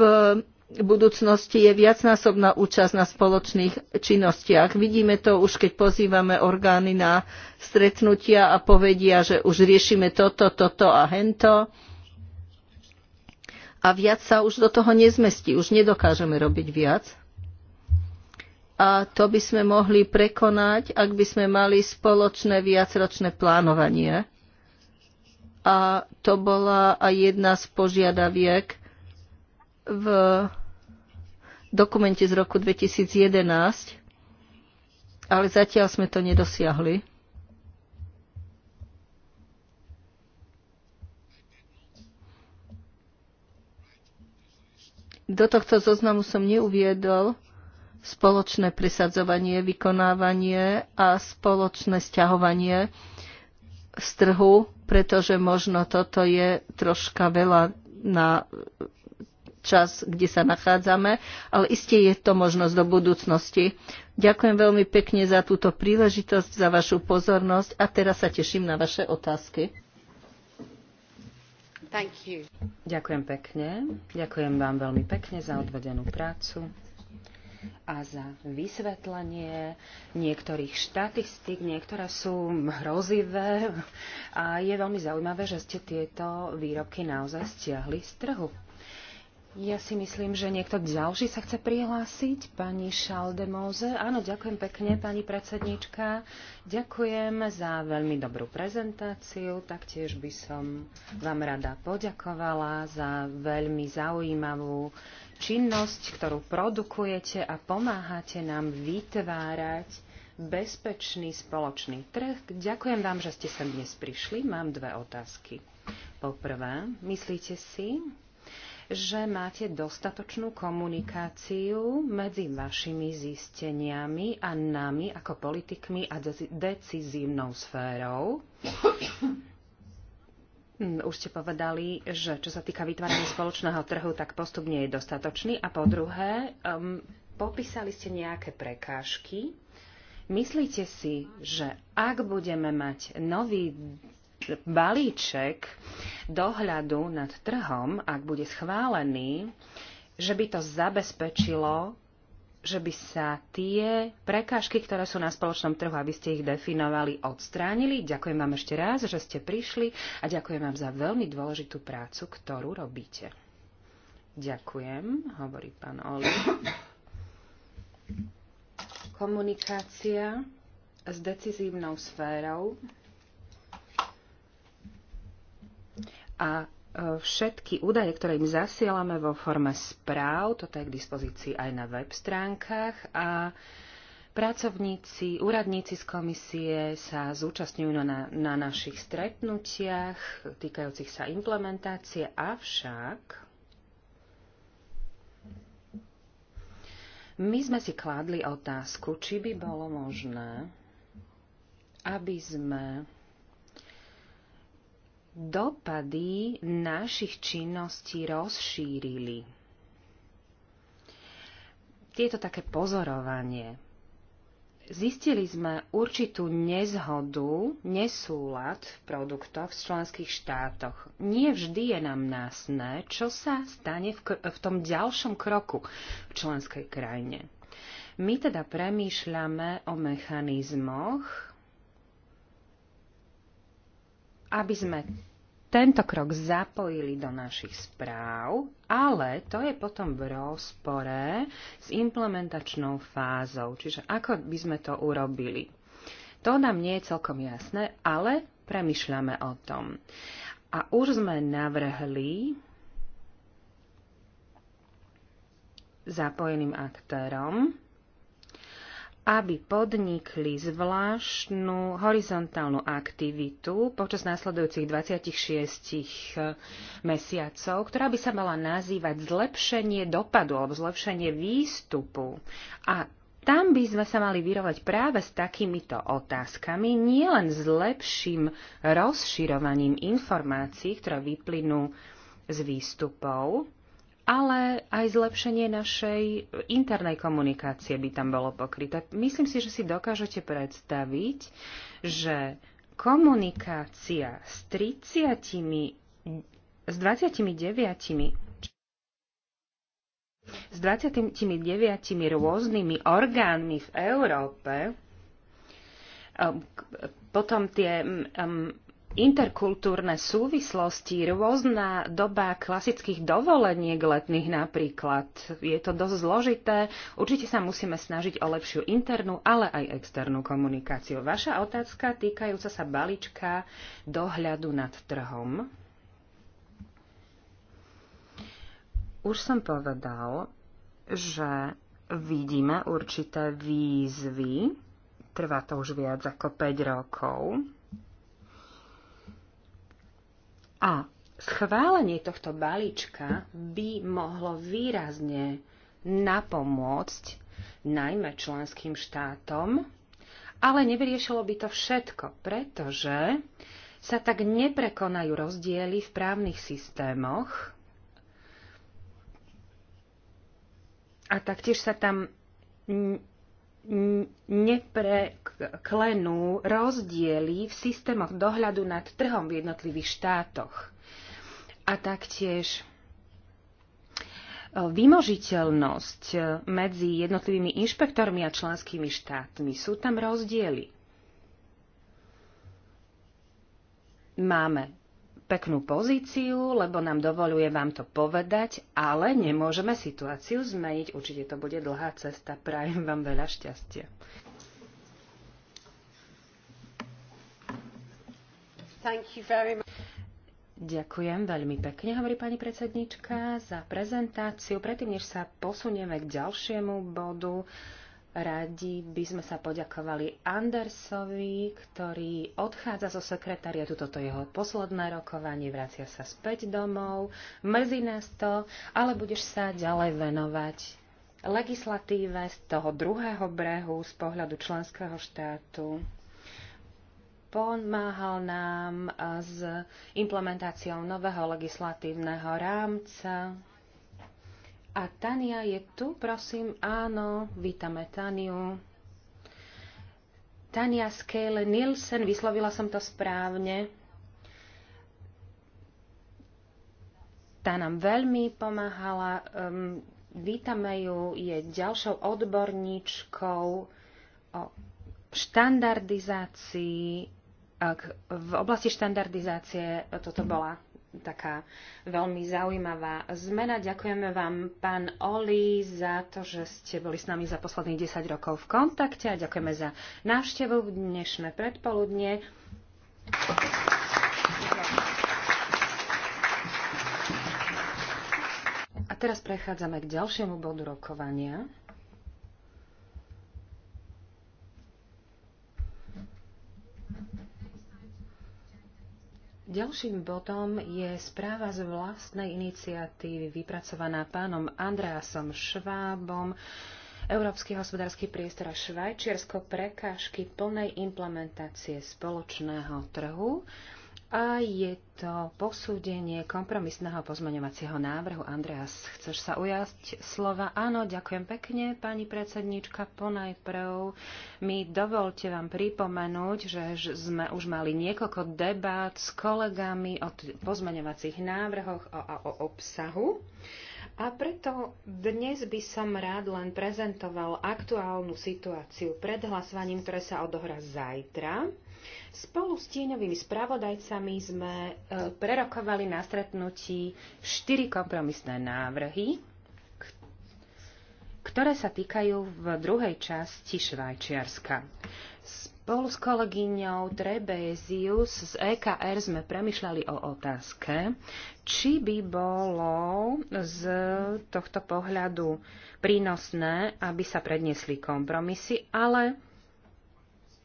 budúcnosti, je viacnásobná účasť na spoločných činnostiach. Vidíme to už, keď pozývame orgány na stretnutia a povedia, že už riešime toto, toto a hento. A viac sa už do toho nezmestí, už nedokážeme robiť viac a to by sme mohli prekonať, ak by sme mali spoločné viacročné plánovanie a to bola aj jedna z požiadaviek v dokumente z roku 2011, ale zatiaľ sme to nedosiahli. Do tohto zoznamu som neuviedol spoločné presadzovanie, vykonávanie a spoločné sťahovanie z trhu, pretože možno toto je troška veľa na čas, kde sa nachádzame, ale iste je to možnosť do budúcnosti. Ďakujem veľmi pekne za túto príležitosť, za vašu pozornosť a teraz sa teším na vaše otázky. Ďakujem pekne. Ďakujem vám veľmi pekne za odvedenú prácu a za vysvetlenie niektorých štatistík. Niektoré sú hrozivé a je veľmi zaujímavé, že ste tieto výrobky naozaj stiahli z trhu. Ja si myslím, že niekto ďalší sa chce prihlásiť. Pani Šaldemóze. Áno, ďakujem pekne, pani predsednička. Ďakujem za veľmi dobrú prezentáciu. Taktiež by som vám rada poďakovala za veľmi zaujímavú činnosť, ktorú produkujete a pomáhate nám vytvárať bezpečný spoločný trh. Ďakujem vám, že ste sem dnes prišli. Mám dve otázky. Poprvá, myslíte si, že máte dostatočnú komunikáciu medzi vašimi zisteniami a nami ako politikmi a decizívnou sférou. Hm, už ste povedali, že čo sa týka vytvárania spoločného trhu, tak postup nie je dostatočný. A po druhé, um, popísali ste nejaké prekážky. Myslíte si, že ak budeme mať nový balíček dohľadu nad trhom, ak bude schválený, že by to zabezpečilo že by sa tie prekážky, ktoré sú na spoločnom trhu, aby ste ich definovali, odstránili. Ďakujem vám ešte raz, že ste prišli a ďakujem vám za veľmi dôležitú prácu, ktorú robíte. Ďakujem, hovorí pán Oli. Komunikácia s decizívnou sférou a všetky údaje, ktoré im zasielame vo forme správ, toto je k dispozícii aj na web stránkach a pracovníci, úradníci z komisie sa zúčastňujú na, na našich stretnutiach týkajúcich sa implementácie, avšak my sme si kládli otázku, či by bolo možné, aby sme dopady našich činností rozšírili. Tieto také pozorovanie. Zistili sme určitú nezhodu, nesúlad v produktoch v členských štátoch. Nie vždy je nám násne, čo sa stane v, v tom ďalšom kroku v členskej krajine. My teda premýšľame o mechanizmoch, aby sme tento krok zapojili do našich správ, ale to je potom v rozpore s implementačnou fázou, čiže ako by sme to urobili. To nám nie je celkom jasné, ale premyšľame o tom. A už sme navrhli zapojeným aktérom aby podnikli zvláštnu horizontálnu aktivitu počas následujúcich 26 mesiacov, ktorá by sa mala nazývať zlepšenie dopadu alebo zlepšenie výstupu. A tam by sme sa mali vyrovať práve s takýmito otázkami, nielen s lepším rozširovaním informácií, ktoré vyplynú z výstupov, ale aj zlepšenie našej internej komunikácie by tam bolo pokryté. Myslím si, že si dokážete predstaviť, že komunikácia s 30 s 29 s 29 rôznymi orgánmi v Európe, eh, potom tie mm, mm, interkultúrne súvislosti, rôzna doba klasických dovoleniek letných napríklad. Je to dosť zložité. Určite sa musíme snažiť o lepšiu internú, ale aj externú komunikáciu. Vaša otázka týkajúca sa balíčka dohľadu nad trhom. Už som povedal, že vidíme určité výzvy. Trvá to už viac ako 5 rokov a schválenie tohto balíčka by mohlo výrazne napomôcť najmä členským štátom, ale nevyriešilo by to všetko, pretože sa tak neprekonajú rozdiely v právnych systémoch a taktiež sa tam nepreklenú rozdiely v systémoch dohľadu nad trhom v jednotlivých štátoch a taktiež e, vymožiteľnosť e, medzi jednotlivými inšpektormi a členskými štátmi. Sú tam rozdiely. Máme peknú pozíciu, lebo nám dovoluje vám to povedať, ale nemôžeme situáciu zmeniť. Určite to bude dlhá cesta. Prajem vám veľa šťastia. Thank you very much. Ďakujem veľmi pekne, hovorí pani predsednička, za prezentáciu. Predtým, než sa posunieme k ďalšiemu bodu, uh, Radi by sme sa poďakovali Andersovi, ktorý odchádza zo sekretariatu, toto jeho posledné rokovanie, vracia sa späť domov, mrzí nás to, ale budeš sa ďalej venovať legislatíve z toho druhého brehu z pohľadu členského štátu pomáhal nám s implementáciou nového legislatívneho rámca a Tania je tu, prosím. Áno, vítame Taniu. Tania Skele Nielsen, vyslovila som to správne. Tá nám veľmi pomáhala. Um, vítame ju, je ďalšou odborníčkou o štandardizácii. Ak v oblasti štandardizácie toto bola taká veľmi zaujímavá zmena. Ďakujeme vám, pán Oli, za to, že ste boli s nami za posledných 10 rokov v kontakte a ďakujeme za návštevu v dnešné predpoludne. A teraz prechádzame k ďalšiemu bodu rokovania. Ďalším bodom je správa z vlastnej iniciatívy vypracovaná pánom Andreasom Švábom. Európsky hospodársky priestor a Švajčiarsko prekážky plnej implementácie spoločného trhu. A je to posúdenie kompromisného pozmeňovacieho návrhu. Andreas, chceš sa ujasť slova? Áno, ďakujem pekne, pani predsednička. Ponajprv mi dovolte vám pripomenúť, že sme už mali niekoľko debát s kolegami o pozmeňovacích návrhoch a o, o obsahu. A preto dnes by som rád len prezentoval aktuálnu situáciu pred hlasovaním, ktoré sa odohrá zajtra. Spolu s tieňovými spravodajcami sme e, prerokovali na stretnutí štyri kompromisné návrhy, ktoré sa týkajú v druhej časti Švajčiarska. Spolu s kolegyňou Trebezius z EKR sme premyšľali o otázke, či by bolo z tohto pohľadu prínosné, aby sa predniesli kompromisy, ale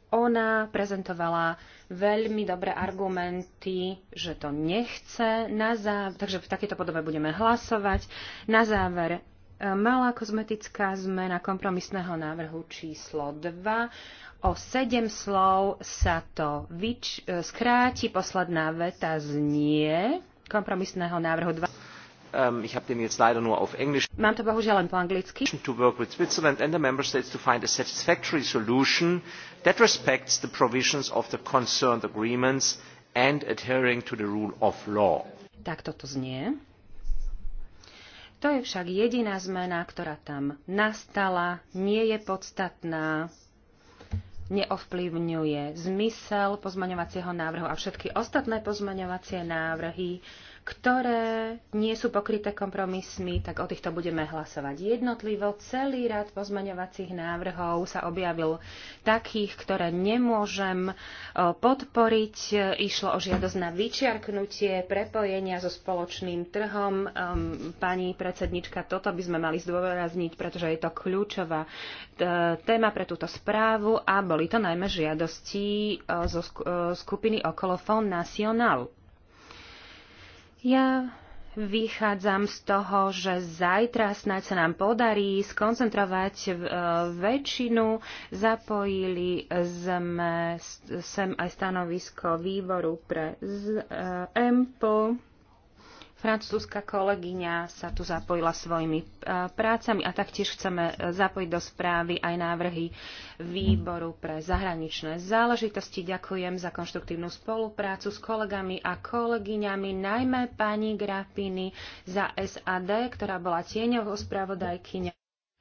ona prezentovala veľmi dobré argumenty, že to nechce. Na záver, takže v takéto podobe budeme hlasovať. Na záver e, malá kozmetická zmena kompromisného návrhu číslo 2. O sedem slov sa to vyč- e, skráti. Posledná veta znie kompromisného návrhu 2. Um, ich habe den jetzt leider nur auf Englisch. Mám to bohužiaľ len po anglicky. To work with Switzerland and the member states to find a satisfactory solution that respects the provisions of the concerned agreements and adhering to the rule of law. Tak toto znie. To je však jediná zmena, ktorá tam nastala, nie je podstatná neovplyvňuje zmysel pozmaňovacieho návrhu a všetky ostatné pozmaňovacie návrhy ktoré nie sú pokryté kompromismi, tak o týchto budeme hlasovať jednotlivo. Celý rad pozmaňovacích návrhov sa objavil takých, ktoré nemôžem podporiť. Išlo o žiadosť na vyčiarknutie prepojenia so spoločným trhom. Ehm, pani predsednička, toto by sme mali zdôrazniť, pretože je to kľúčová téma pre túto správu a boli to najmä žiadosti zo skupiny okolo Fond National. Ja vychádzam z toho, že zajtra snáď sa nám podarí skoncentrovať e, väčšinu. Zapojili sme sem aj stanovisko výboru pre EMPO. Francúzska kolegyňa sa tu zapojila svojimi e, prácami a taktiež chceme e, zapojiť do správy aj návrhy výboru pre zahraničné záležitosti. Ďakujem za konštruktívnu spoluprácu s kolegami a kolegyňami, najmä pani Grapiny za SAD, ktorá bola tieňovou spravodajkyňa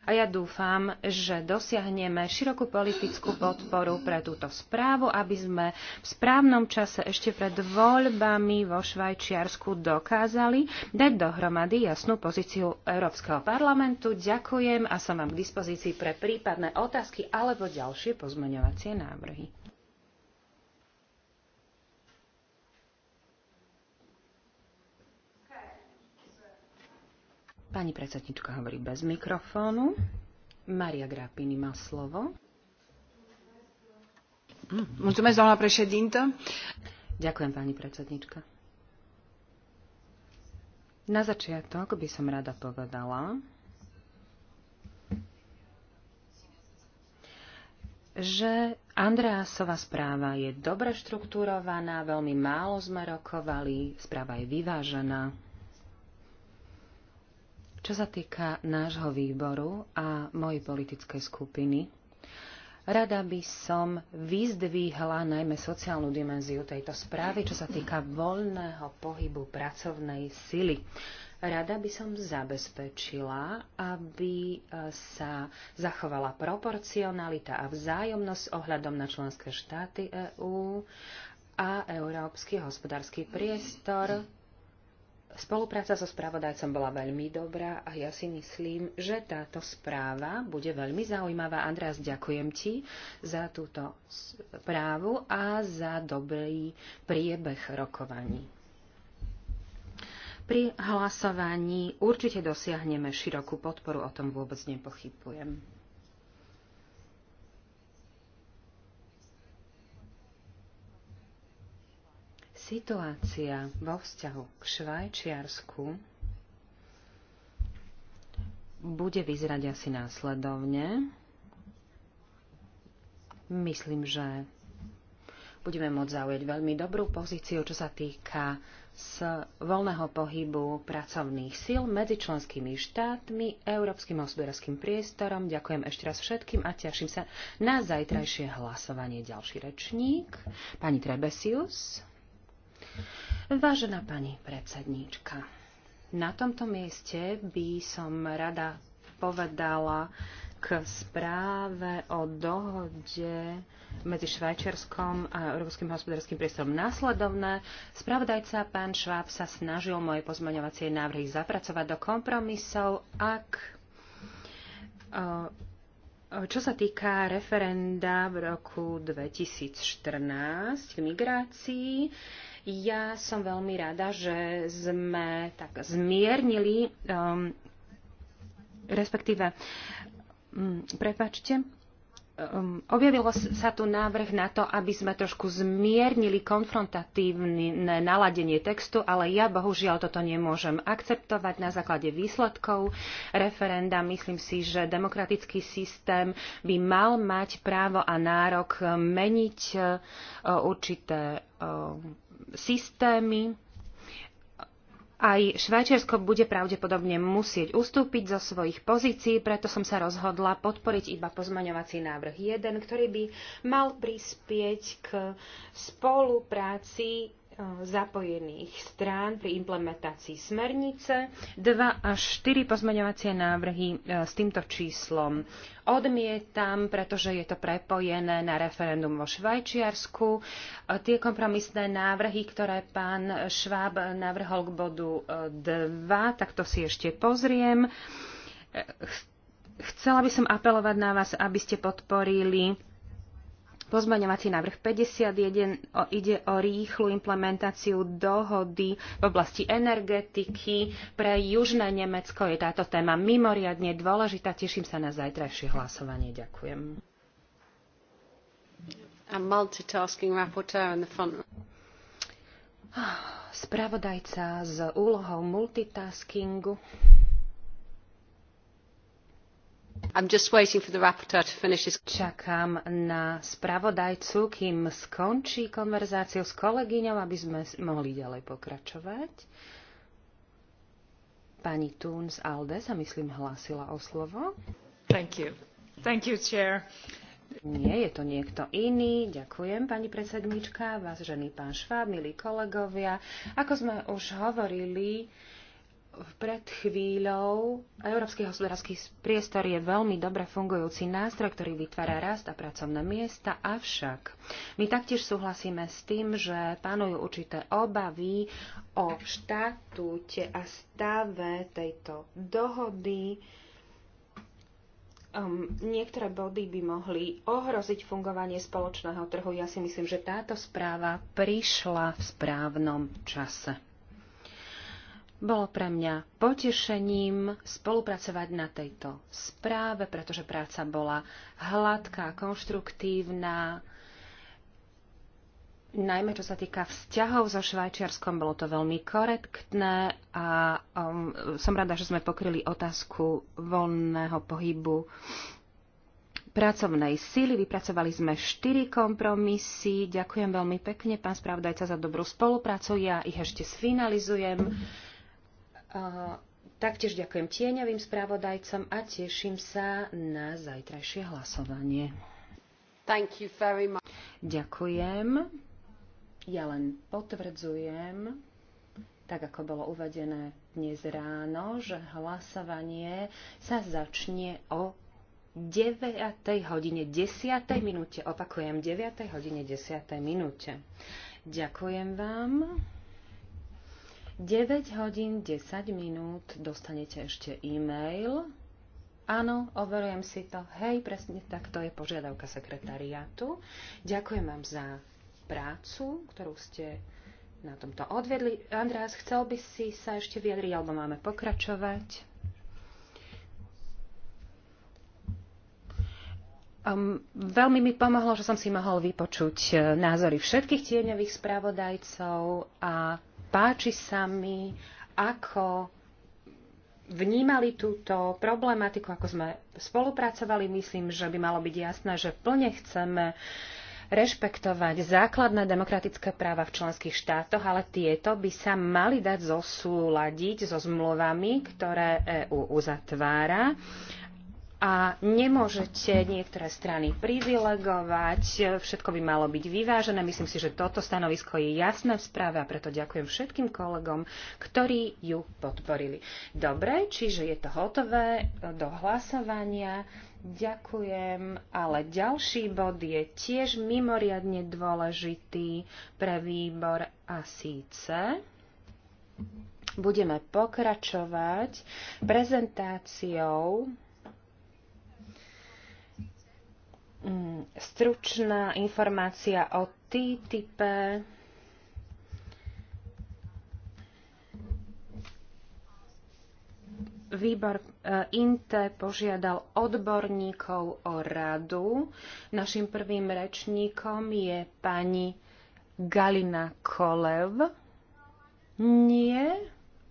a ja dúfam, že dosiahneme širokú politickú podporu pre túto správu, aby sme v správnom čase ešte pred voľbami vo Švajčiarsku dokázali dať dohromady jasnú pozíciu Európskeho parlamentu. Ďakujem a som vám k dispozícii pre prípadné otázky alebo ďalšie pozmeňovacie návrhy. Pani predsednička hovorí bez mikrofónu. Maria Grapini má slovo. Mm, mulțumesc, doamna președintă. Ďakujem, pani predsednička. Na začiatok by som rada povedala, že Andreasova správa je dobre štruktúrovaná, veľmi málo sme rokovali, správa je vyvážená. Čo sa týka nášho výboru a mojej politickej skupiny, rada by som vyzdvíhla najmä sociálnu dimenziu tejto správy, čo sa týka voľného pohybu pracovnej sily. Rada by som zabezpečila, aby e, sa zachovala proporcionalita a vzájomnosť ohľadom na členské štáty EÚ a Európsky hospodársky priestor, Spolupráca so spravodajcom bola veľmi dobrá a ja si myslím, že táto správa bude veľmi zaujímavá. András, ďakujem ti za túto správu a za dobrý priebeh rokovaní. Pri hlasovaní určite dosiahneme širokú podporu, o tom vôbec nepochybujem. Situácia vo vzťahu k Švajčiarsku bude vyzerať asi následovne. Myslím, že budeme môcť zaujať veľmi dobrú pozíciu, čo sa týka z voľného pohybu pracovných síl medzi členskými štátmi, európskym hospodárským priestorom. Ďakujem ešte raz všetkým a teším sa na zajtrajšie hlasovanie. Ďalší rečník, pani Trebesius. Vážená pani predsedníčka, na tomto mieste by som rada povedala k správe o dohode medzi Švajčiarskom a Európskym hospodárským priestorom následovné. Spravodajca pán Šváb sa snažil moje pozmeňovacie návrhy zapracovať do kompromisov, ak e, čo sa týka referenda v roku 2014 k migrácii, ja som veľmi rada, že sme tak zmiernili, um, respektíve, um, prepačte, um, objavilo sa tu návrh na to, aby sme trošku zmiernili konfrontatívne naladenie textu, ale ja bohužiaľ toto nemôžem akceptovať na základe výsledkov referenda. Myslím si, že demokratický systém by mal mať právo a nárok meniť uh, určité uh, systémy. Aj Švajčiarsko bude pravdepodobne musieť ustúpiť zo svojich pozícií, preto som sa rozhodla podporiť iba pozmaňovací návrh 1, ktorý by mal prispieť k spolupráci Eh, zapojených strán pri implementácii smernice. 2 až 4 pozmeňovacie návrhy eh, s týmto číslom odmietam, pretože je to prepojené na referendum vo Švajčiarsku. Eh, tie kompromisné návrhy, ktoré pán Šváb navrhol k bodu 2, tak to si ešte pozriem. Chcela by som apelovať na vás, aby ste podporili Pozmaňovací návrh 51 o, ide o rýchlu implementáciu dohody v oblasti energetiky. Pre Južné Nemecko je táto téma mimoriadne dôležitá. Teším sa na zajtrajšie hlasovanie. Ďakujem. Ah, spravodajca s úlohou multitaskingu. Čakám na spravodajcu, kým skončí konverzáciu s kolegyňou, aby sme mohli ďalej pokračovať. Pani Thun z ALDE sa, myslím, hlásila o slovo. Thank you. Thank you, chair. Nie, je to niekto iný. Ďakujem, pani predsednička, vážený pán Šváb, milí kolegovia. Ako sme už hovorili, pred chvíľou Európsky hospodársky priestor je veľmi dobre fungujúci nástroj, ktorý vytvára rast a pracovné miesta, avšak my taktiež súhlasíme s tým, že panujú určité obavy o štatúte a stave tejto dohody. Um, niektoré body by mohli ohroziť fungovanie spoločného trhu. Ja si myslím, že táto správa prišla v správnom čase. Bolo pre mňa potešením spolupracovať na tejto správe, pretože práca bola hladká, konštruktívna. Najmä čo sa týka vzťahov so Švajčiarskom, bolo to veľmi korektné a um, som rada, že sme pokryli otázku voľného pohybu pracovnej síly. Vypracovali sme štyri kompromisy. Ďakujem veľmi pekne, pán spravodajca, za dobrú spoluprácu. Ja ich ešte sfinalizujem. Mm-hmm Taktiež ďakujem tieňovým spravodajcom a teším sa na zajtrajšie hlasovanie. Thank you very much. Ďakujem. Ja len potvrdzujem, tak ako bolo uvedené dnes ráno, že hlasovanie sa začne o 9. hodine 10. minúte. Opakujem, 9. hodine 10. minúte. Ďakujem vám. 9 hodín 10 minút dostanete ešte e-mail. Áno, overujem si to. Hej, presne tak, to je požiadavka sekretariátu. Ďakujem vám za prácu, ktorú ste na tomto odvedli. András, chcel by si sa ešte vyjadriť, alebo máme pokračovať? Um, veľmi mi pomohlo, že som si mohol vypočuť eh, názory všetkých tieňových spravodajcov a páči sa mi, ako vnímali túto problematiku, ako sme spolupracovali. Myslím, že by malo byť jasné, že plne chceme rešpektovať základné demokratické práva v členských štátoch, ale tieto by sa mali dať zosúladiť so zmluvami, ktoré EÚ uzatvára a nemôžete niektoré strany privilegovať. Všetko by malo byť vyvážené. Myslím si, že toto stanovisko je jasné v správe a preto ďakujem všetkým kolegom, ktorí ju podporili. Dobre, čiže je to hotové do hlasovania. Ďakujem, ale ďalší bod je tiež mimoriadne dôležitý pre výbor a síce budeme pokračovať prezentáciou Mm, stručná informácia o TTIP. Výbor e, INTE požiadal odborníkov o radu. Našim prvým rečníkom je pani Galina Kolev. Nie.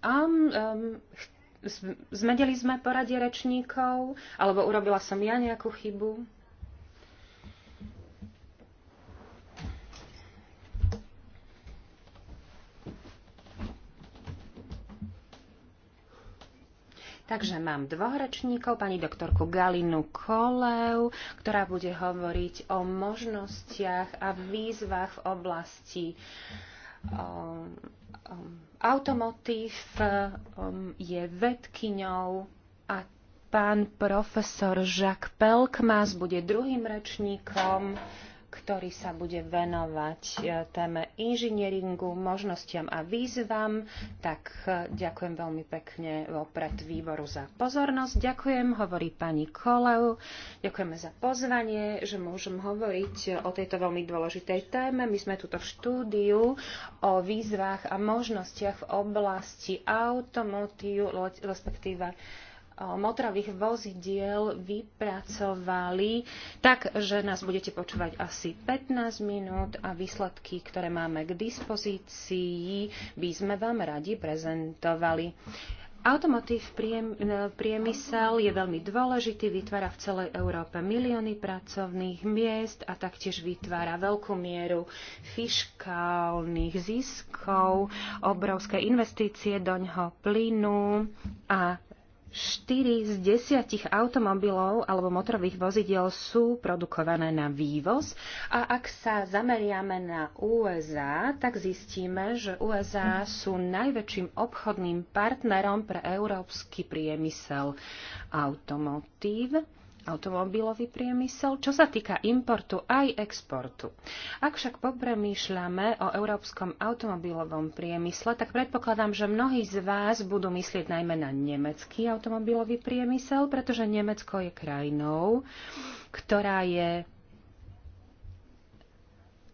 Um, um, zmedeli sme poradie rečníkov, alebo urobila som ja nejakú chybu? Takže mám dvoch rečníkov, pani doktorku Galinu Koleu, ktorá bude hovoriť o možnostiach a výzvach v oblasti um, um, automotív, um, je vedkyňou a pán profesor Žak Pelkmas bude druhým rečníkom ktorý sa bude venovať e, téme inžinieringu, možnostiam a výzvam. Tak e, ďakujem veľmi pekne vopred výboru za pozornosť. Ďakujem, hovorí pani Koleu. Ďakujeme za pozvanie, že môžem hovoriť o tejto veľmi dôležitej téme. My sme túto štúdiu o výzvach a možnostiach v oblasti automotív, respektíve motorových vozidiel vypracovali tak, že nás budete počúvať asi 15 minút a výsledky, ktoré máme k dispozícii, by sme vám radi prezentovali. Automotív e, priemysel je veľmi dôležitý, vytvára v celej Európe milióny pracovných miest a taktiež vytvára veľkú mieru fiškálnych ziskov, obrovské investície do ňoho plynu a 4 z 10 automobilov alebo motorových vozidiel sú produkované na vývoz a ak sa zameriame na USA, tak zistíme, že USA sú najväčším obchodným partnerom pre európsky priemysel automotív automobilový priemysel, čo sa týka importu aj exportu. Ak však popremýšľame o európskom automobilovom priemysle, tak predpokladám, že mnohí z vás budú myslieť najmä na nemecký automobilový priemysel, pretože Nemecko je krajinou, ktorá je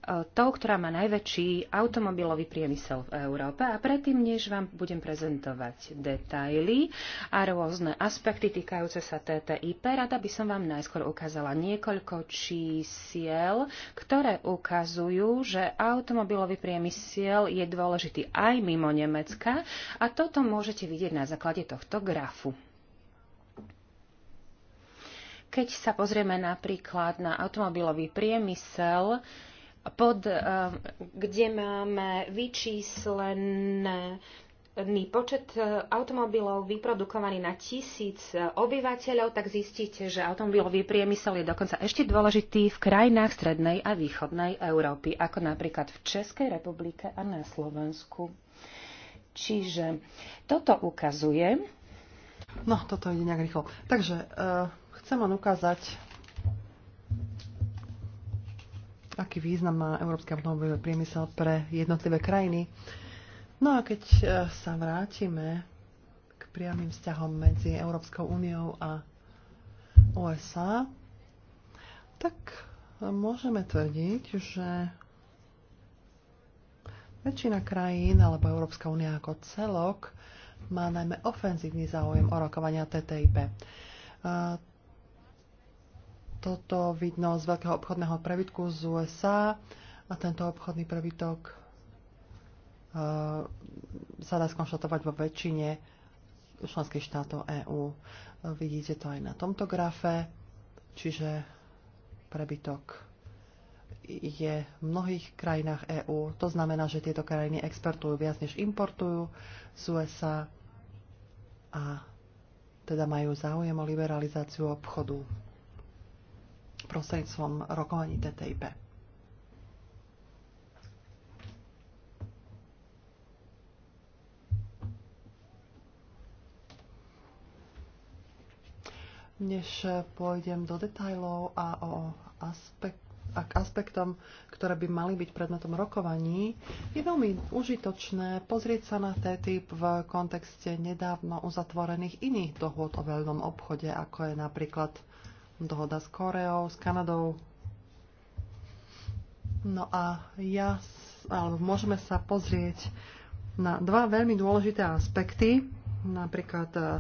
E, tou, ktorá má najväčší automobilový priemysel v Európe. A predtým, než vám budem prezentovať detaily a rôzne aspekty týkajúce sa TTIP, rada by som vám najskôr ukázala niekoľko čísiel, ktoré ukazujú, že automobilový priemysel je dôležitý aj mimo Nemecka a toto môžete vidieť na základe tohto grafu. Keď sa pozrieme napríklad na automobilový priemysel, pod, eh, kde máme vyčíslený počet eh, automobilov vyprodukovaný na tisíc eh, obyvateľov, tak zistíte, že automobilový priemysel je dokonca ešte dôležitý v krajinách strednej a východnej Európy, ako napríklad v Českej republike a na Slovensku. Čiže toto ukazuje. No, toto ide nejak rýchlo. Takže uh, chcem vám ukázať aký význam má európsky automobilový priemysel pre jednotlivé krajiny. No a keď e, sa vrátime k priamým vzťahom medzi Európskou úniou a USA, tak môžeme tvrdiť, že väčšina krajín alebo Európska únia ako celok má najmä ofenzívny záujem o rokovania TTIP e, toto vidno z veľkého obchodného prebytku z USA a tento obchodný prebytok e, sa dá skonštatovať vo väčšine členských štátov EÚ. Vidíte to aj na tomto grafe, čiže prebytok je v mnohých krajinách EÚ. To znamená, že tieto krajiny exportujú viac než importujú z USA a teda majú záujem o liberalizáciu obchodu prostredstvom rokovaní TTIP. než pôjdem do detajlov a o aspekt, a k aspektom, ktoré by mali byť predmetom rokovaní, je veľmi užitočné pozrieť sa na TTIP v kontexte nedávno uzatvorených iných dohôd o veľnom obchode, ako je napríklad dohoda s Koreou, s Kanadou. No a ja, alebo môžeme sa pozrieť na dva veľmi dôležité aspekty, napríklad uh,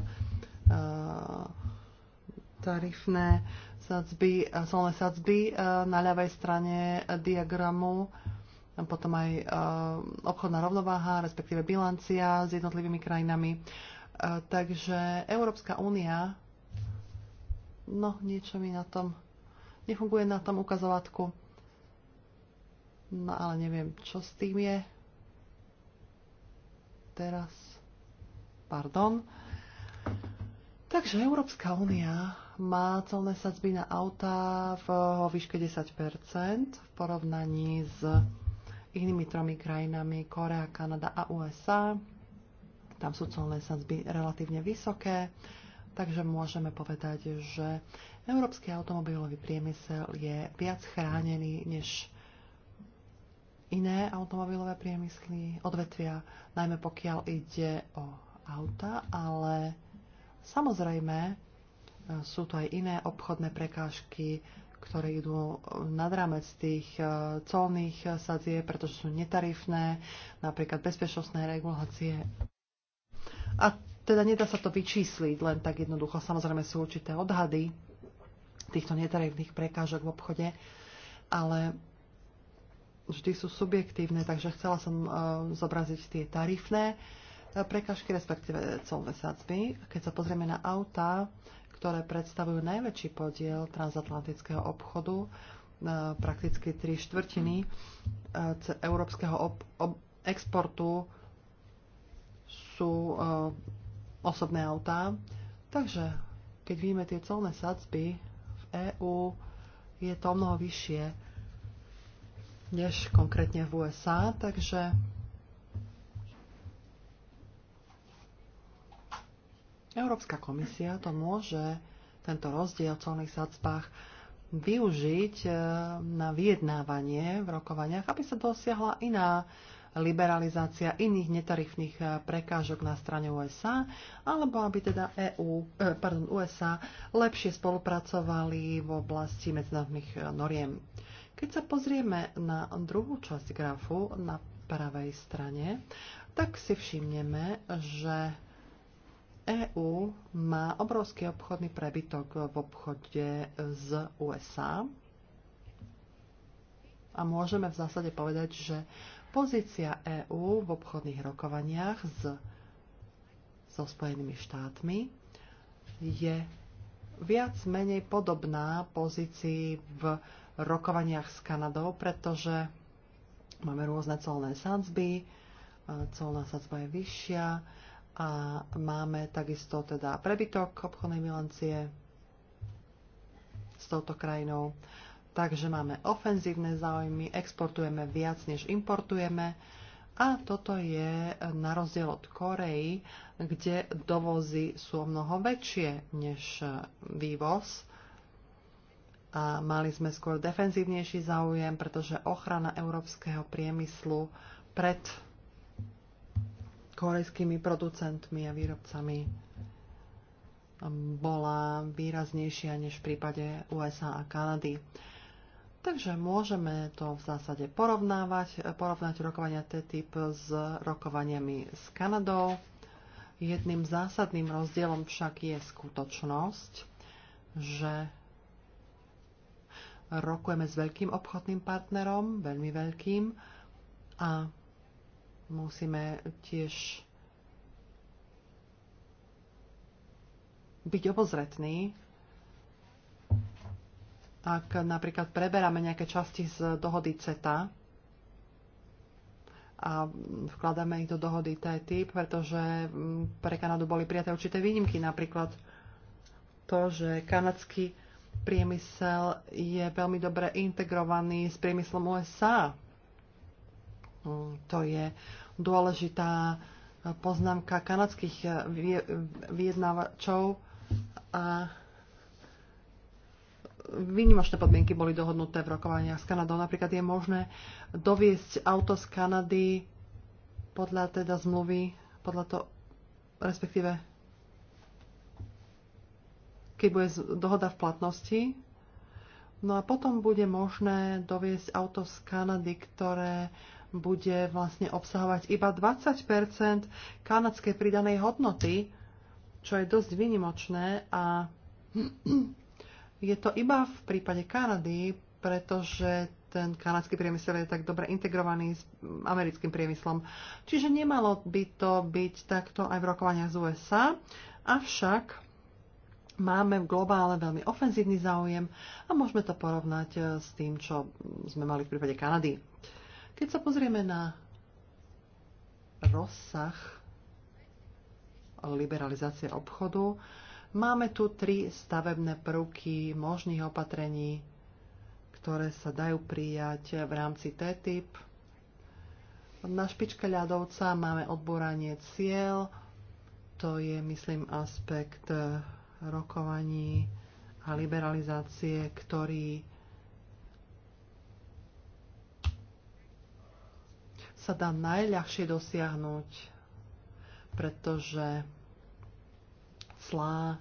tarifné sadzby, e, solné sadzby uh, na ľavej strane diagramu, a potom aj uh, obchodná rovnováha, respektíve bilancia s jednotlivými krajinami. Takže Európska únia No, niečo mi na tom... Nefunguje na tom ukazovatku. No, ale neviem, čo s tým je. Teraz... Pardon. Takže Európska únia má celné sadzby na autá v výške 10% v porovnaní s inými tromi krajinami Korea, Kanada a USA. Tam sú celné sadzby relatívne vysoké Takže môžeme povedať, že európsky automobilový priemysel je viac chránený než iné automobilové priemysly, odvetvia, najmä pokiaľ ide o auta, ale samozrejme e, sú tu aj iné obchodné prekážky, ktoré idú nad rámec tých e, colných sadzie, pretože sú netarifné, napríklad bezpečnostné regulácie a teda nedá sa to vyčísliť len tak jednoducho. Samozrejme sú určité odhady týchto netarifných prekážok v obchode, ale vždy sú subjektívne, takže chcela som uh, zobraziť tie tarifné e, prekažky, respektíve colné sadzby. Keď sa pozrieme na auta, ktoré predstavujú najväčší podiel transatlantického obchodu, uh, prakticky tri štvrtiny uh, európskeho ob- ob- exportu sú uh, osobné autá. Takže keď vidíme tie colné sadzby v EÚ, je to mnoho vyššie než konkrétne v USA, takže Európska komisia to môže tento rozdiel v colných sadzbách využiť eh, na vyjednávanie v rokovaniach, aby sa dosiahla iná liberalizácia iných netarifných eh, prekážok na strane USA, alebo aby teda EU, eh, pardon, USA lepšie spolupracovali v oblasti medzinárodných eh, noriem. Keď sa pozrieme na druhú časť grafu na pravej strane, tak si všimneme, že EÚ má obrovský obchodný prebytok v obchode z USA. A môžeme v zásade povedať, že Pozícia EÚ v obchodných rokovaniach s, so Spojenými štátmi je viac menej podobná pozícii v rokovaniach s Kanadou, pretože máme rôzne colné sadzby, e, colná sadzba je vyššia a máme takisto teda prebytok obchodnej bilancie s touto krajinou. Takže máme ofenzívne záujmy, exportujeme viac, než importujeme. A toto je e, na rozdiel od Korei, kde dovozy sú o mnoho väčšie než e, vývoz. A mali sme skôr defenzívnejší záujem, pretože ochrana európskeho priemyslu pred korejskými producentmi a výrobcami e, bola výraznejšia než v prípade USA a Kanady. Takže môžeme to v zásade porovnávať, porovnať rokovania TTIP s rokovaniami s Kanadou. Jedným zásadným rozdielom však je skutočnosť, že rokujeme s veľkým obchodným partnerom, veľmi veľkým, a musíme tiež byť obozretní, ak napríklad preberáme nejaké časti z dohody CETA a vkladáme ich do dohody TTIP, pretože mm, pre Kanadu boli prijaté určité výnimky, napríklad to, že kanadský priemysel je veľmi dobre integrovaný s priemyslom USA. Mm, to je dôležitá eh, poznámka kanadských vyjednávačov a výnimočné podmienky boli dohodnuté v rokovaniach s Kanadou. Napríklad je možné doviesť auto z Kanady podľa teda zmluvy, podľa to, respektíve keď bude dohoda v platnosti. No a potom bude možné doviesť auto z Kanady, ktoré bude vlastne obsahovať iba 20 kanadskej pridanej hodnoty, čo je dosť vynimočné a je to iba v prípade Kanady, pretože ten kanadský priemysel je tak dobre integrovaný s americkým priemyslom. Čiže nemalo by to byť takto aj v rokovaniach z USA, avšak máme v globále veľmi ofenzívny záujem a môžeme to porovnať e, s tým, čo sme mali v prípade Kanady. Keď sa pozrieme na rozsah liberalizácie obchodu, Máme tu tri stavebné prvky možných opatrení, ktoré sa dajú prijať v rámci TTIP. Na špičke ľadovca máme odboranie cieľ, to je, myslím, aspekt rokovaní a liberalizácie, ktorý sa dá najľahšie dosiahnuť, pretože clá.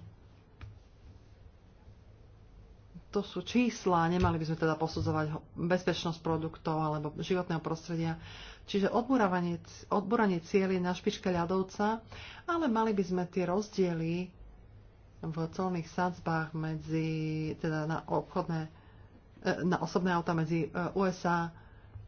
To sú čísla, nemali by sme teda posudzovať bezpečnosť produktov alebo životného prostredia. Čiže odboranie cieľy na špičke ľadovca, ale mali by sme tie rozdiely v colných sadzbách medzi, teda na obchodné, e, na osobné auta medzi e, USA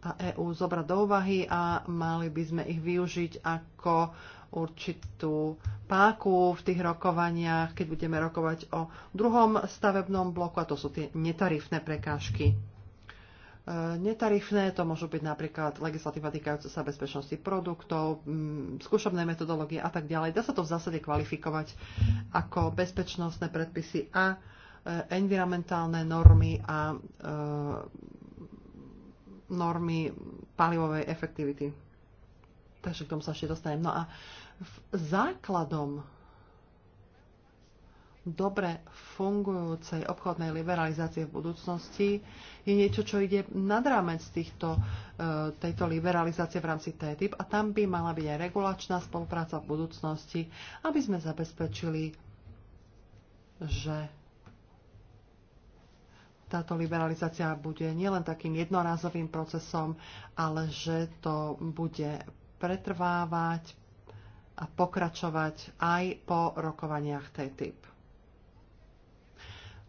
a EÚ zobrať do úvahy a mali by sme ich využiť ako určitú páku v tých rokovaniach, keď budeme rokovať o druhom stavebnom bloku, a to sú tie netarifné prekážky. E, netarifné to môžu byť napríklad legislatíva týkajúca sa bezpečnosti produktov, skúšobné metodológie a tak ďalej. Dá sa to v zásade kvalifikovať ako bezpečnostné predpisy a e, environmentálne normy a e, normy palivovej efektivity. Takže k tomu sa ešte dostanem. No a základom dobre fungujúcej obchodnej liberalizácie v budúcnosti je niečo, čo ide nad rámec týchto, e, tejto liberalizácie v rámci TTIP a tam by mala byť aj regulačná spolupráca v budúcnosti, aby sme zabezpečili, že táto liberalizácia bude nielen takým jednorazovým procesom, ale že to bude pretrvávať a pokračovať aj po rokovaniach TTIP.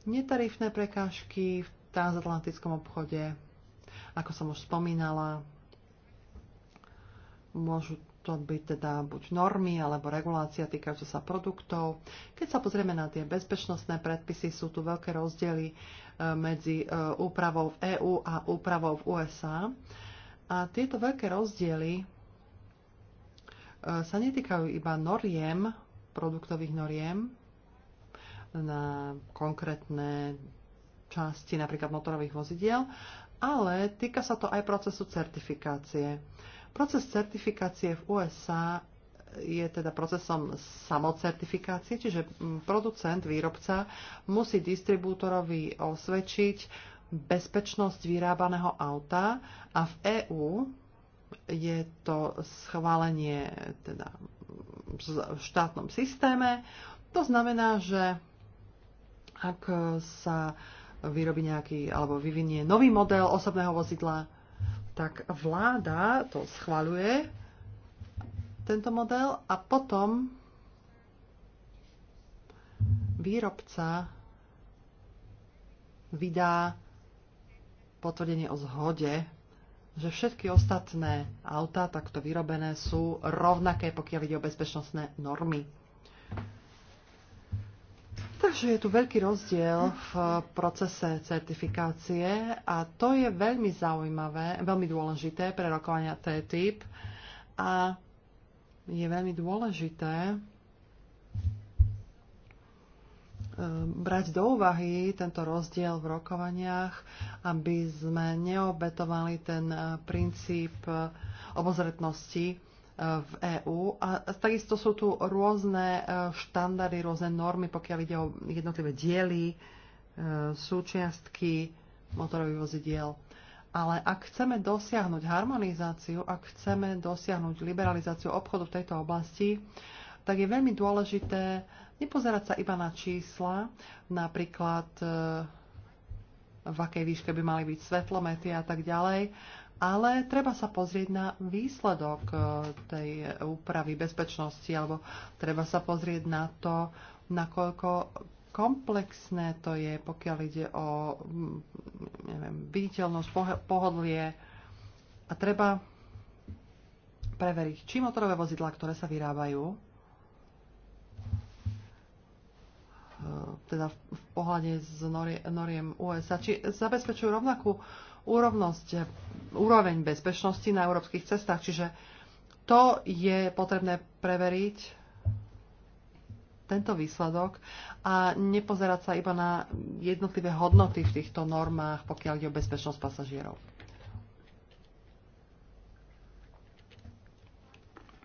Netarifné prekážky v transatlantickom obchode, ako som už spomínala, môžu to byť teda buď normy alebo regulácia týkajúca sa produktov. Keď sa pozrieme na tie bezpečnostné predpisy, sú tu veľké rozdiely e, medzi e, úpravou v EÚ a úpravou v USA. A tieto veľké rozdiely Eh, sa netýkajú iba noriem, produktových noriem na konkrétne časti napríklad motorových vozidiel, ale týka sa to aj procesu certifikácie. Proces certifikácie v USA je teda procesom samocertifikácie, čiže mm, producent, výrobca musí distribútorovi osvedčiť bezpečnosť vyrábaného auta a v EÚ je to schválenie teda v štátnom systéme. To znamená, že ak sa vyrobí nejaký alebo vyvinie nový model osobného vozidla, tak vláda to schvaľuje tento model a potom výrobca vydá potvrdenie o zhode že všetky ostatné autá takto vyrobené sú rovnaké, pokiaľ ide o bezpečnostné normy. Takže je tu veľký rozdiel v procese certifikácie a to je veľmi zaujímavé, veľmi dôležité pre rokovania typ a je veľmi dôležité, E, brať do úvahy tento rozdiel v rokovaniach, aby sme neobetovali ten e, princíp e, obozretnosti v EÚ. A takisto sú tu rôzne štandardy, rôzne normy, pokiaľ ide o jednotlivé diely, súčiastky motorových vozidiel. Ale ak chceme dosiahnuť harmonizáciu, ak chceme dosiahnuť liberalizáciu obchodu v tejto oblasti, tak je veľmi dôležité nepozerať sa iba na čísla, napríklad e, v akej výške by mali byť svetlomety a tak ďalej, ale treba sa pozrieť na výsledok e, tej úpravy bezpečnosti, alebo treba sa pozrieť na to, nakoľko komplexné to je, pokiaľ ide o mm, neviem, viditeľnosť, pohodlie a treba preveriť, či motorové vozidlá, ktoré sa vyrábajú, E, teda v pohľade s noriem USA, či zabezpečujú rovnakú úrovnosť, e, úroveň bezpečnosti na európskych cestách. Čiže to je potrebné preveriť tento výsledok a nepozerať sa iba na jednotlivé hodnoty v týchto normách, pokiaľ ide o bezpečnosť pasažierov.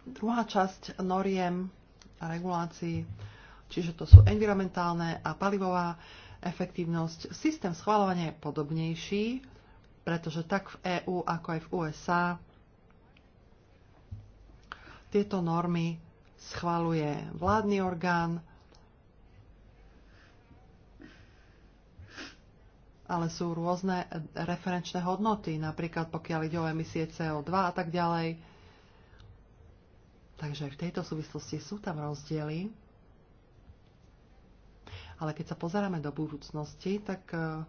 Druhá časť noriem a regulácií čiže to sú environmentálne a palivová efektívnosť. Systém schvalovania je podobnejší, pretože tak v EÚ ako aj v USA tieto normy schvaluje vládny orgán, ale sú rôzne referenčné hodnoty, napríklad pokiaľ ide o emisie CO2 a tak ďalej. Takže aj v tejto súvislosti sú tam rozdiely. Ale keď sa pozeráme do budúcnosti, tak e,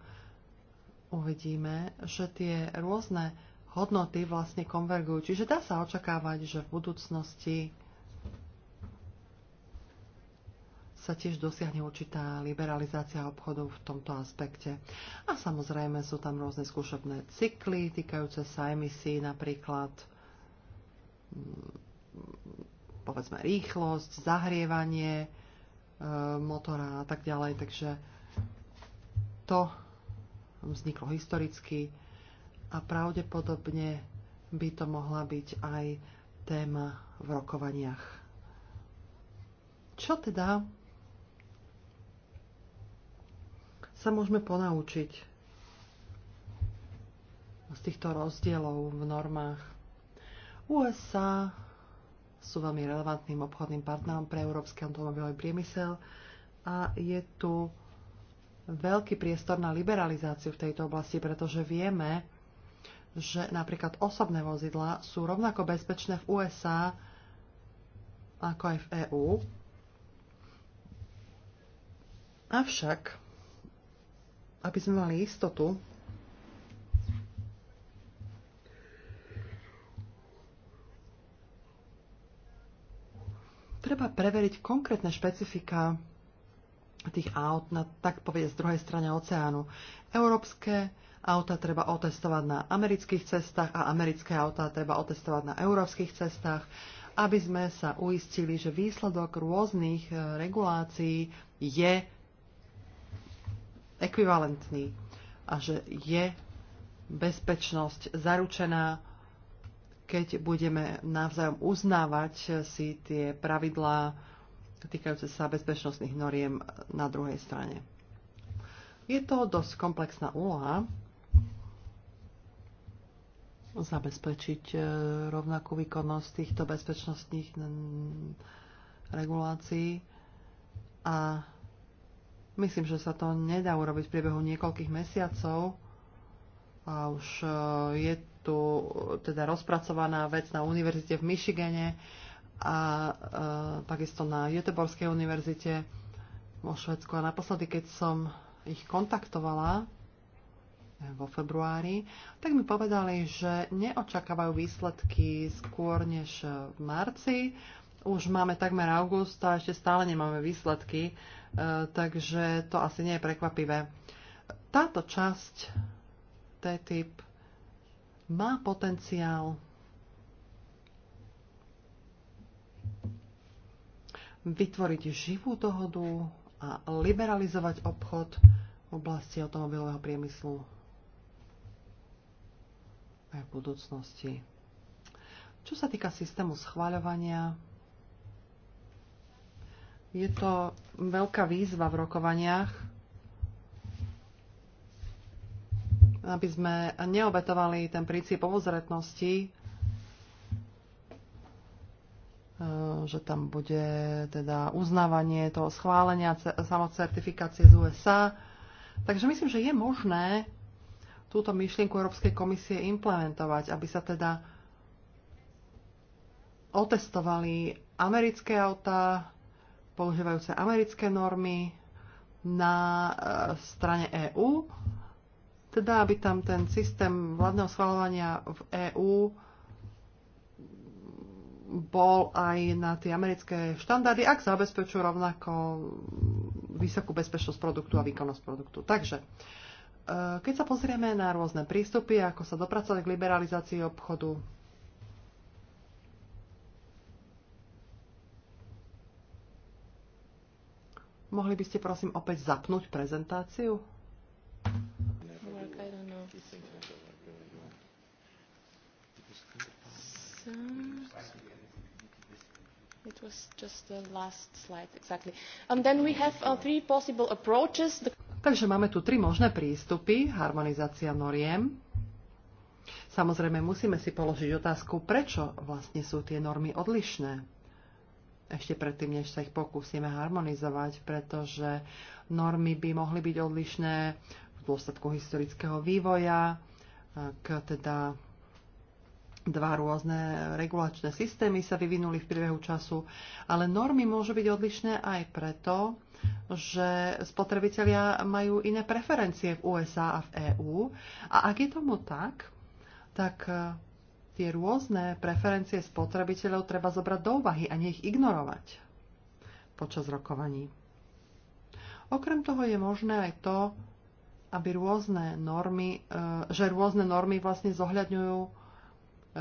uvidíme, že tie rôzne hodnoty vlastne konvergujú. Čiže dá sa očakávať, že v budúcnosti sa tiež dosiahne určitá liberalizácia obchodov v tomto aspekte. A samozrejme sú tam rôzne skúšobné cykly týkajúce sa emisí, napríklad mm, povedzme rýchlosť, zahrievanie, E, motora a tak ďalej. Takže to vzniklo historicky a pravdepodobne by to mohla byť aj téma v rokovaniach. Čo teda sa môžeme ponaučiť z týchto rozdielov v normách? USA sú veľmi relevantným obchodným partnerom pre európsky automobilový priemysel a je tu veľký priestor na liberalizáciu v tejto oblasti, pretože vieme, že napríklad osobné vozidla sú rovnako bezpečné v USA ako aj v EÚ. Avšak, aby sme mali istotu, treba preveriť konkrétne špecifika tých aut, na, tak povedať, z druhej strane oceánu. Európske auta treba otestovať na amerických cestách a americké auta treba otestovať na európskych cestách, aby sme sa uistili, že výsledok rôznych e, regulácií je ekvivalentný a že je bezpečnosť zaručená keď budeme navzájom uznávať eh, si tie pravidlá týkajúce sa bezpečnostných noriem na druhej strane. Je to dosť komplexná úloha zabezpečiť eh, rovnakú výkonnosť týchto bezpečnostných regulácií a myslím, že sa to nedá urobiť v priebehu niekoľkých mesiacov a už eh, je tu teda rozpracovaná vec na univerzite v Michigane a e, takisto na Jeteborskej univerzite vo Švedsku. A naposledy, keď som ich kontaktovala e, vo februári, tak mi povedali, že neočakávajú výsledky skôr než v marci. Už máme takmer august a ešte stále nemáme výsledky, e, takže to asi nie je prekvapivé. Táto časť TTIP má potenciál vytvoriť živú dohodu a liberalizovať obchod v oblasti automobilového priemyslu aj v budúcnosti. Čo sa týka systému schváľovania, je to veľká výzva v rokovaniach aby sme neobetovali ten princíp obozretnosti, e, že tam bude teda uznávanie toho schválenia samocertifikácie z USA. Takže myslím, že je možné túto myšlienku Európskej komisie implementovať, aby sa teda otestovali americké autá, používajúce americké normy na e, strane EÚ teda, aby tam ten systém vládneho schvalovania v EÚ bol aj na tie americké štandardy, ak zabezpečujú rovnako vysokú bezpečnosť produktu a výkonnosť produktu. Takže, e, keď sa pozrieme na rôzne prístupy, ako sa dopracovať k liberalizácii obchodu, mohli by ste prosím opäť zapnúť prezentáciu? um, it was just the last slide, exactly. Um, then we have uh, three possible approaches. The... Takže máme tu tri možné prístupy. Harmonizácia noriem. Samozrejme, musíme si položiť otázku, prečo vlastne sú tie normy odlišné. Ešte predtým, než sa ich pokúsime harmonizovať, pretože normy by mohli byť odlišné v dôsledku historického vývoja, k teda Dva rôzne regulačné systémy sa vyvinuli v priebehu času, ale normy môžu byť odlišné aj preto, že spotrebitelia majú iné preferencie v USA a v EÚ. A ak je tomu tak, tak e, tie rôzne preferencie spotrebiteľov treba zobrať do úvahy a nie ich ignorovať počas rokovaní. Okrem toho je možné aj to, aby rôzne normy, e, že rôzne normy vlastne zohľadňujú Eh,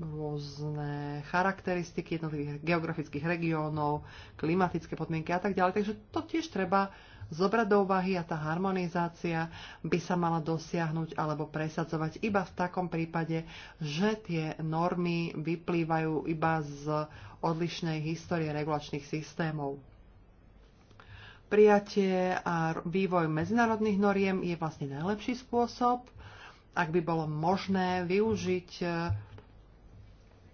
rôzne charakteristiky jednotlivých geografických regiónov, klimatické podmienky a tak ďalej. Takže to tiež treba zobrať do úvahy a tá harmonizácia by sa mala dosiahnuť alebo presadzovať iba v takom prípade, že tie normy vyplývajú iba z odlišnej histórie regulačných systémov. Prijatie a vývoj medzinárodných noriem je vlastne najlepší spôsob, ak by bolo možné využiť eh,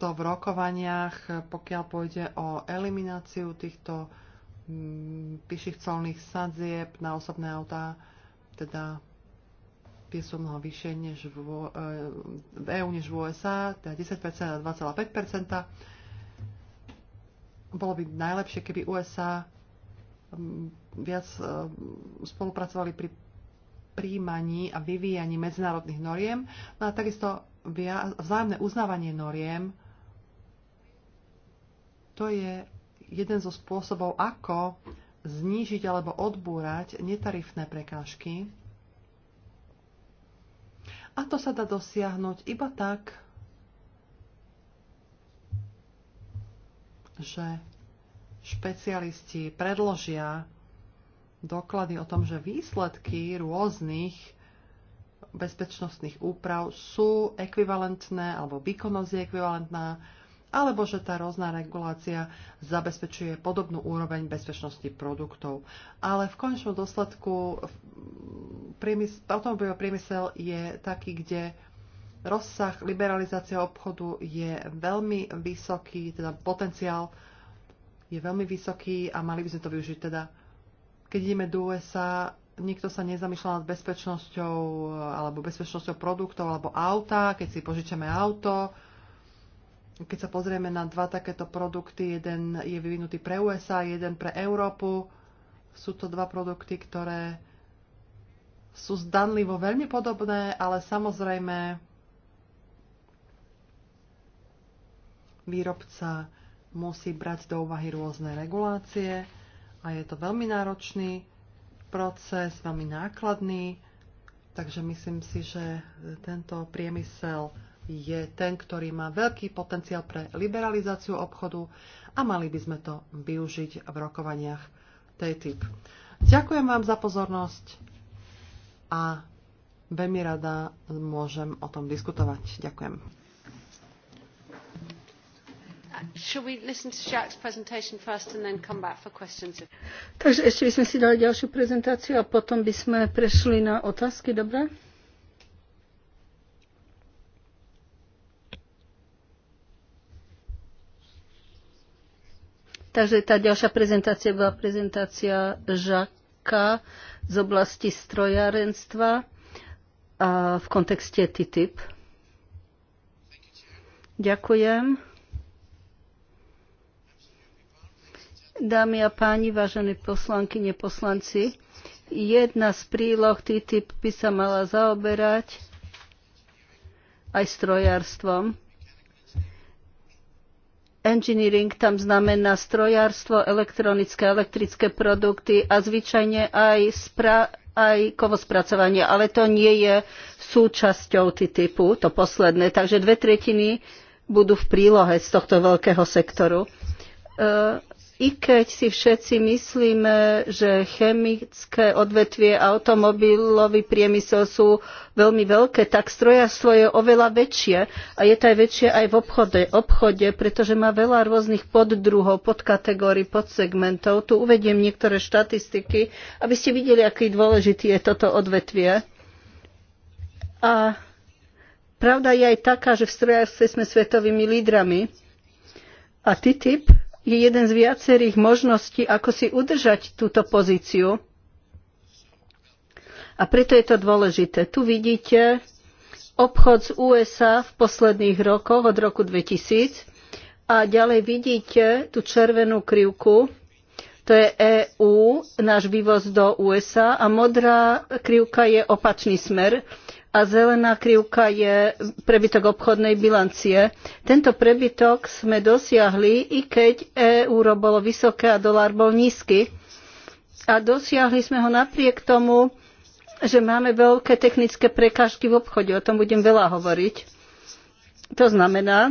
to v rokovaniach, pokiaľ pôjde o elimináciu týchto vyšších mm, colných sadzieb na osobné autá, teda tie sú mnoho vyššie než v, e, v EU než v USA, teda 10% a 2,5%. Bolo by najlepšie, keby USA mm, viac e, spolupracovali pri príjmaní a vyvíjaní medzinárodných noriem, no a takisto vzájomné uznávanie noriem to je jeden zo spôsobov, ako znížiť alebo odbúrať netarifné prekážky. A to sa dá dosiahnuť iba tak, že špecialisti predložia doklady o tom, že výsledky rôznych bezpečnostných úprav sú ekvivalentné alebo výkonnosť je ekvivalentná alebo že tá rôzna regulácia zabezpečuje podobnú úroveň bezpečnosti produktov. Ale v konečnom dôsledku automobilový priemysel je taký, kde rozsah liberalizácie obchodu je veľmi vysoký, teda potenciál je veľmi vysoký a mali by sme to využiť. Teda, keď ideme do USA, nikto sa nezamýšľa nad bezpečnosťou alebo bezpečnosťou produktov alebo auta, keď si požičame auto, keď sa pozrieme na dva takéto produkty, jeden je vyvinutý pre USA, jeden pre Európu, sú to dva produkty, ktoré sú zdanlivo veľmi podobné, ale samozrejme výrobca musí brať do úvahy rôzne regulácie a je to veľmi náročný proces, veľmi nákladný, takže myslím si, že tento priemysel je ten, ktorý má veľký potenciál pre liberalizáciu obchodu a mali by sme to využiť v rokovaniach TTIP. Ďakujem vám za pozornosť a veľmi rada môžem o tom diskutovať. Ďakujem. Takže ešte by sme si dali ďalšiu prezentáciu a potom by sme prešli na otázky, dobre? Takže tá ďalšia prezentácia bola prezentácia Žaka z oblasti strojárenstva a v kontexte TTIP. Ďakujem. Dámy a páni, vážené poslanky, neposlanci, jedna z príloh TTIP by sa mala zaoberať aj strojárstvom Engineering tam znamená strojárstvo, elektronické, elektrické produkty a zvyčajne aj, spra- aj kovospracovanie, ale to nie je súčasťou TTIPu, to posledné. Takže dve tretiny budú v prílohe z tohto veľkého sektoru. E, i keď si všetci myslíme, že chemické odvetvie a automobilový priemysel sú veľmi veľké, tak strojárstvo je oveľa väčšie a je to aj väčšie aj v obchode, obchode, pretože má veľa rôznych poddruhov, podkategórií, podsegmentov. Tu uvediem niektoré štatistiky, aby ste videli, aký dôležitý je toto odvetvie. A pravda je aj taká, že v strojárstve sme svetovými lídrami. A TTIP je jeden z viacerých možností, ako si udržať túto pozíciu. A preto je to dôležité. Tu vidíte obchod z USA v posledných rokoch od roku 2000 a ďalej vidíte tú červenú krivku, to je EÚ, náš vývoz do USA a modrá krivka je opačný smer a zelená krivka je prebytok obchodnej bilancie. Tento prebytok sme dosiahli, i keď euro bolo vysoké a dolár bol nízky. A dosiahli sme ho napriek tomu, že máme veľké technické prekážky v obchode. O tom budem veľa hovoriť. To znamená,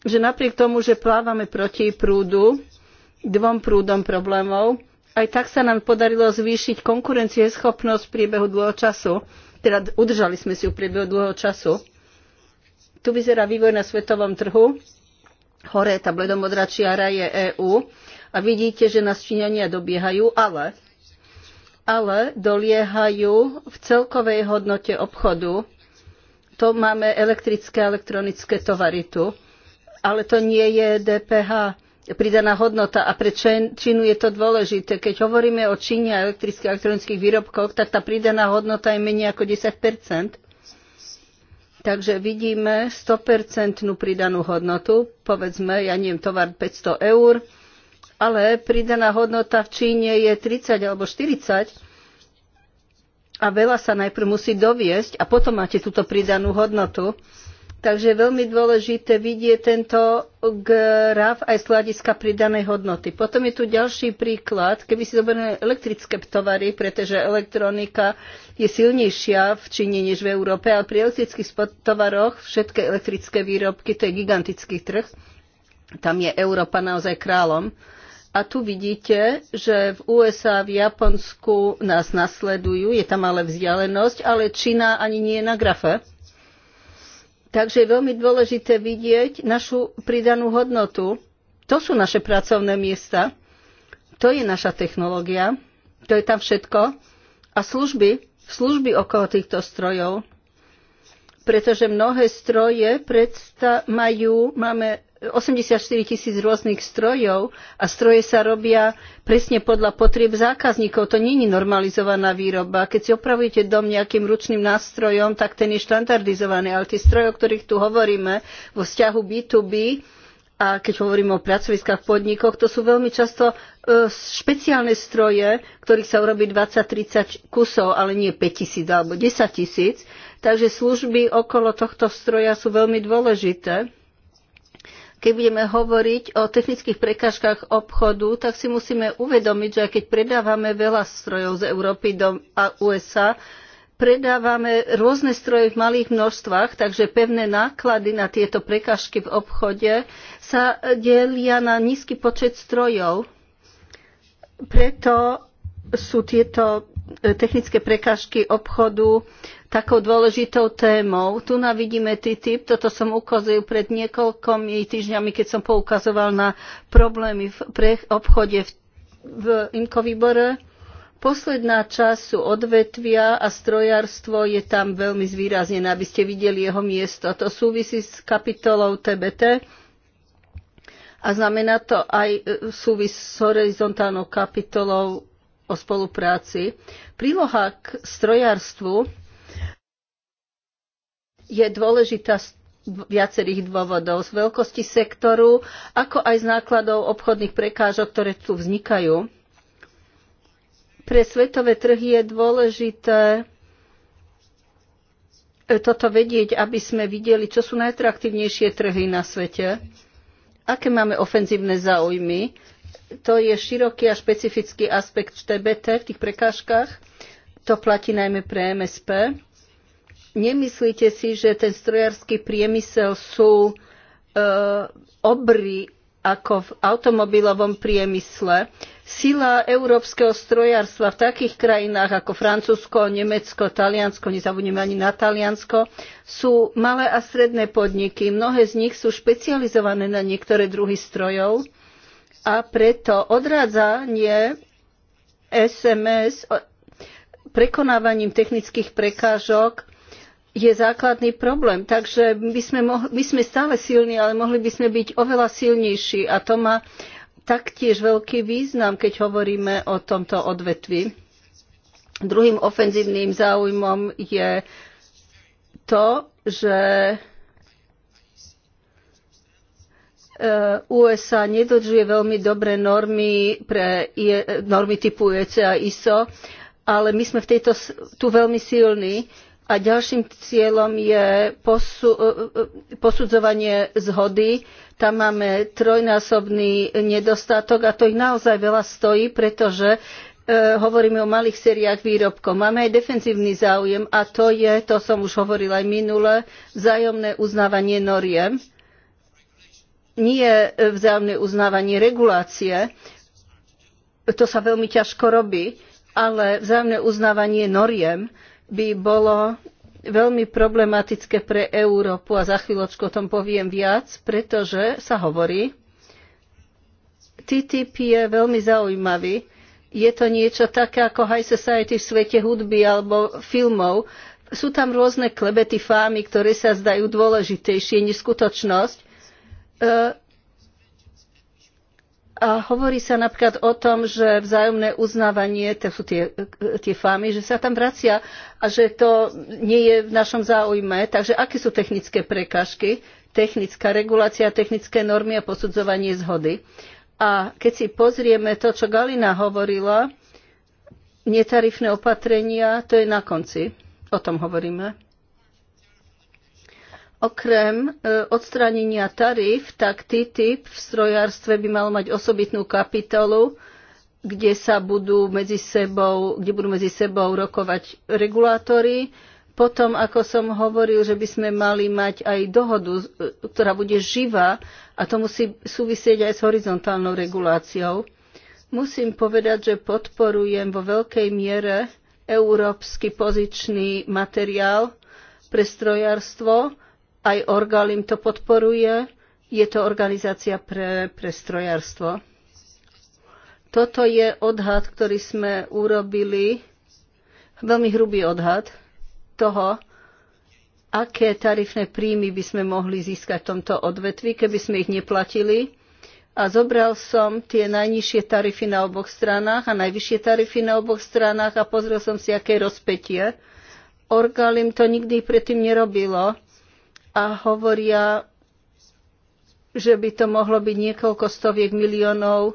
že napriek tomu, že plávame proti prúdu, dvom prúdom problémov, aj tak sa nám podarilo zvýšiť konkurencieschopnosť v priebehu dlhého času teda udržali sme si ju v priebehu dlhého času. Tu vyzerá vývoj na svetovom trhu. Hore tá bledomodrá čiara je EÚ e a vidíte, že nás Číňania dobiehajú, ale, ale doliehajú v celkovej hodnote obchodu. To máme elektrické a elektronické tovary tu, ale to nie je DPH pridaná hodnota a pre Čínu je to dôležité. Keď hovoríme o Číne a elektrických a elektronických výrobkoch, tak tá pridaná hodnota je menej ako 10 Takže vidíme 100% pridanú hodnotu, povedzme, ja neviem, tovar 500 eur, ale pridaná hodnota v Číne je 30 alebo 40 a veľa sa najprv musí doviesť a potom máte túto pridanú hodnotu. Takže je veľmi dôležité vidieť tento graf aj z hľadiska pridanej hodnoty. Potom je tu ďalší príklad, keby si zoberieme elektrické tovary, pretože elektronika je silnejšia v Číne než v Európe, ale pri elektrických tovaroch všetky elektrické výrobky, to je gigantický trh, tam je Európa naozaj kráľom. A tu vidíte, že v USA, v Japonsku nás nasledujú, je tam ale vzdialenosť, ale Čína ani nie je na grafe Takže je veľmi dôležité vidieť našu pridanú hodnotu. To sú naše pracovné miesta, to je naša technológia, to je tam všetko. A služby, služby okolo týchto strojov, pretože mnohé stroje predsta- majú, máme 84 tisíc rôznych strojov a stroje sa robia presne podľa potrieb zákazníkov. To nie je normalizovaná výroba. Keď si opravujete dom nejakým ručným nástrojom, tak ten je štandardizovaný. Ale tie stroje, o ktorých tu hovoríme, vo vzťahu B2B, a keď hovoríme o pracoviskách v podnikoch, to sú veľmi často e, špeciálne stroje, ktorých sa urobí 20-30 kusov, ale nie tisíc alebo 10 tisíc. Takže služby okolo tohto stroja sú veľmi dôležité keď budeme hovoriť o technických prekážkach obchodu, tak si musíme uvedomiť, že aj keď predávame veľa strojov z Európy do USA, predávame rôzne stroje v malých množstvách, takže pevné náklady na tieto prekážky v obchode sa delia na nízky počet strojov. Preto sú tieto e, technické prekážky obchodu takou dôležitou témou. Tu na vidíme TTIP, toto som ukazil pred niekoľkomi týždňami, keď som poukazoval na problémy v pre obchode v, v IMCO výbore. Posledná časť sú odvetvia a strojárstvo je tam veľmi zvýraznené, aby ste videli jeho miesto. To súvisí s kapitolou TBT a znamená to aj e, súvis s horizontálnou kapitolou o spolupráci. Príloha k strojárstvu je dôležitá z viacerých dôvodov. Z veľkosti sektoru, ako aj z nákladov obchodných prekážok, ktoré tu vznikajú. Pre svetové trhy je dôležité e, toto vedieť, aby sme videli, čo sú najatraktívnejšie trhy na svete, aké máme ofenzívne záujmy. To je široký a špecifický aspekt TBT v tých prekážkach. To platí najmä pre MSP. Nemyslíte si, že ten strojársky priemysel sú e, obry ako v automobilovom priemysle. Sila európskeho strojárstva v takých krajinách ako Francúzsko, Nemecko, Taliansko, nezabudneme ani na Taliansko, sú malé a stredné podniky. Mnohé z nich sú špecializované na niektoré druhy strojov a preto odrádzanie SMS prekonávaním technických prekážok je základný problém. Takže my sme, mohli, my sme stále silní, ale mohli by sme byť oveľa silnejší a to má taktiež veľký význam, keď hovoríme o tomto odvetvi. Druhým ofenzívnym záujmom je to, že e, USA nedodržuje veľmi dobré normy, pre, e, normy typu EC a ISO, ale my sme v tejto tu veľmi silní a ďalším cieľom je posu, e, e, posudzovanie zhody. Tam máme trojnásobný nedostatok a to ich naozaj veľa stojí, pretože e, hovoríme o malých sériách výrobkov. Máme aj defenzívny záujem a to je, to som už hovorila aj minule, vzájomné uznávanie noriem. Nie vzájomné uznávanie regulácie, to sa veľmi ťažko robí, ale vzájomné uznávanie noriem by bolo veľmi problematické pre Európu a za chvíľočku o tom poviem viac, pretože sa hovorí, TTIP je veľmi zaujímavý. Je to niečo také ako High Society v svete hudby alebo filmov. Sú tam rôzne klebety fámy, ktoré sa zdajú dôležitejšie než skutočnosť. E a hovorí sa napríklad o tom, že vzájomné uznávanie, to sú tie, tie fámy, že sa tam vracia a že to nie je v našom záujme. Takže aké sú technické prekažky? Technická regulácia, technické normy a posudzovanie zhody. A keď si pozrieme to, čo Galina hovorila, netarifné opatrenia, to je na konci. O tom hovoríme. Okrem e, odstránenia tarif, tak TTIP v strojárstve by mal mať osobitnú kapitolu, kde sa budú medzi sebou, kde budú medzi sebou rokovať regulátory. Potom, ako som hovoril, že by sme mali mať aj dohodu, e, ktorá bude živá a to musí súvisieť aj s horizontálnou reguláciou. Musím povedať, že podporujem vo veľkej miere európsky pozičný materiál pre strojárstvo, aj Orgalim to podporuje. Je to organizácia pre, pre strojárstvo. Toto je odhad, ktorý sme urobili, veľmi hrubý odhad toho, aké tarifné príjmy by sme mohli získať v tomto odvetvi, keby sme ich neplatili. A zobral som tie najnižšie tarify na oboch stranách a najvyššie tarify na oboch stranách a pozrel som si, aké rozpetie. Orgalim to nikdy predtým nerobilo a hovoria, že by to mohlo byť niekoľko stoviek miliónov e,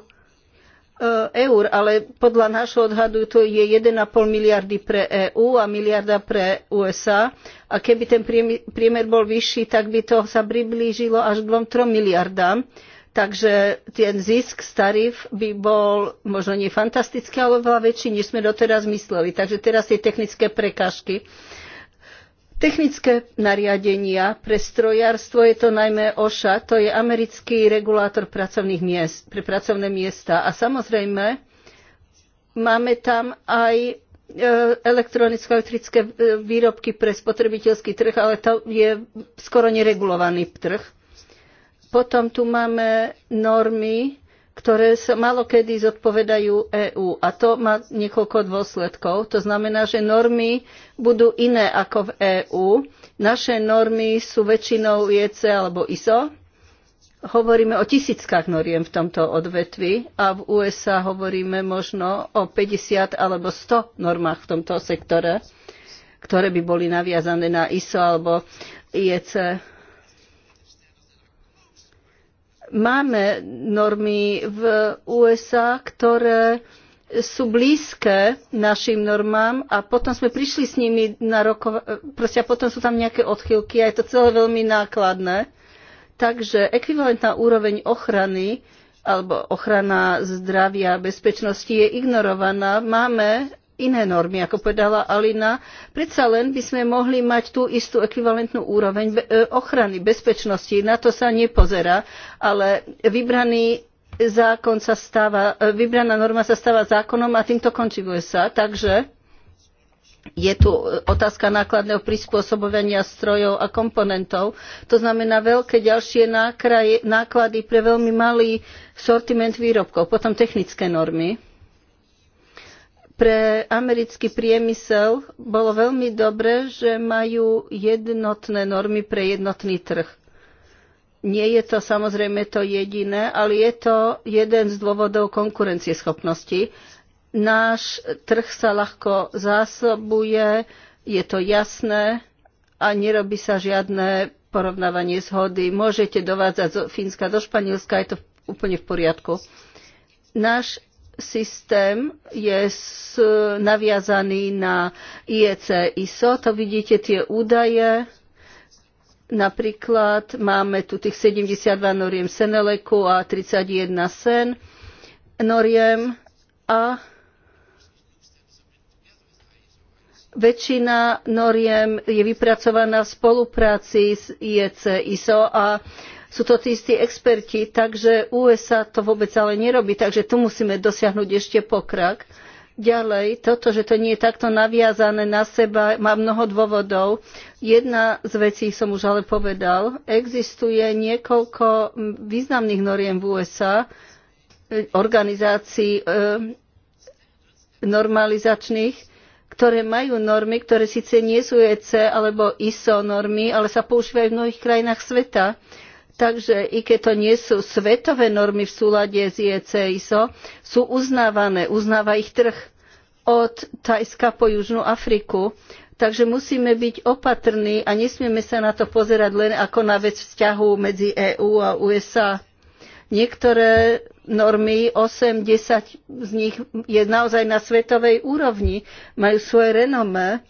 eur, ale podľa nášho odhadu to je 1,5 miliardy pre EÚ a miliarda pre USA. A keby ten priemer bol vyšší, tak by to sa priblížilo až k 2-3 miliardám. Takže ten zisk z tarif by bol možno nie fantastický, ale veľa väčší, než sme doteraz mysleli. Takže teraz tie technické prekážky. Uh, Technické nariadenia pre strojárstvo je to najmä OSHA, to je americký regulátor pracovných miest, pre pracovné miesta. A samozrejme, máme tam aj e, elektronicko-elektrické e, výrobky pre spotrebiteľský trh, ale to je skoro neregulovaný trh. Potom tu máme normy ktoré sa malo kedy zodpovedajú EÚ. A to má niekoľko dôsledkov. To znamená, že normy budú iné ako v EÚ. Naše normy sú väčšinou IEC alebo ISO. Hovoríme o tisíckach noriem v tomto odvetvi a v USA hovoríme možno o 50 alebo 100 normách v tomto sektore, ktoré by boli naviazané na ISO alebo IEC Máme normy v USA, ktoré sú blízke našim normám a potom sme prišli s nimi na rokov... proste a potom sú tam nejaké odchylky a je to celé veľmi nákladné. Takže ekvivalentná úroveň ochrany alebo ochrana zdravia a bezpečnosti je ignorovaná. Máme iné normy, ako povedala Alina. Predsa len by sme mohli mať tú istú ekvivalentnú úroveň e, ochrany, bezpečnosti. Na to sa nepozerá, ale vybraný zákon sa stáva, e, vybraná norma sa stáva zákonom a týmto končí sa, Takže je tu otázka nákladného prispôsobovania strojov a komponentov. To znamená veľké ďalšie náklady pre veľmi malý sortiment výrobkov. Potom technické normy pre americký priemysel bolo veľmi dobré, že majú jednotné normy pre jednotný trh. Nie je to samozrejme to jediné, ale je to jeden z dôvodov konkurencieschopnosti. Náš trh sa ľahko zásobuje, je to jasné a nerobí sa žiadne porovnávanie zhody. Môžete dovádzať z Fínska do Španielska, je to úplne v poriadku. Náš systém je naviazaný na IEC ISO. To vidíte tie údaje. Napríklad máme tu tých 72 noriem Seneleku a 31 Sen noriem a väčšina noriem je vypracovaná v spolupráci s IEC ISO a sú to tí istí experti, takže USA to vôbec ale nerobí, takže tu musíme dosiahnuť ešte pokrok. Ďalej, toto, že to nie je takto naviazané na seba, má mnoho dôvodov. Jedna z vecí som už ale povedal, existuje niekoľko významných noriem v USA, e, organizácií e, normalizačných, ktoré majú normy, ktoré síce nie sú EC alebo ISO normy, ale sa používajú v mnohých krajinách sveta. Takže i keď to nie sú svetové normy v súlade s e IECISO, sú uznávané, uznáva ich trh od Tajska po Južnú Afriku. Takže musíme byť opatrní a nesmieme sa na to pozerať len ako na vec vzťahu medzi EÚ a USA. Niektoré normy, 8, 10 z nich je naozaj na svetovej úrovni, majú svoje renomé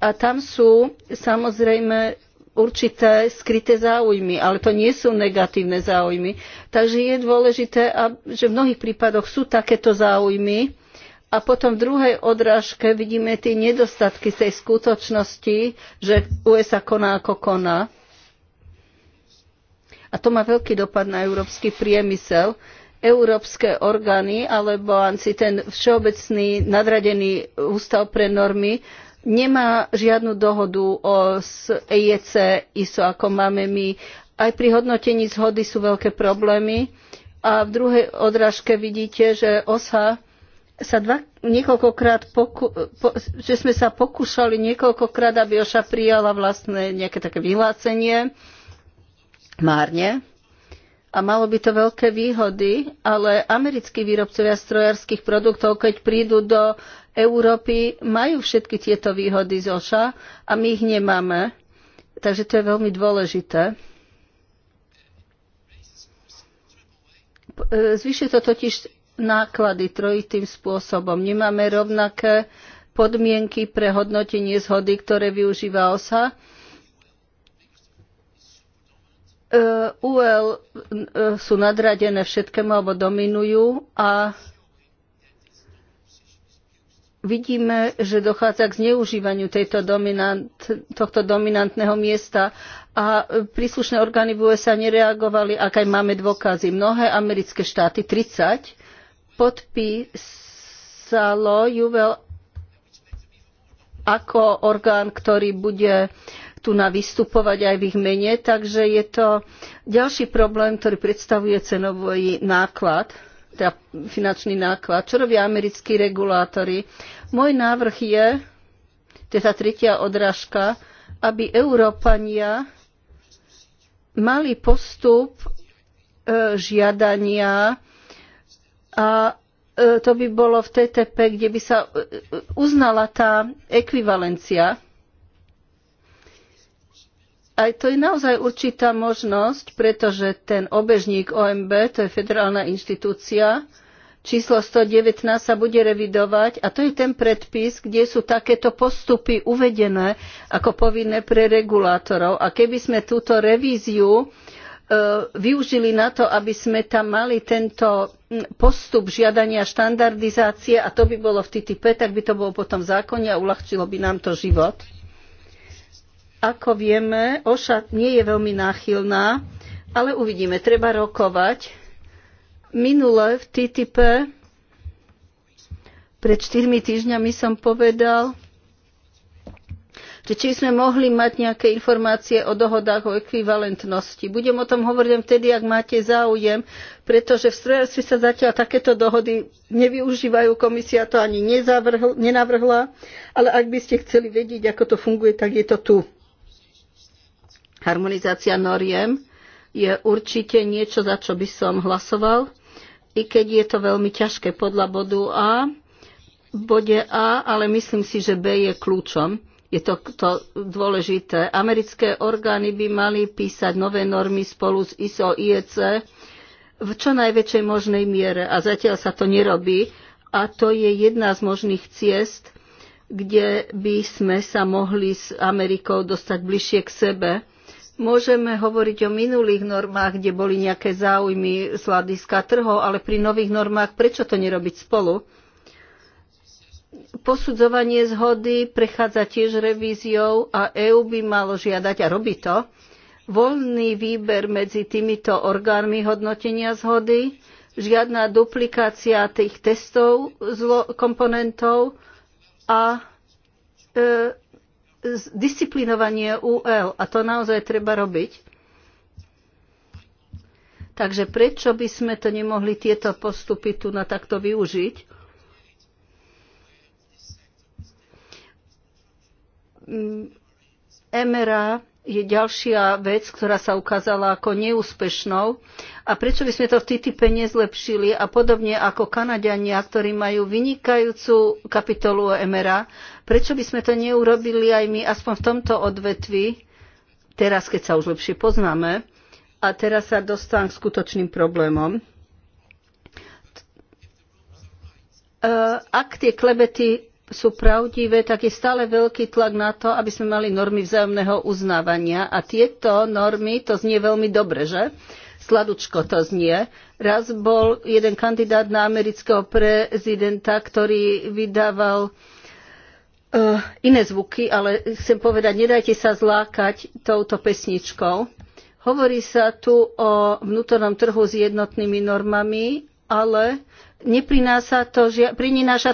a tam sú samozrejme určité skryté záujmy, ale to nie sú negatívne záujmy. Takže je dôležité, že v mnohých prípadoch sú takéto záujmy a potom v druhej odrážke vidíme tie nedostatky tej skutočnosti, že USA koná ako koná. A to má veľký dopad na európsky priemysel. Európske orgány alebo ten všeobecný nadradený ústav pre normy nemá žiadnu dohodu o EJC ISO, ako máme my. Aj pri hodnotení zhody sú veľké problémy. A v druhej odrážke vidíte, že OSA sa dva, niekoľkokrát poku, po, že sme sa pokúšali niekoľkokrát, aby OŠA prijala vlastné nejaké také vyhlásenie márne. A malo by to veľké výhody, ale americkí výrobcovia strojárskych produktov, keď prídu do Európy majú všetky tieto výhody z OŠA a my ich nemáme. Takže to je veľmi dôležité. E, zvyšuje to totiž náklady trojitým spôsobom. Nemáme rovnaké podmienky pre hodnotenie zhody, ktoré využíva OSA. E, UL e, sú nadradené všetkému alebo dominujú a vidíme, že dochádza k zneužívaniu tejto dominant, tohto dominantného miesta a príslušné orgány v USA nereagovali, ak aj máme dôkazy. Mnohé americké štáty, 30, podpísalo Juvel ako orgán, ktorý bude tu na vystupovať aj v ich mene, takže je to ďalší problém, ktorý predstavuje cenový náklad, teda finančný náklad. Čo robia americkí regulátori? Môj návrh je, to je tá tretia odrážka, aby Európania mali postup e, žiadania a e, to by bolo v TTP, kde by sa e, uznala tá ekvivalencia. Aj to je naozaj určitá možnosť, pretože ten obežník OMB, to je federálna inštitúcia, číslo 119 sa bude revidovať a to je ten predpis, kde sú takéto postupy uvedené ako povinné pre regulátorov. A keby sme túto revíziu e, využili na to, aby sme tam mali tento postup žiadania štandardizácie a to by bolo v TTP, tak by to bolo potom v zákone a uľahčilo by nám to život. Ako vieme, OŠA nie je veľmi náchylná, ale uvidíme, treba rokovať Minule v TTIP pred 4 týždňami som povedal, že či sme mohli mať nejaké informácie o dohodách o ekvivalentnosti. Budem o tom hovoriť vtedy, ak máte záujem, pretože v strojárstve sa zatiaľ takéto dohody nevyužívajú, komisia to ani nezavrhl, nenavrhla, ale ak by ste chceli vedieť, ako to funguje, tak je to tu. Harmonizácia noriem je určite niečo, za čo by som hlasoval, i keď je to veľmi ťažké podľa bodu A, bode A, ale myslím si, že B je kľúčom. Je to, to dôležité. Americké orgány by mali písať nové normy spolu s ISO IEC v čo najväčšej možnej miere a zatiaľ sa to nerobí a to je jedna z možných ciest, kde by sme sa mohli s Amerikou dostať bližšie k sebe Môžeme hovoriť o minulých normách, kde boli nejaké záujmy z hľadiska trhov, ale pri nových normách prečo to nerobiť spolu? Posudzovanie zhody prechádza tiež revíziou a EÚ by malo žiadať a robí to. Voľný výber medzi týmito orgánmi hodnotenia zhody, žiadna duplikácia tých testov z komponentov a e, disciplinovanie UL a to naozaj treba robiť. Takže prečo by sme to nemohli tieto postupy tu na takto využiť? MRA je ďalšia vec, ktorá sa ukázala ako neúspešnou. A prečo by sme to v TTIP nezlepšili? A podobne ako Kanadiania, ktorí majú vynikajúcu kapitolu MRA, prečo by sme to neurobili aj my aspoň v tomto odvetvi, teraz keď sa už lepšie poznáme? A teraz sa dostávam k skutočným problémom. E, ak tie klebety sú pravdivé, tak je stále veľký tlak na to, aby sme mali normy vzájomného uznávania. A tieto normy, to znie veľmi dobre, že? Sladučko to znie. Raz bol jeden kandidát na amerického prezidenta, ktorý vydával uh, iné zvuky, ale chcem povedať, nedajte sa zlákať touto pesničkou. Hovorí sa tu o vnútornom trhu s jednotnými normami, ale neprináša to,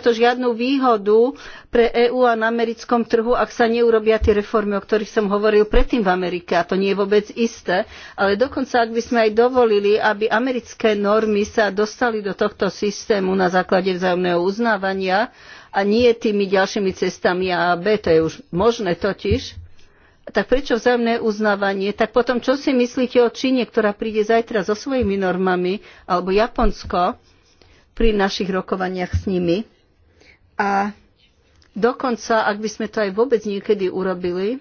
to žiadnu výhodu pre EÚ a na americkom trhu, ak sa neurobia tie reformy, o ktorých som hovoril predtým v Amerike. A to nie je vôbec isté. Ale dokonca, ak by sme aj dovolili, aby americké normy sa dostali do tohto systému na základe vzájomného uznávania a nie tými ďalšími cestami A a B, to je už možné totiž, tak prečo vzájomné uznávanie? Tak potom čo si myslíte o Číne, ktorá príde zajtra so svojimi normami, alebo Japonsko? pri našich rokovaniach s nimi. A dokonca, ak by sme to aj vôbec niekedy urobili,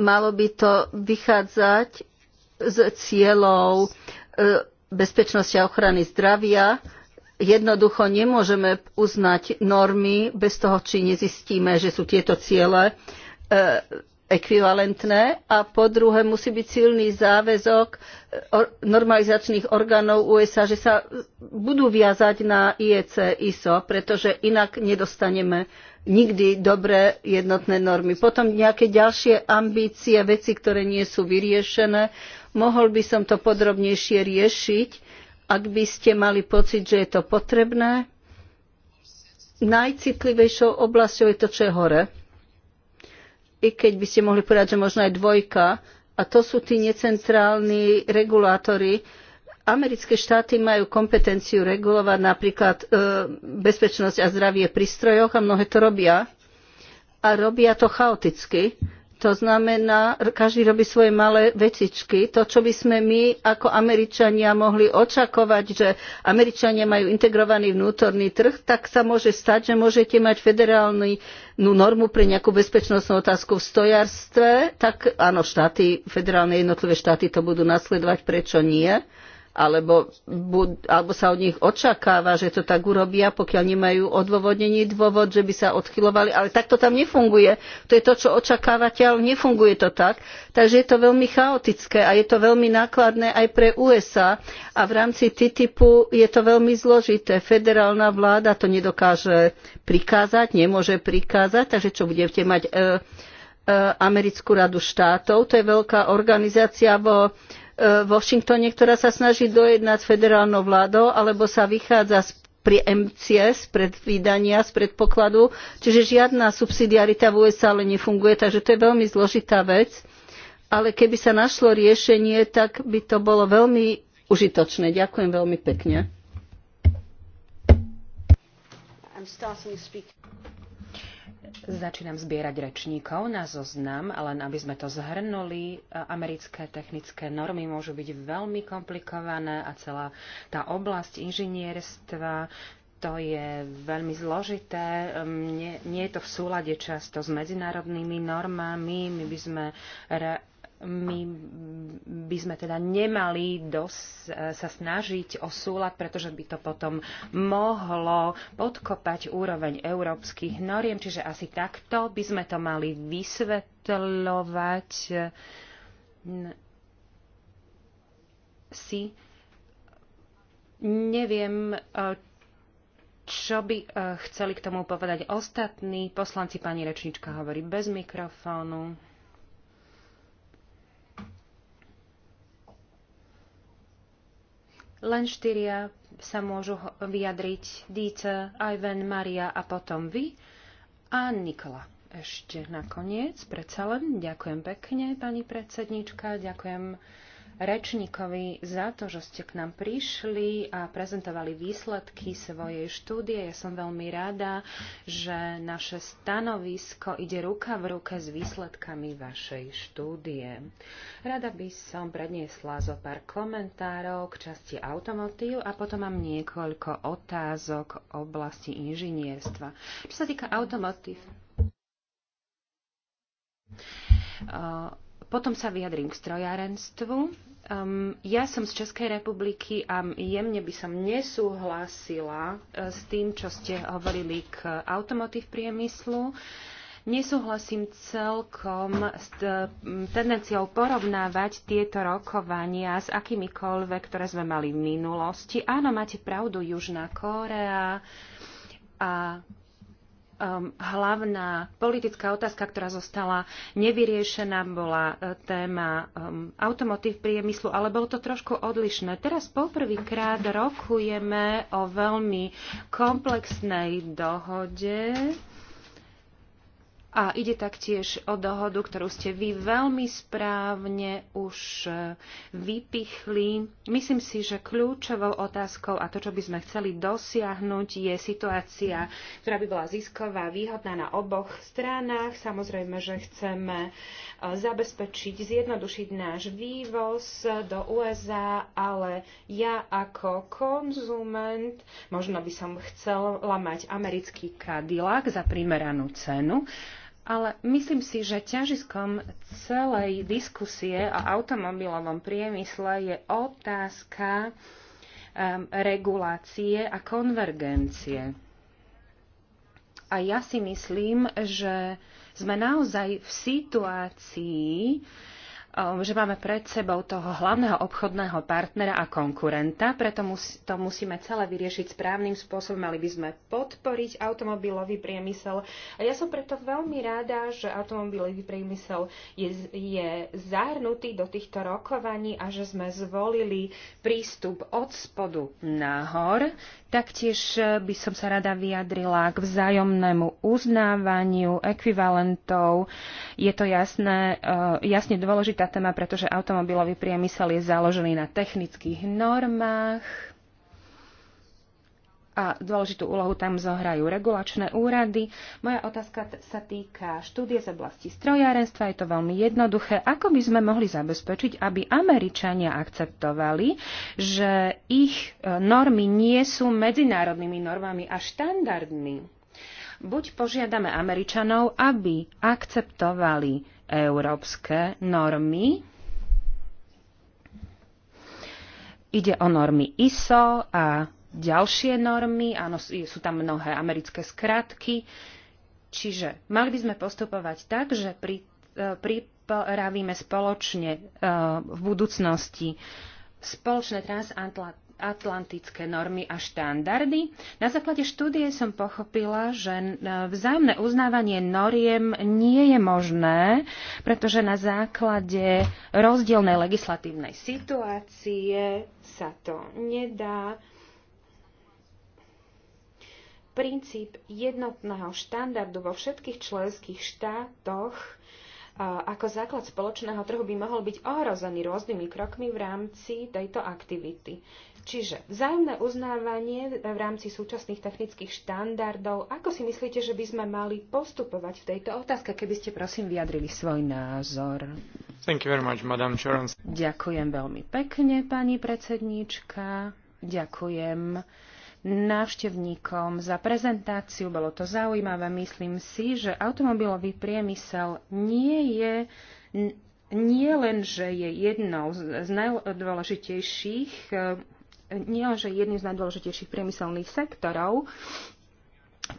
malo by to vychádzať z cieľov e, bezpečnosti a ochrany zdravia. Jednoducho nemôžeme uznať normy bez toho, či nezistíme, že sú tieto ciele e, ekvivalentné a po druhé musí byť silný záväzok eh, normalizačných orgánov USA, že sa budú viazať na IEC ISO, pretože inak nedostaneme nikdy dobré jednotné normy. Potom nejaké ďalšie ambície, veci, ktoré nie sú vyriešené. Mohol by som to podrobnejšie riešiť, ak by ste mali pocit, že je to potrebné. Najcitlivejšou oblasťou je to, čo je hore i keď by ste mohli povedať, že možno aj dvojka, a to sú tí necentrálni regulátori. Americké štáty majú kompetenciu regulovať napríklad e, bezpečnosť a zdravie pri strojoch a mnohé to robia. A robia to chaoticky to znamená, každý robí svoje malé vecičky. To, čo by sme my ako Američania mohli očakovať, že Američania majú integrovaný vnútorný trh, tak sa môže stať, že môžete mať federálnu normu pre nejakú bezpečnostnú otázku v stojarstve. Tak áno, štáty, federálne jednotlivé štáty to budú nasledovať, prečo nie? alebo, alebo sa od nich očakáva, že to tak urobia, pokiaľ nemajú odôvodnenie dôvod, že by sa odchylovali, ale tak to tam nefunguje. To je to, čo očakávate, ale nefunguje to tak. Takže je to veľmi chaotické a je to veľmi nákladné aj pre USA a v rámci TTIPu je to veľmi zložité. Federálna vláda to nedokáže prikázať, nemôže prikázať, takže čo budete mať e, e, Americkú radu štátov, to je veľká organizácia vo Washingtone, ktorá sa snaží dojednať s federálnou vládou, alebo sa vychádza z pri MCS, z predvídania, z predpokladu. Čiže žiadna subsidiarita v USA ale nefunguje, takže to je veľmi zložitá vec. Ale keby sa našlo riešenie, tak by to bolo veľmi užitočné. Ďakujem veľmi pekne. Začínam zbierať rečníkov na zoznam, len aby sme to zhrnuli. E, americké technické normy môžu byť veľmi komplikované a celá tá oblasť inžinierstva to je veľmi zložité, nie, nie je to v súlade často s medzinárodnými normami, my by sme re, my by sme teda nemali dosť sa snažiť o súlad, pretože by to potom mohlo podkopať úroveň európskych noriem, čiže asi takto by sme to mali vysvetľovať si. Neviem, čo by eh, chceli k tomu povedať ostatní. Poslanci pani rečnička hovorí bez mikrofónu. Len štyria sa môžu vyjadriť Dieter, Ivan, Maria a potom vy a Nikola. Ešte nakoniec, predsa len ďakujem pekne, pani predsednička, ďakujem rečníkovi za to, že ste k nám prišli a prezentovali výsledky svojej štúdie. Ja som veľmi rada, že naše stanovisko ide ruka v ruke s výsledkami vašej štúdie. Rada by som predniesla zo pár komentárov k časti automotív a potom mám niekoľko otázok oblasti inžinierstva. Čo sa týka automotív, eh, potom sa vyjadrím k strojárenstvu Um, ja som z Českej republiky a jemne by som nesúhlasila e, s tým, čo ste hovorili k automotív priemyslu. Nesúhlasím celkom s e, tendenciou porovnávať tieto rokovania s akýmikoľvek, ktoré sme mali v minulosti. Áno, máte pravdu, Južná Kórea a um, hlavná politická otázka, ktorá zostala nevyriešená, bola e, téma um, automotív priemyslu, ale bolo to trošku odlišné. Teraz poprvýkrát rokujeme o veľmi komplexnej dohode a ide taktiež o dohodu, ktorú ste vy veľmi správne už e, vypichli. Myslím si, že kľúčovou otázkou a to, čo by sme chceli dosiahnuť, je situácia, ktorá by bola zisková, výhodná na oboch stranách. Samozrejme, že chceme e, zabezpečiť, zjednodušiť náš vývoz do USA, ale ja ako konzument možno by som chcela mať americký Cadillac za primeranú cenu ale myslím si, že ťažiskom celej diskusie o automobilovom priemysle je otázka um, regulácie a konvergencie. A ja si myslím, že sme naozaj v situácii, Um, že máme pred sebou toho hlavného obchodného partnera a konkurenta, preto to musíme celé vyriešiť správnym spôsobom, mali by sme podporiť automobilový priemysel. A ja som preto veľmi rada, že automobilový priemysel je, je zahrnutý do týchto rokovaní a že sme zvolili prístup od spodu nahor. Taktiež eh, by som sa rada vyjadrila k vzájomnému uznávaniu ekvivalentov. Je to jasné, eh, jasne dôležitá téma, pretože automobilový priemysel je založený na technických normách a dôležitú úlohu tam zohrajú regulačné úrady. Moja otázka sa týka štúdie z oblasti strojárenstva. Je to veľmi jednoduché. Ako by sme mohli zabezpečiť, aby Američania akceptovali, že ich e, normy nie sú medzinárodnými normami a štandardmi? Buď požiadame Američanov, aby akceptovali európske normy. Ide o normy ISO a ďalšie normy, áno, sú tam mnohé americké skratky. Čiže mali by sme postupovať tak, že pri, e, pripravíme spoločne e, v budúcnosti spoločné transatlantické atlantické normy a štandardy. Na základe štúdie som pochopila, že e, vzájomné uznávanie noriem nie je možné, pretože na základe rozdielnej legislatívnej situácie sa to nedá. Princíp jednotného štandardu vo všetkých členských štátoch e, ako základ spoločného trhu by mohol byť ohrozený rôznymi krokmi v rámci tejto aktivity. Čiže vzájomné uznávanie v rámci súčasných technických štandardov, ako si myslíte, že by sme mali postupovať v tejto otázke, keby ste prosím vyjadrili svoj názor? Thank you very much, Madam Ďakujem veľmi pekne, pani predsedníčka. Ďakujem návštevníkom za prezentáciu. Bolo to zaujímavé. Myslím si, že automobilový priemysel nie je nie len, že je jednou z najdôležitejších nielenže jedným z najdôležitejších priemyselných sektorov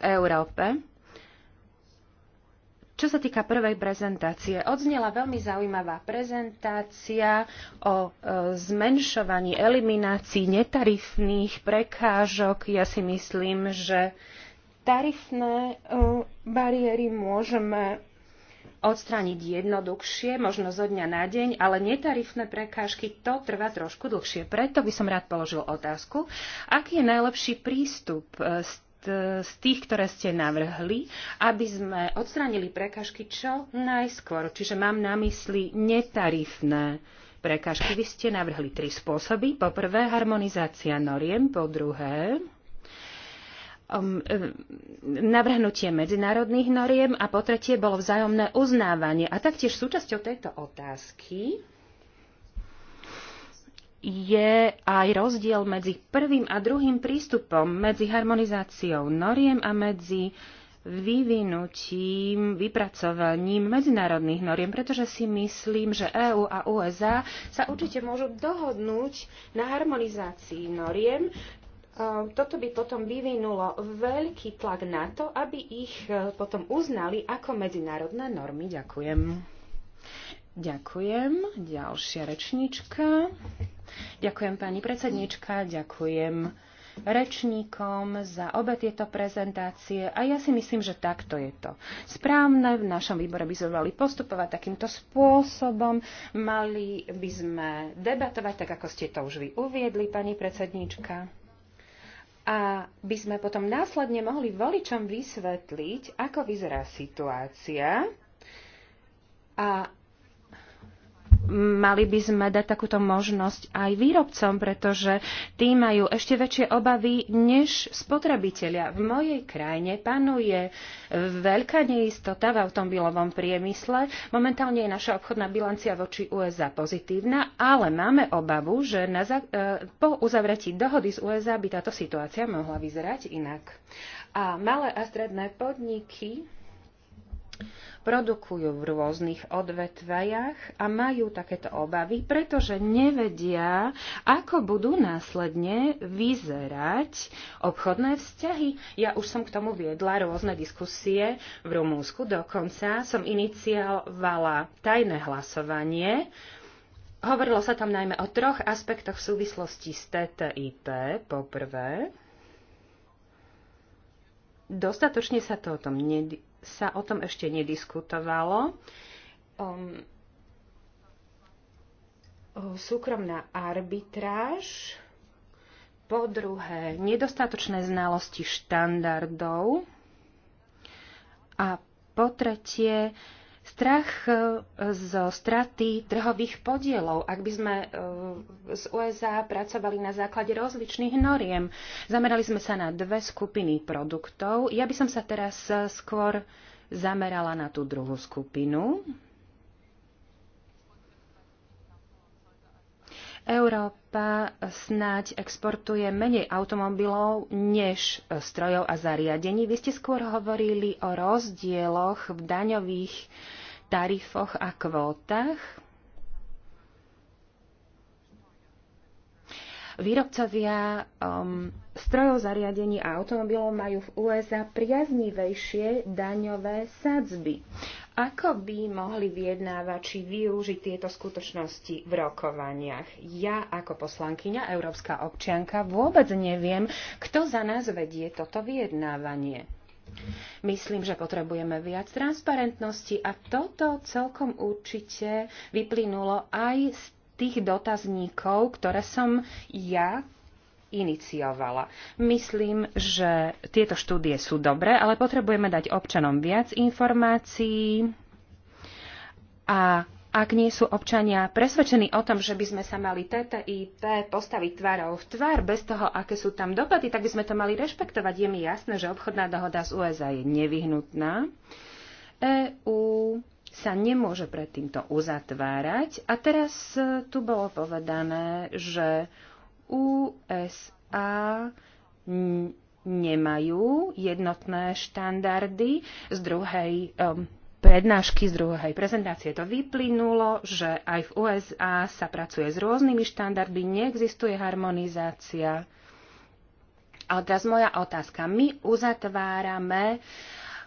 v Európe. Čo sa týka prvej prezentácie, odznela veľmi zaujímavá prezentácia o e, zmenšovaní, eliminácii netarifných prekážok. Ja si myslím, že tarifné e, bariéry môžeme odstrániť jednoduchšie, možno zo dňa na deň, ale netarifné prekážky to trvá trošku dlhšie. Preto by som rád položil otázku, aký je najlepší prístup e, z tých, ktoré ste navrhli, aby sme odstránili prekažky čo najskôr. Čiže mám na mysli netarifné prekažky. Vy ste navrhli tri spôsoby. Po prvé harmonizácia noriem, po druhé Um, e, navrhnutie medzinárodných noriem a po tretie bolo vzájomné uznávanie. A taktiež súčasťou tejto otázky je aj rozdiel medzi prvým a druhým prístupom, medzi harmonizáciou noriem a medzi vyvinutím, vypracovaním medzinárodných noriem, pretože si myslím, že EÚ a USA sa určite môžu dohodnúť na harmonizácii noriem, Ehm, toto by potom vyvinulo veľký tlak na to, aby ich e, potom uznali ako medzinárodné normy. Ďakujem. Ďakujem. Ďalšia rečnička. Ďakujem pani predsednička, ďakujem rečníkom za obe tieto prezentácie a ja si myslím, že takto je to. Správne, v našom výbore by sme mali postupovať takýmto spôsobom, mali by sme debatovať, tak ako ste to už vy uviedli, pani predsednička a by sme potom následne mohli voličom vysvetliť, ako vyzerá situácia a mali by sme dať takúto možnosť aj výrobcom, pretože tí majú ešte väčšie obavy než spotrebitelia. V mojej krajine panuje veľká neistota v automobilovom priemysle. Momentálne je naša obchodná bilancia voči USA pozitívna, ale máme obavu, že na, e, po uzavretí dohody z USA by táto situácia mohla vyzerať inak. A malé a stredné podniky produkujú v rôznych odvetvajach a majú takéto obavy, pretože nevedia, ako budú následne vyzerať obchodné vzťahy. Ja už som k tomu viedla rôzne diskusie v Rumúnsku, dokonca som iniciovala tajné hlasovanie, Hovorilo sa tam najmä o troch aspektoch v súvislosti s TTIP. Poprvé, dostatočne sa to o tom sa o tom ešte nediskutovalo. Um, súkromná arbitráž, po druhé nedostatočné znalosti štandardov a po tretie Strach e, zo straty trhových podielov, ak by sme e, z USA pracovali na základe rozličných noriem. Zamerali sme sa na dve skupiny produktov. Ja by som sa teraz e, skôr zamerala na tú druhú skupinu. Európa snáď exportuje menej automobilov než strojov a zariadení. Vy ste skôr hovorili o rozdieloch v daňových tarifoch a kvótach. Výrobcovia um, strojov, zariadení a automobilov majú v USA priaznivejšie daňové sadzby. Ako by mohli vyjednávači využiť tieto skutočnosti v rokovaniach? Ja ako poslankyňa, európska občianka, vôbec neviem, kto za nás vedie toto vyjednávanie. Myslím, že potrebujeme viac transparentnosti a toto celkom určite vyplynulo aj z tých dotazníkov, ktoré som ja iniciovala. Myslím, že tieto štúdie sú dobré, ale potrebujeme dať občanom viac informácií a ak nie sú občania presvedčení o tom, že by sme sa mali TTIP postaviť tvárou v tvár, bez toho, aké sú tam dopady, tak by sme to mali rešpektovať. Je mi jasné, že obchodná dohoda z USA je nevyhnutná. EÚ sa nemôže pred týmto uzatvárať. A teraz e, tu bolo povedané, že USA nemajú jednotné štandardy, z druhej um, prednášky, z druhej prezentácie to vyplynulo, že aj v USA sa pracuje s rôznymi štandardmi, neexistuje harmonizácia. A teraz moja otázka. My uzatvárame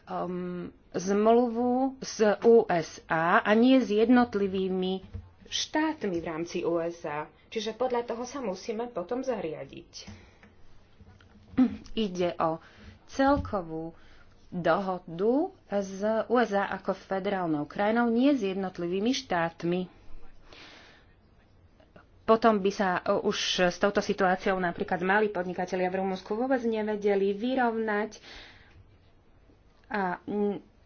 um, zmluvu z USA a nie s jednotlivými štátmi v rámci USA. Čiže podľa toho sa musíme potom zariadiť. Hm, ide o celkovú dohodu z USA ako federálnou krajinou, nie s jednotlivými štátmi. Potom by sa e, už s touto situáciou napríklad mali podnikatelia v Rumunsku vôbec nevedeli vyrovnať. A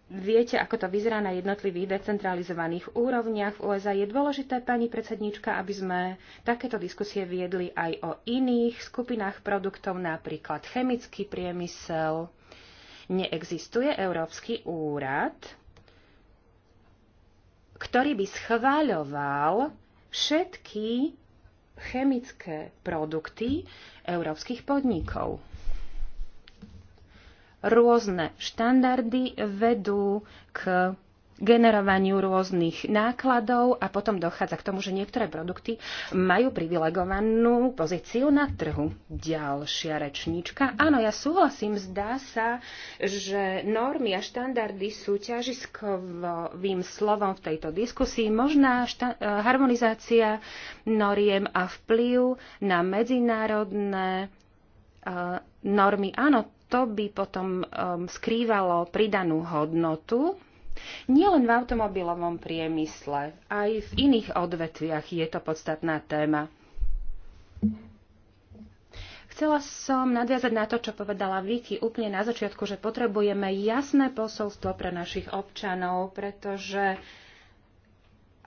viete, ako to vyzerá na jednotlivých decentralizovaných úrovniach v USA. Je dôležité, pani predsednička, aby sme takéto diskusie viedli aj o iných skupinách produktov, napríklad chemický priemysel, neexistuje Európsky úrad, ktorý by schváľoval všetky chemické produkty európskych podnikov. Rôzne štandardy vedú k generovaniu rôznych nákladov a potom dochádza k tomu, že niektoré produkty majú privilegovanú pozíciu na trhu. Ďalšia rečníčka. Áno, ja súhlasím, zdá sa, že normy a štandardy sú ťažiskovým slovom v tejto diskusii. Možná eh, harmonizácia noriem a vplyv na medzinárodné eh, normy. Áno, to by potom um, skrývalo pridanú hodnotu Nielen v automobilovom priemysle, aj v iných odvetviach je to podstatná téma. Chcela som nadviazať na to, čo povedala Vicky úplne na začiatku, že potrebujeme jasné posolstvo pre našich občanov, pretože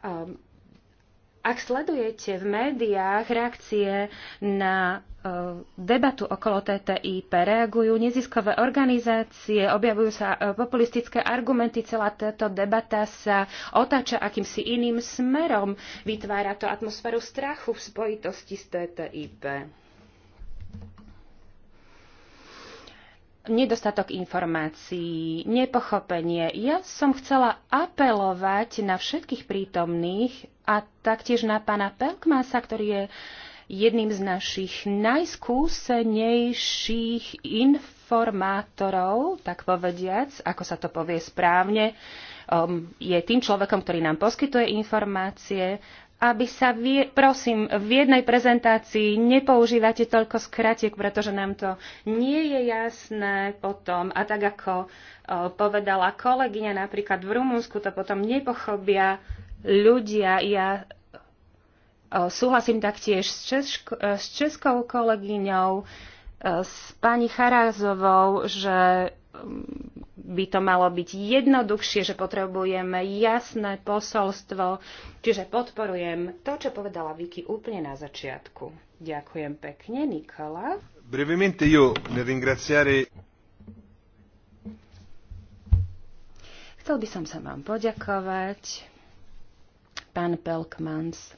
um, ak sledujete v médiách reakcie na E, debatu okolo TTIP reagujú neziskové organizácie, objavujú sa e, populistické argumenty, celá táto debata sa otáča akýmsi iným smerom, vytvára to atmosféru strachu v spojitosti s TTIP. nedostatok informácií, nepochopenie. Ja som chcela apelovať na všetkých prítomných a taktiež na pána Pelkmasa, ktorý je uh, jedným z našich najskúsenejších informátorov, tak povediac, ako sa to povie správne, um, je tým človekom, ktorý nám poskytuje informácie, aby sa, vie, prosím, v jednej prezentácii nepoužívate toľko skratiek, pretože nám to nie je jasné potom. A tak ako o, uh, povedala kolegyňa napríklad v Rumunsku, to potom nepochopia ľudia. Ja Súhlasím taktiež s, Česk- s českou kolegyňou, s pani Charázovou, že mm, by to malo byť jednoduchšie, že potrebujeme jasné posolstvo. Čiže podporujem to, čo povedala Vicky úplne na začiatku. Ďakujem pekne, Nikola. Brevemente io ne ringraziare Chcel by som sa vám poďakovať, pán Pelkmans,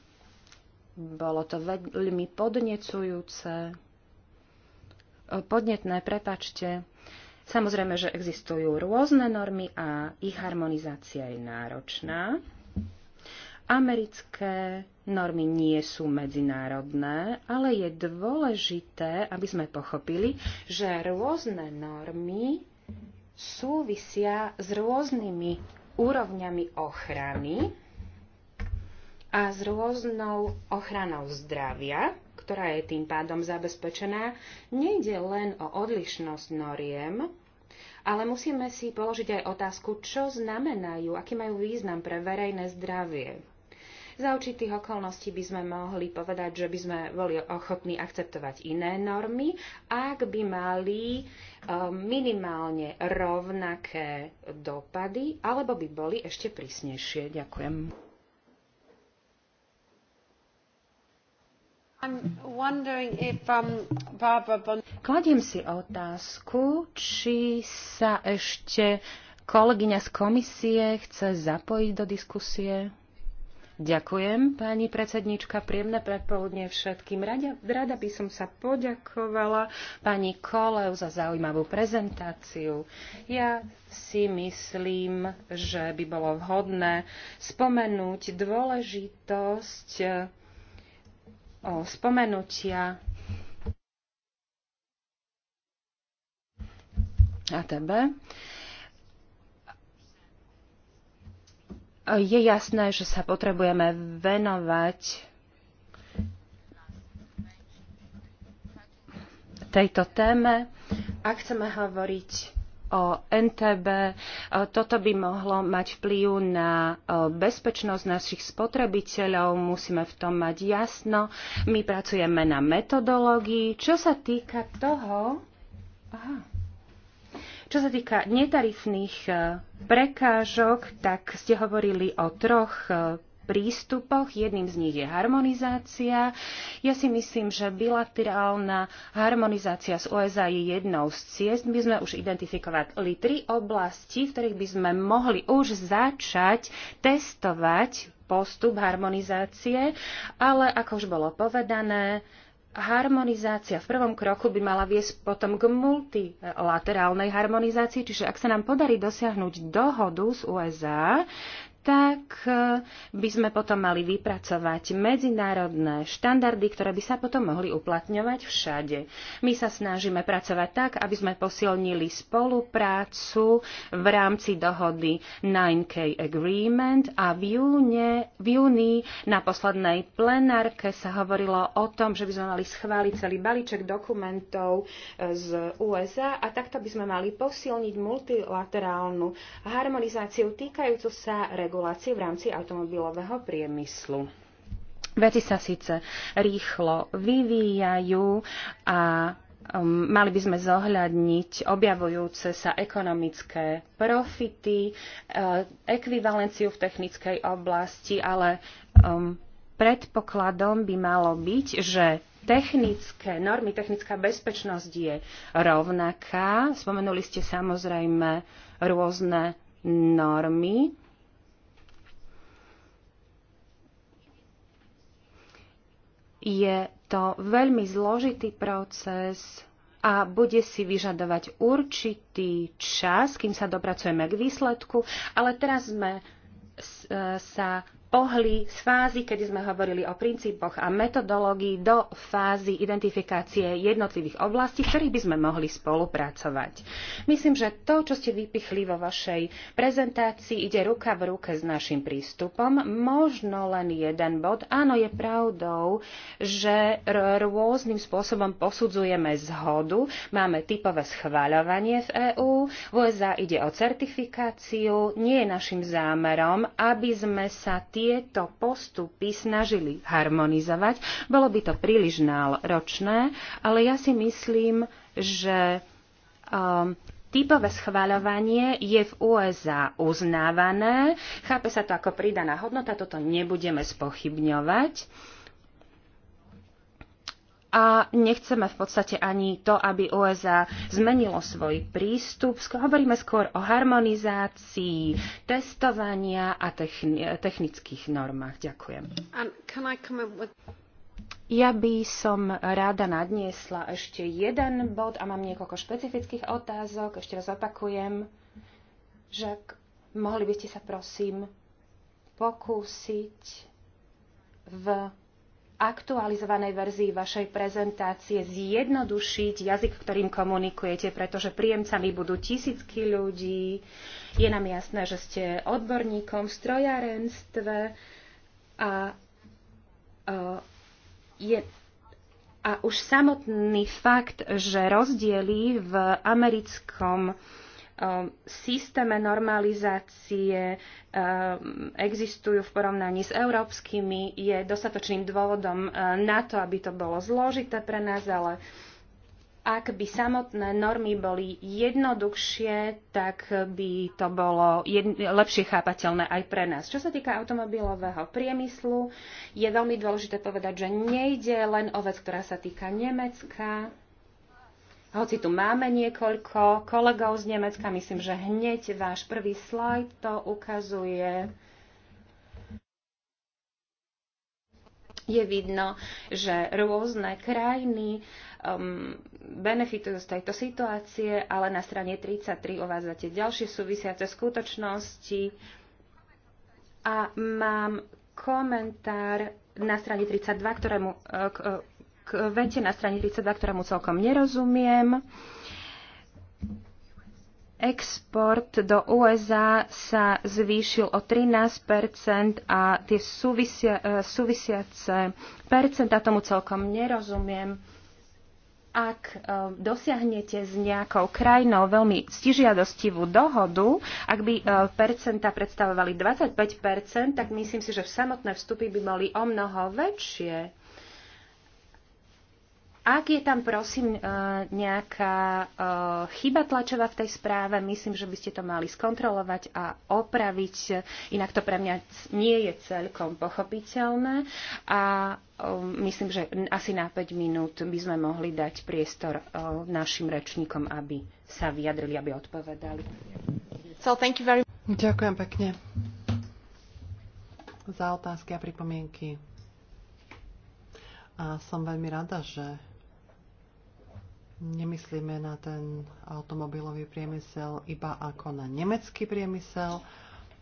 bolo to veľmi podnecujúce, podnetné, prepačte. Samozrejme, že existujú rôzne normy a ich harmonizácia je náročná. Americké normy nie sú medzinárodné, ale je dôležité, aby sme pochopili, že rôzne normy súvisia s rôznymi úrovňami ochrany a s rôznou ochranou zdravia, ktorá je tým pádom zabezpečená, nejde len o odlišnosť noriem, ale musíme si položiť aj otázku, čo znamenajú, aký majú význam pre verejné zdravie. Za určitých okolností by sme mohli povedať, že by sme boli ochotní akceptovať iné normy, ak by mali e, minimálne rovnaké dopady, alebo by boli ešte prísnejšie. Ďakujem. Um, Kladiem si otázku, či sa ešte kolegyňa z komisie chce zapojiť do diskusie. Ďakujem, pani predsednička. Príjemné predpoludne všetkým. Rada, rada by som sa poďakovala pani Kolev za zaujímavú prezentáciu. Ja si myslím, že by bolo vhodné spomenúť dôležitosť o spomenutia a tebe. Je jasné, že sa potrebujeme venovať tejto téme, ak chceme hovoriť o NTB. E, toto by mohlo mať vplyv na e, bezpečnosť našich spotrebiteľov. Musíme v tom mať jasno. My pracujeme na metodológii. Čo sa týka toho... Aha. Čo sa týka netarifných e, prekážok, tak ste hovorili o troch prístupoch. Jedným z nich je harmonizácia. Ja si myslím, že bilaterálna harmonizácia z USA je jednou z ciest. My sme už identifikovali tri oblasti, v ktorých by sme mohli už začať testovať postup harmonizácie, ale ako už bolo povedané, harmonizácia v prvom kroku by mala viesť potom k multilaterálnej harmonizácii, čiže ak sa nám podarí dosiahnuť dohodu z USA, tak eh, by sme potom mali vypracovať medzinárodné štandardy, ktoré by sa potom mohli uplatňovať všade. My sa snažíme pracovať tak, aby sme posilnili spoluprácu v rámci dohody 9K Agreement a v, júne, v júni na poslednej plenárke sa hovorilo o tom, že by sme mali schváliť celý balíček dokumentov eh, z USA a takto by sme mali posilniť multilaterálnu harmonizáciu týkajúcu sa regulácie regulácie v rámci automobilového priemyslu. Veci sa síce rýchlo vyvíjajú a um, mali by sme zohľadniť objavujúce sa ekonomické profity, uh, ekvivalenciu v technickej oblasti, ale um, predpokladom by malo byť, že technické normy, technická bezpečnosť je rovnaká. Spomenuli ste samozrejme rôzne normy Je to veľmi zložitý proces a bude si vyžadovať určitý čas, kým sa dopracujeme k výsledku, ale teraz sme e, sa pohli z fázy, kedy sme hovorili o princípoch a metodológii, do fázy identifikácie jednotlivých oblastí, v ktorých by sme mohli spolupracovať. Myslím, že to, čo ste vypichli vo vašej prezentácii, ide ruka v ruke s našim prístupom. Možno len jeden bod. Áno, je pravdou, že rôznym spôsobom posudzujeme zhodu. Máme typové schváľovanie v EÚ. V USA ide o certifikáciu. Nie je našim zámerom, aby sme sa tým tieto postupy snažili harmonizovať. Bolo by to príliš náročné, ale ja si myslím, že um, Typové schváľovanie je v USA uznávané, chápe sa to ako pridaná hodnota, toto nebudeme spochybňovať a nechceme v podstate ani to, aby USA zmenilo svoj prístup. Hovoríme skôr o harmonizácii testovania a technických normách. Ďakujem. Ja by som ráda nadniesla ešte jeden bod a mám niekoľko špecifických otázok. Ešte raz opakujem, že mohli by ste sa prosím pokúsiť v aktualizovanej verzii vašej prezentácie zjednodušiť jazyk, ktorým komunikujete, pretože príjemcami budú tisícky ľudí. Je nám jasné, že ste odborníkom v strojárenstve a, e, je, a už samotný fakt, že rozdiely v americkom Um, systéme normalizácie um, existujú v porovnaní s európskymi, je dostatočným dôvodom uh, na to, aby to bolo zložité pre nás, ale ak by samotné normy boli jednoduchšie, tak by to bolo lepšie chápateľné aj pre nás. Čo sa týka automobilového priemyslu, je veľmi dôležité povedať, že nejde len o vec, ktorá sa týka Nemecka, hoci tu máme niekoľko kolegov z Nemecka, myslím, že hneď váš prvý slajd to ukazuje. Je vidno, že rôzne krajiny um, benefitujú z tejto situácie, ale na strane 33 uvádzate ďalšie súvisiace skutočnosti a mám komentár na strane 32, ktorému, k, k vete na strane 32, ktorému celkom nerozumiem. Export do USA sa zvýšil o 13 a tie súvisia, e, súvisiace percenta tomu celkom nerozumiem. Ak e, dosiahnete s nejakou krajinou veľmi stižiadostivú dohodu, ak by e, percenta predstavovali 25 tak myslím si, že samotné vstupy by boli o mnoho väčšie ak je tam, prosím, e, nejaká e, chyba tlačová v tej správe, myslím, že by ste to mali skontrolovať a opraviť. Inak to pre mňa nie je celkom pochopiteľné. A e, myslím, že asi na 5 minút by sme mohli dať priestor našim rečníkom, aby sa vyjadrili, aby odpovedali. So, thank you very... Ďakujem pekne za otázky a pripomienky. A som veľmi rada, že Nemyslíme na ten automobilový priemysel iba ako na nemecký priemysel.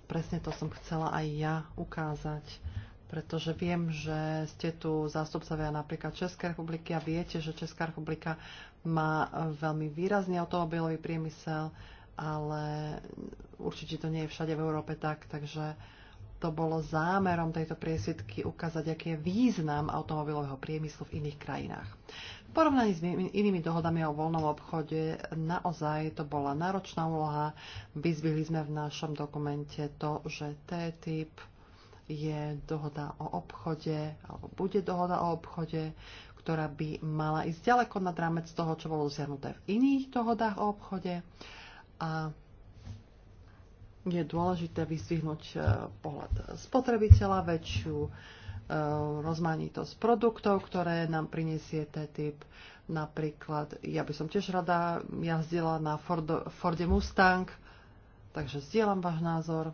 Presne to som chcela aj ja ukázať, pretože viem, že ste tu zástupcovia napríklad Českej republiky a viete, že Česká republika má veľmi výrazný automobilový priemysel, ale určite to nie je všade v Európe tak, takže to bolo zámerom tejto priesvitky ukázať, aký je význam automobilového priemyslu v iných krajinách. V porovnaní s inými dohodami o voľnom obchode naozaj to bola náročná úloha. Vyzvihli sme v našom dokumente to, že TTIP je dohoda o obchode, alebo bude dohoda o obchode, ktorá by mala ísť ďaleko nad rámec toho, čo bolo dosiahnuté v iných dohodách o obchode. A je dôležité vyzvihnúť eh, pohľad spotrebiteľa, väčšiu Eh, rozmanitosť produktov, ktoré nám prinesie TTIP. Napríklad, ja by som tiež rada jazdila na Ford, Forde Mustang, takže zdieľam váš názor.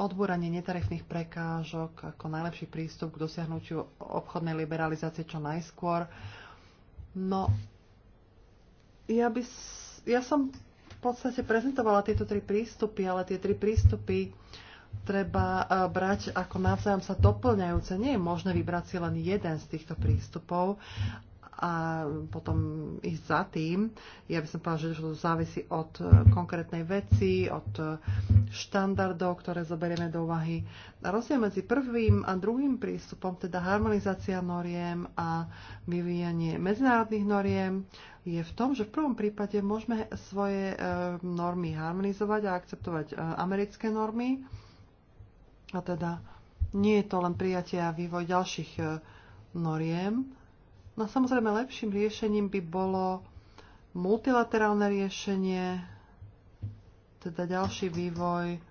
Odbúranie netarifných prekážok ako najlepší prístup k dosiahnutiu obchodnej liberalizácie čo najskôr. No, ja, by, ja som v podstate prezentovala tieto tri prístupy, ale tie tri prístupy uh, treba e, brať ako navzájom sa doplňajúce. Nie je možné vybrať si len jeden z týchto prístupov a potom ísť za tým. Ja by som povedala, že to závisí od e, konkrétnej veci, od e, štandardov, ktoré zoberieme do úvahy. rozdiel medzi prvým a druhým prístupom, teda harmonizácia noriem a vyvíjanie medzinárodných noriem, je v tom, že v prvom prípade môžeme svoje normy harmonizovať a akceptovať americké normy, a teda nie je to len prijatie a vývoj ďalších e, noriem. No samozrejme lepším riešením by bolo multilaterálne riešenie, teda ďalší vývoj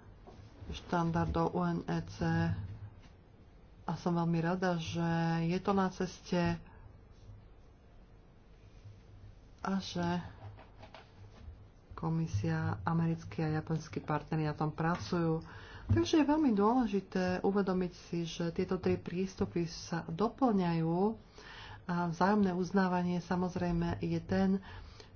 štandardov UNEC. A som veľmi rada, že je to na ceste a že komisia, americkí a japonskí partneri na tom pracujú. Takže je veľmi dôležité uvedomiť si, že tieto tri prístupy sa doplňajú a vzájomné uznávanie samozrejme je ten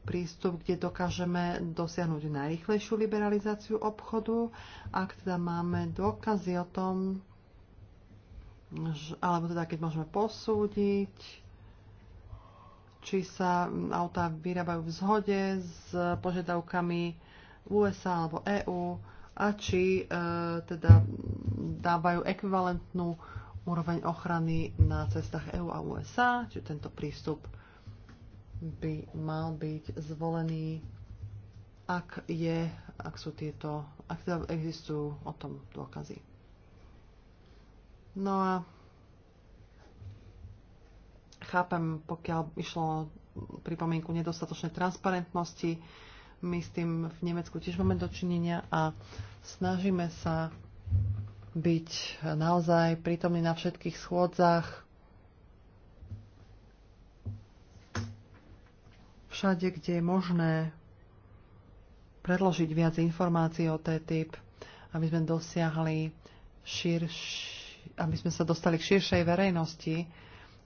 prístup, kde dokážeme dosiahnuť najrychlejšiu liberalizáciu obchodu, ak teda máme dôkazy o tom, alebo teda keď môžeme posúdiť, či sa autá vyrábajú v zhode s požiadavkami USA alebo EÚ a či e, teda dávajú ekvivalentnú úroveň ochrany na cestách EÚ a USA, či tento prístup by mal byť zvolený, ak je, ak sú tieto, ak teda existujú o tom dôkazy. No a chápem, pokiaľ išlo pripomienku nedostatočnej transparentnosti, my s tým v Nemecku tiež máme dočinenia a Snažíme sa byť naozaj prítomní na všetkých schôdzach, všade, kde je možné predložiť viac informácií o TTIP, aby sme dosiahli širš... aby sme sa dostali k širšej verejnosti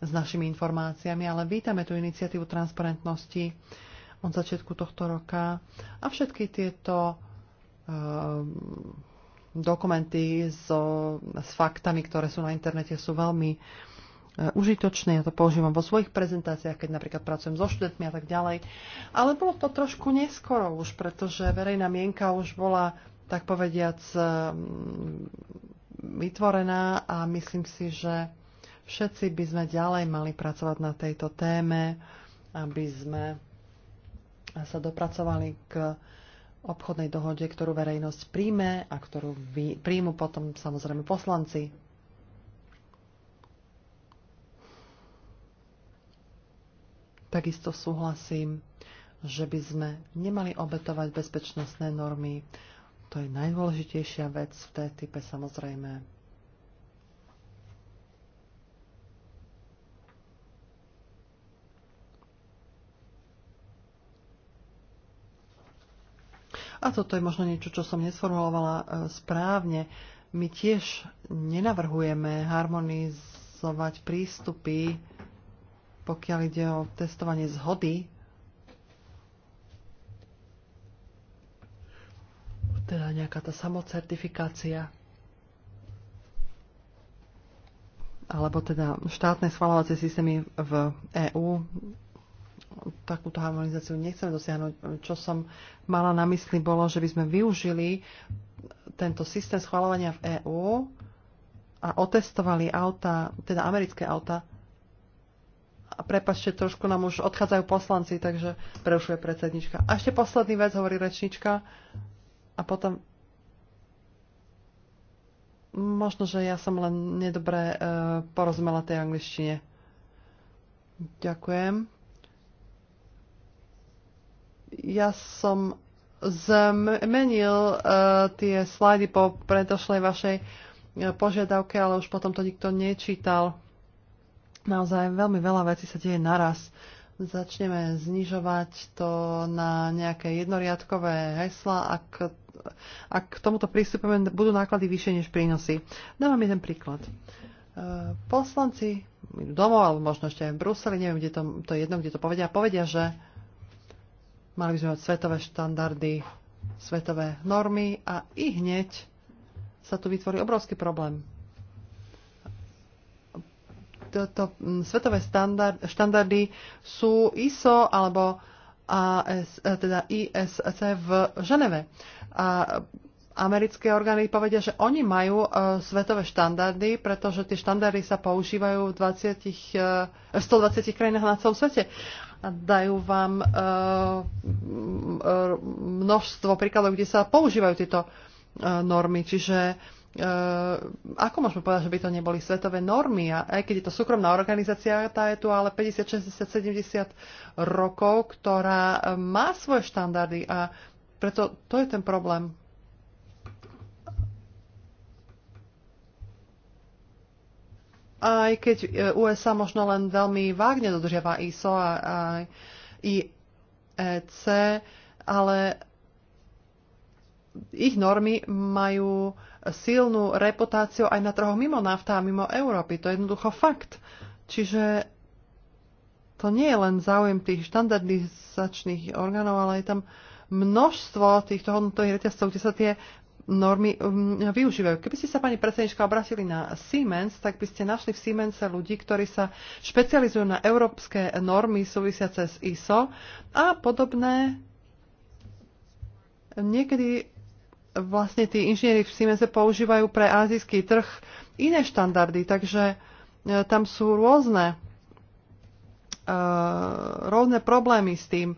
s našimi informáciami, ale vítame tú iniciatívu transparentnosti od začiatku tohto roka a všetky tieto Ehm, dokumenty so, s faktami, ktoré sú na internete, sú veľmi e, užitočné. Ja to používam vo svojich prezentáciách, keď napríklad pracujem so študentmi a tak ďalej. Ale bolo to trošku neskoro už, pretože verejná mienka už bola, tak povediac, ehm, vytvorená a myslím si, že všetci by sme ďalej mali pracovať na tejto téme, aby sme sa dopracovali k obchodnej dohode, ktorú verejnosť príjme a ktorú príjmu potom samozrejme poslanci. Takisto súhlasím, že by sme nemali obetovať bezpečnostné normy. To je najdôležitejšia vec v TTIP samozrejme. A toto je možno niečo, čo som nesformulovala e, správne. My tiež nenavrhujeme harmonizovať prístupy, pokiaľ ide o testovanie zhody. Teda nejaká tá samocertifikácia. alebo teda štátne schvalovacie systémy v EÚ takúto harmonizáciu nechceme dosiahnuť. Čo som mala na mysli bolo, že by sme využili tento systém schvalovania v EÚ a otestovali auta, teda americké auta. A prepačte, trošku nám už odchádzajú poslanci, takže prerušuje predsednička. A ešte posledný vec, hovorí rečnička. A potom možno, že ja som len nedobre e, porozumela tej angličtine. Ďakujem ja som zmenil uh, tie slajdy po predošlej vašej e, požiadavke, ale už potom to nikto nečítal. Naozaj veľmi veľa vecí sa deje naraz. Začneme znižovať to na nejaké jednoriadkové hesla, ak, ak k tomuto prístupujeme, budú náklady vyššie než prínosy. Dávam jeden príklad. E, poslanci domov, alebo možno ešte aj v Bruseli, neviem, kde to, to je jedno, kde to povedia, povedia, že Mali by sme mať svetové štandardy, svetové normy a i hneď sa tu vytvorí obrovský problém. Toto mm, svetové štandard, štandardy sú ISO alebo AS, e, teda ISC v Ženeve. A americké orgány povedia, že oni majú uh, svetové štandardy, pretože tie štandardy sa používajú v 20, uh, 120 krajinách na celom svete dajú vám eh, eh, množstvo príkladov, kde sa používajú tieto eh, normy. Čiže ako môžeme povedať, že by to neboli svetové normy? A aj keď je to súkromná organizácia, tá je tu ale 50, 60, 70 rokov, ktorá má svoje štandardy a preto to je ten problém. aj keď e, USA možno len veľmi vágne dodržiava ISO a, a IEC, ale ich normy majú silnú reputáciu aj na trhoch mimo nafta a mimo Európy. To je jednoducho fakt. Čiže to nie je len záujem tých štandardizačných orgánov, ale je tam množstvo týchto hodnotových reťazcov, kde sa tie normy um, využívajú. Keby ste sa, pani predsednička, obratili na Siemens, tak by ste našli v Siemense ľudí, ktorí sa špecializujú na európske normy súvisiace s ISO a podobné. Niekedy vlastne tí inžinieri v Siemense používajú pre azijský trh iné štandardy, takže e, tam sú rôzne, e, rôzne problémy s tým.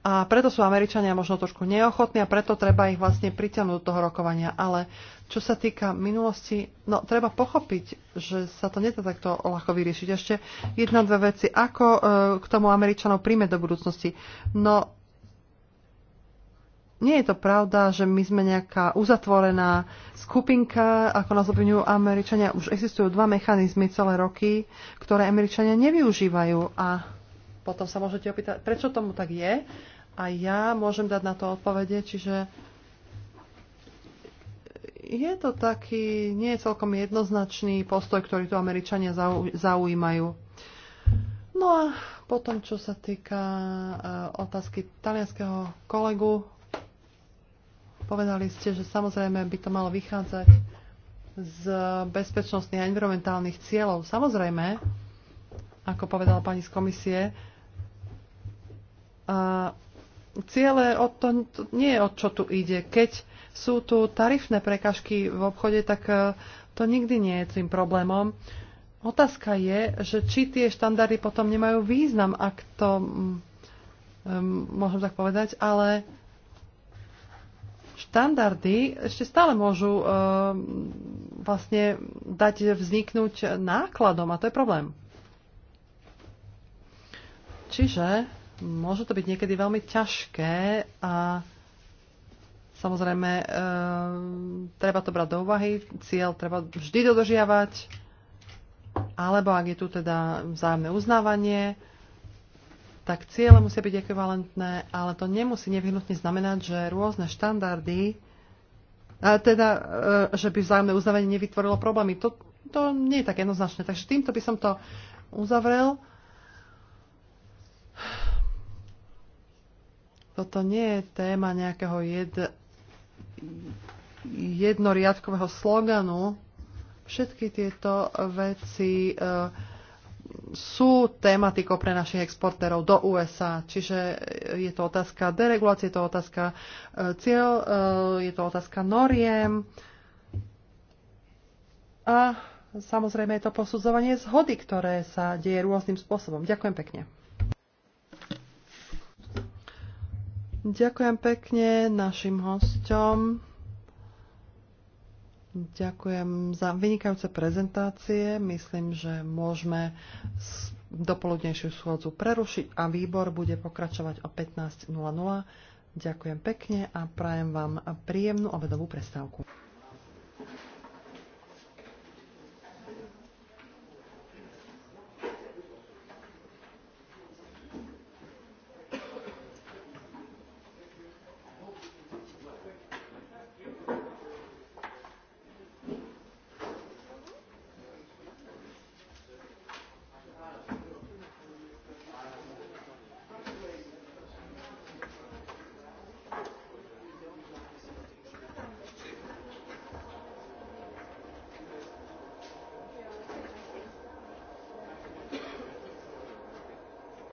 A preto sú Američania možno trošku neochotní a preto treba ich vlastne pritiahnuť do toho rokovania. Ale čo sa týka minulosti, no treba pochopiť, že sa to nedá takto ľahko vyriešiť. Ešte jedna, dve veci. Ako e, k tomu Američanov príjme do budúcnosti? No, nie je to pravda, že my sme nejaká uzatvorená skupinka, ako nás obvinujú Američania. Už existujú dva mechanizmy celé roky, ktoré Američania nevyužívajú a potom sa môžete opýtať, prečo tomu tak je. A ja môžem dať na to odpovede, čiže je to taký nie je celkom jednoznačný postoj, ktorý tu Američania zaujímajú. No a potom, čo sa týka eh, otázky talianského kolegu, povedali ste, že samozrejme by to malo vychádzať z bezpečnostných a environmentálnych cieľov. Samozrejme, ako povedala pani z komisie, a ciele, o to, to nie je o čo tu ide. Keď sú tu tarifné prekažky v obchode, tak e, to nikdy nie je tým problémom. Otázka je, že či tie štandardy potom nemajú význam, ak to um, môžem tak povedať, ale štandardy ešte stále môžu um, vlastne dať vzniknúť nákladom a to je problém. Čiže môže to byť niekedy veľmi ťažké a samozrejme e, treba to brať do úvahy, cieľ treba vždy dodržiavať, alebo ak je tu teda vzájomné uznávanie, tak cieľe musia byť ekvivalentné, ale to nemusí nevyhnutne znamenať, že rôzne štandardy, a eh, teda, e, že by vzájomné uznávanie nevytvorilo problémy. To, to nie je tak jednoznačné. Takže týmto by som to uzavrel. Toto nie je téma nejakého jed... jednoriadkového sloganu. Všetky tieto veci e, sú tematikou pre našich exportérov do USA. Čiže je to otázka deregulácie, je to otázka e, cieľ, e, je to otázka noriem. A samozrejme je to posudzovanie zhody, ktoré sa deje rôznym spôsobom. Ďakujem pekne. Ďakujem pekne našim hostom. Ďakujem za vynikajúce prezentácie. Myslím, že môžeme dopoludnejšiu schôdzu prerušiť a výbor bude pokračovať o 15.00. Ďakujem pekne a prajem vám príjemnú obedovú prestávku.